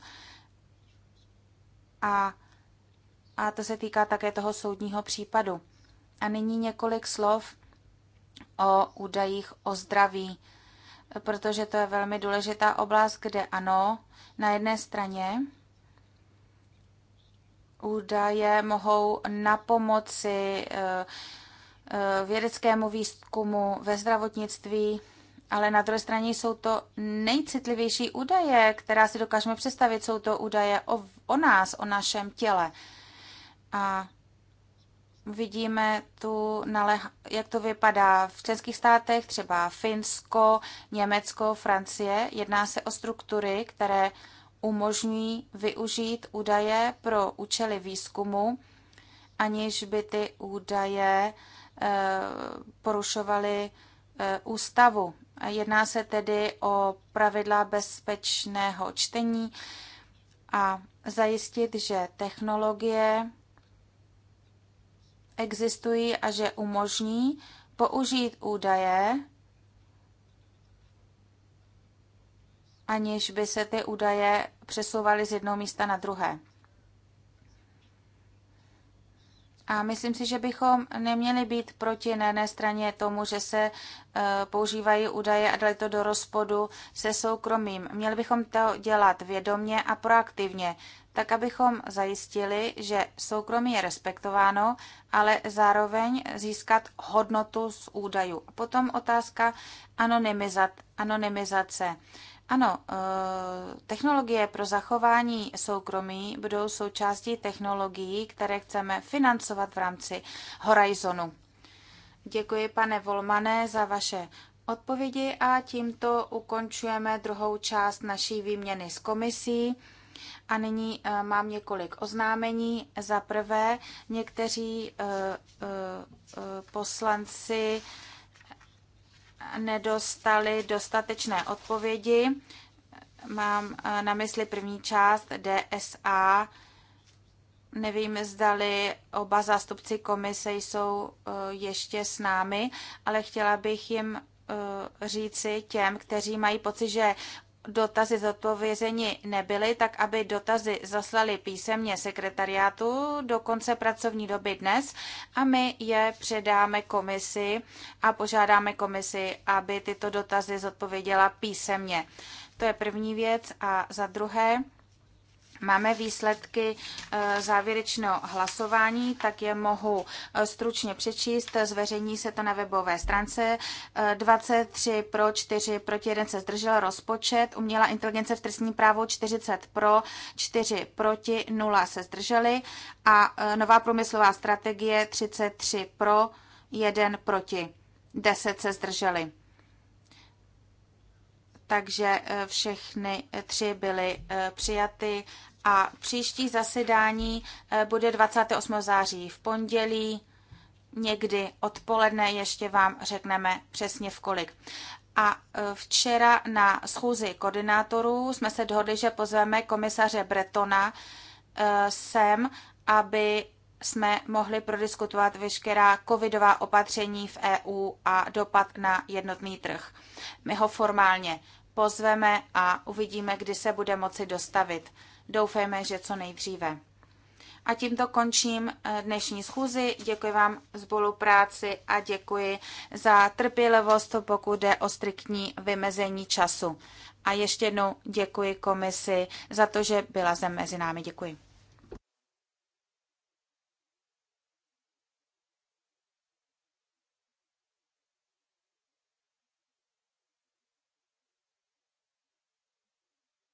A, a to se týká také toho soudního případu. A nyní několik slov o údajích o zdraví, protože to je velmi důležitá oblast, kde ano, na jedné straně údaje mohou na pomoci eh, eh, vědeckému výzkumu ve zdravotnictví, ale na druhé straně jsou to nejcitlivější údaje, která si dokážeme představit. Jsou to údaje o, o nás, o našem těle. A vidíme tu, jak to vypadá v českých státech, třeba Finsko, Německo, Francie. Jedná se o struktury, které umožní využít údaje pro účely výzkumu, aniž by ty údaje eh, porušovaly eh, ústavu. Jedná se tedy o pravidla bezpečného čtení a zajistit, že technologie existují a že umožní použít údaje aniž by se ty údaje přesouvaly z jednoho místa na druhé. A myslím si, že bychom neměli být proti na jedné straně tomu, že se e, používají údaje a dali to do rozpodu se soukromím. Měli bychom to dělat vědomně a proaktivně, tak abychom zajistili, že soukromí je respektováno, ale zároveň získat hodnotu z údajů. Potom otázka anonymizace ano, eh, technologie pro zachování soukromí budou součástí technologií, které chceme financovat v rámci Horizonu. Děkuji, pane Volmané, za vaše odpovědi a tímto ukončujeme druhou část naší výměny s komisí. A nyní eh, mám několik oznámení. Za prvé, někteří eh, poslanci nedostali dostatečné odpovědi. Mám eh, na mysli první část DSA. Nevím, zdali oba zástupci komise jsou eh, ještě s námi, ale chtěla bych jim eh, říci těm, kteří mají pocit, že dotazy zodpovězeni nebyly, tak aby dotazy zaslali písemně sekretariátu do konce pracovní doby dnes a my je předáme komisi a požádáme komisi, aby tyto dotazy zodpověděla písemně. To je první věc. A za druhé, Máme výsledky eh, závěrečného hlasování, tak je mohu eh, stručně přečíst. Zveřejní se to na webové stránce. 23 eh, pro, 4 proti, 1 se zdržel rozpočet. Umělá inteligence v trestním právu 40 pro, 4 proti, 0 se zdrželi. A nová průmyslová strategie 33 pro, 1 proti, 10 se zdrželi. Takže všechny tři byly přijaty a příští zasedání eh, bude 28. září v pondělí. Někdy odpoledne ještě vám řekneme přesně v kolik. A eh, včera na schůzi koordinátorů jsme se dohodli, že pozveme komisaře Bretona eh, sem, aby jsme mohli prodiskutovat veškerá covidová opatření v EU a dopad na jednotný trh. My ho formálně pozveme a uvidíme, kdy se bude moci dostavit doufejme, že co nejdříve. A tímto končím eh, dnešní schůzi. Děkuji vám spolupráci a děkuji za trpělivost, pokud jde o striktní vymezení času. A ještě jednou děkuji komisi za to, že byla zde mezi námi. Děkuji.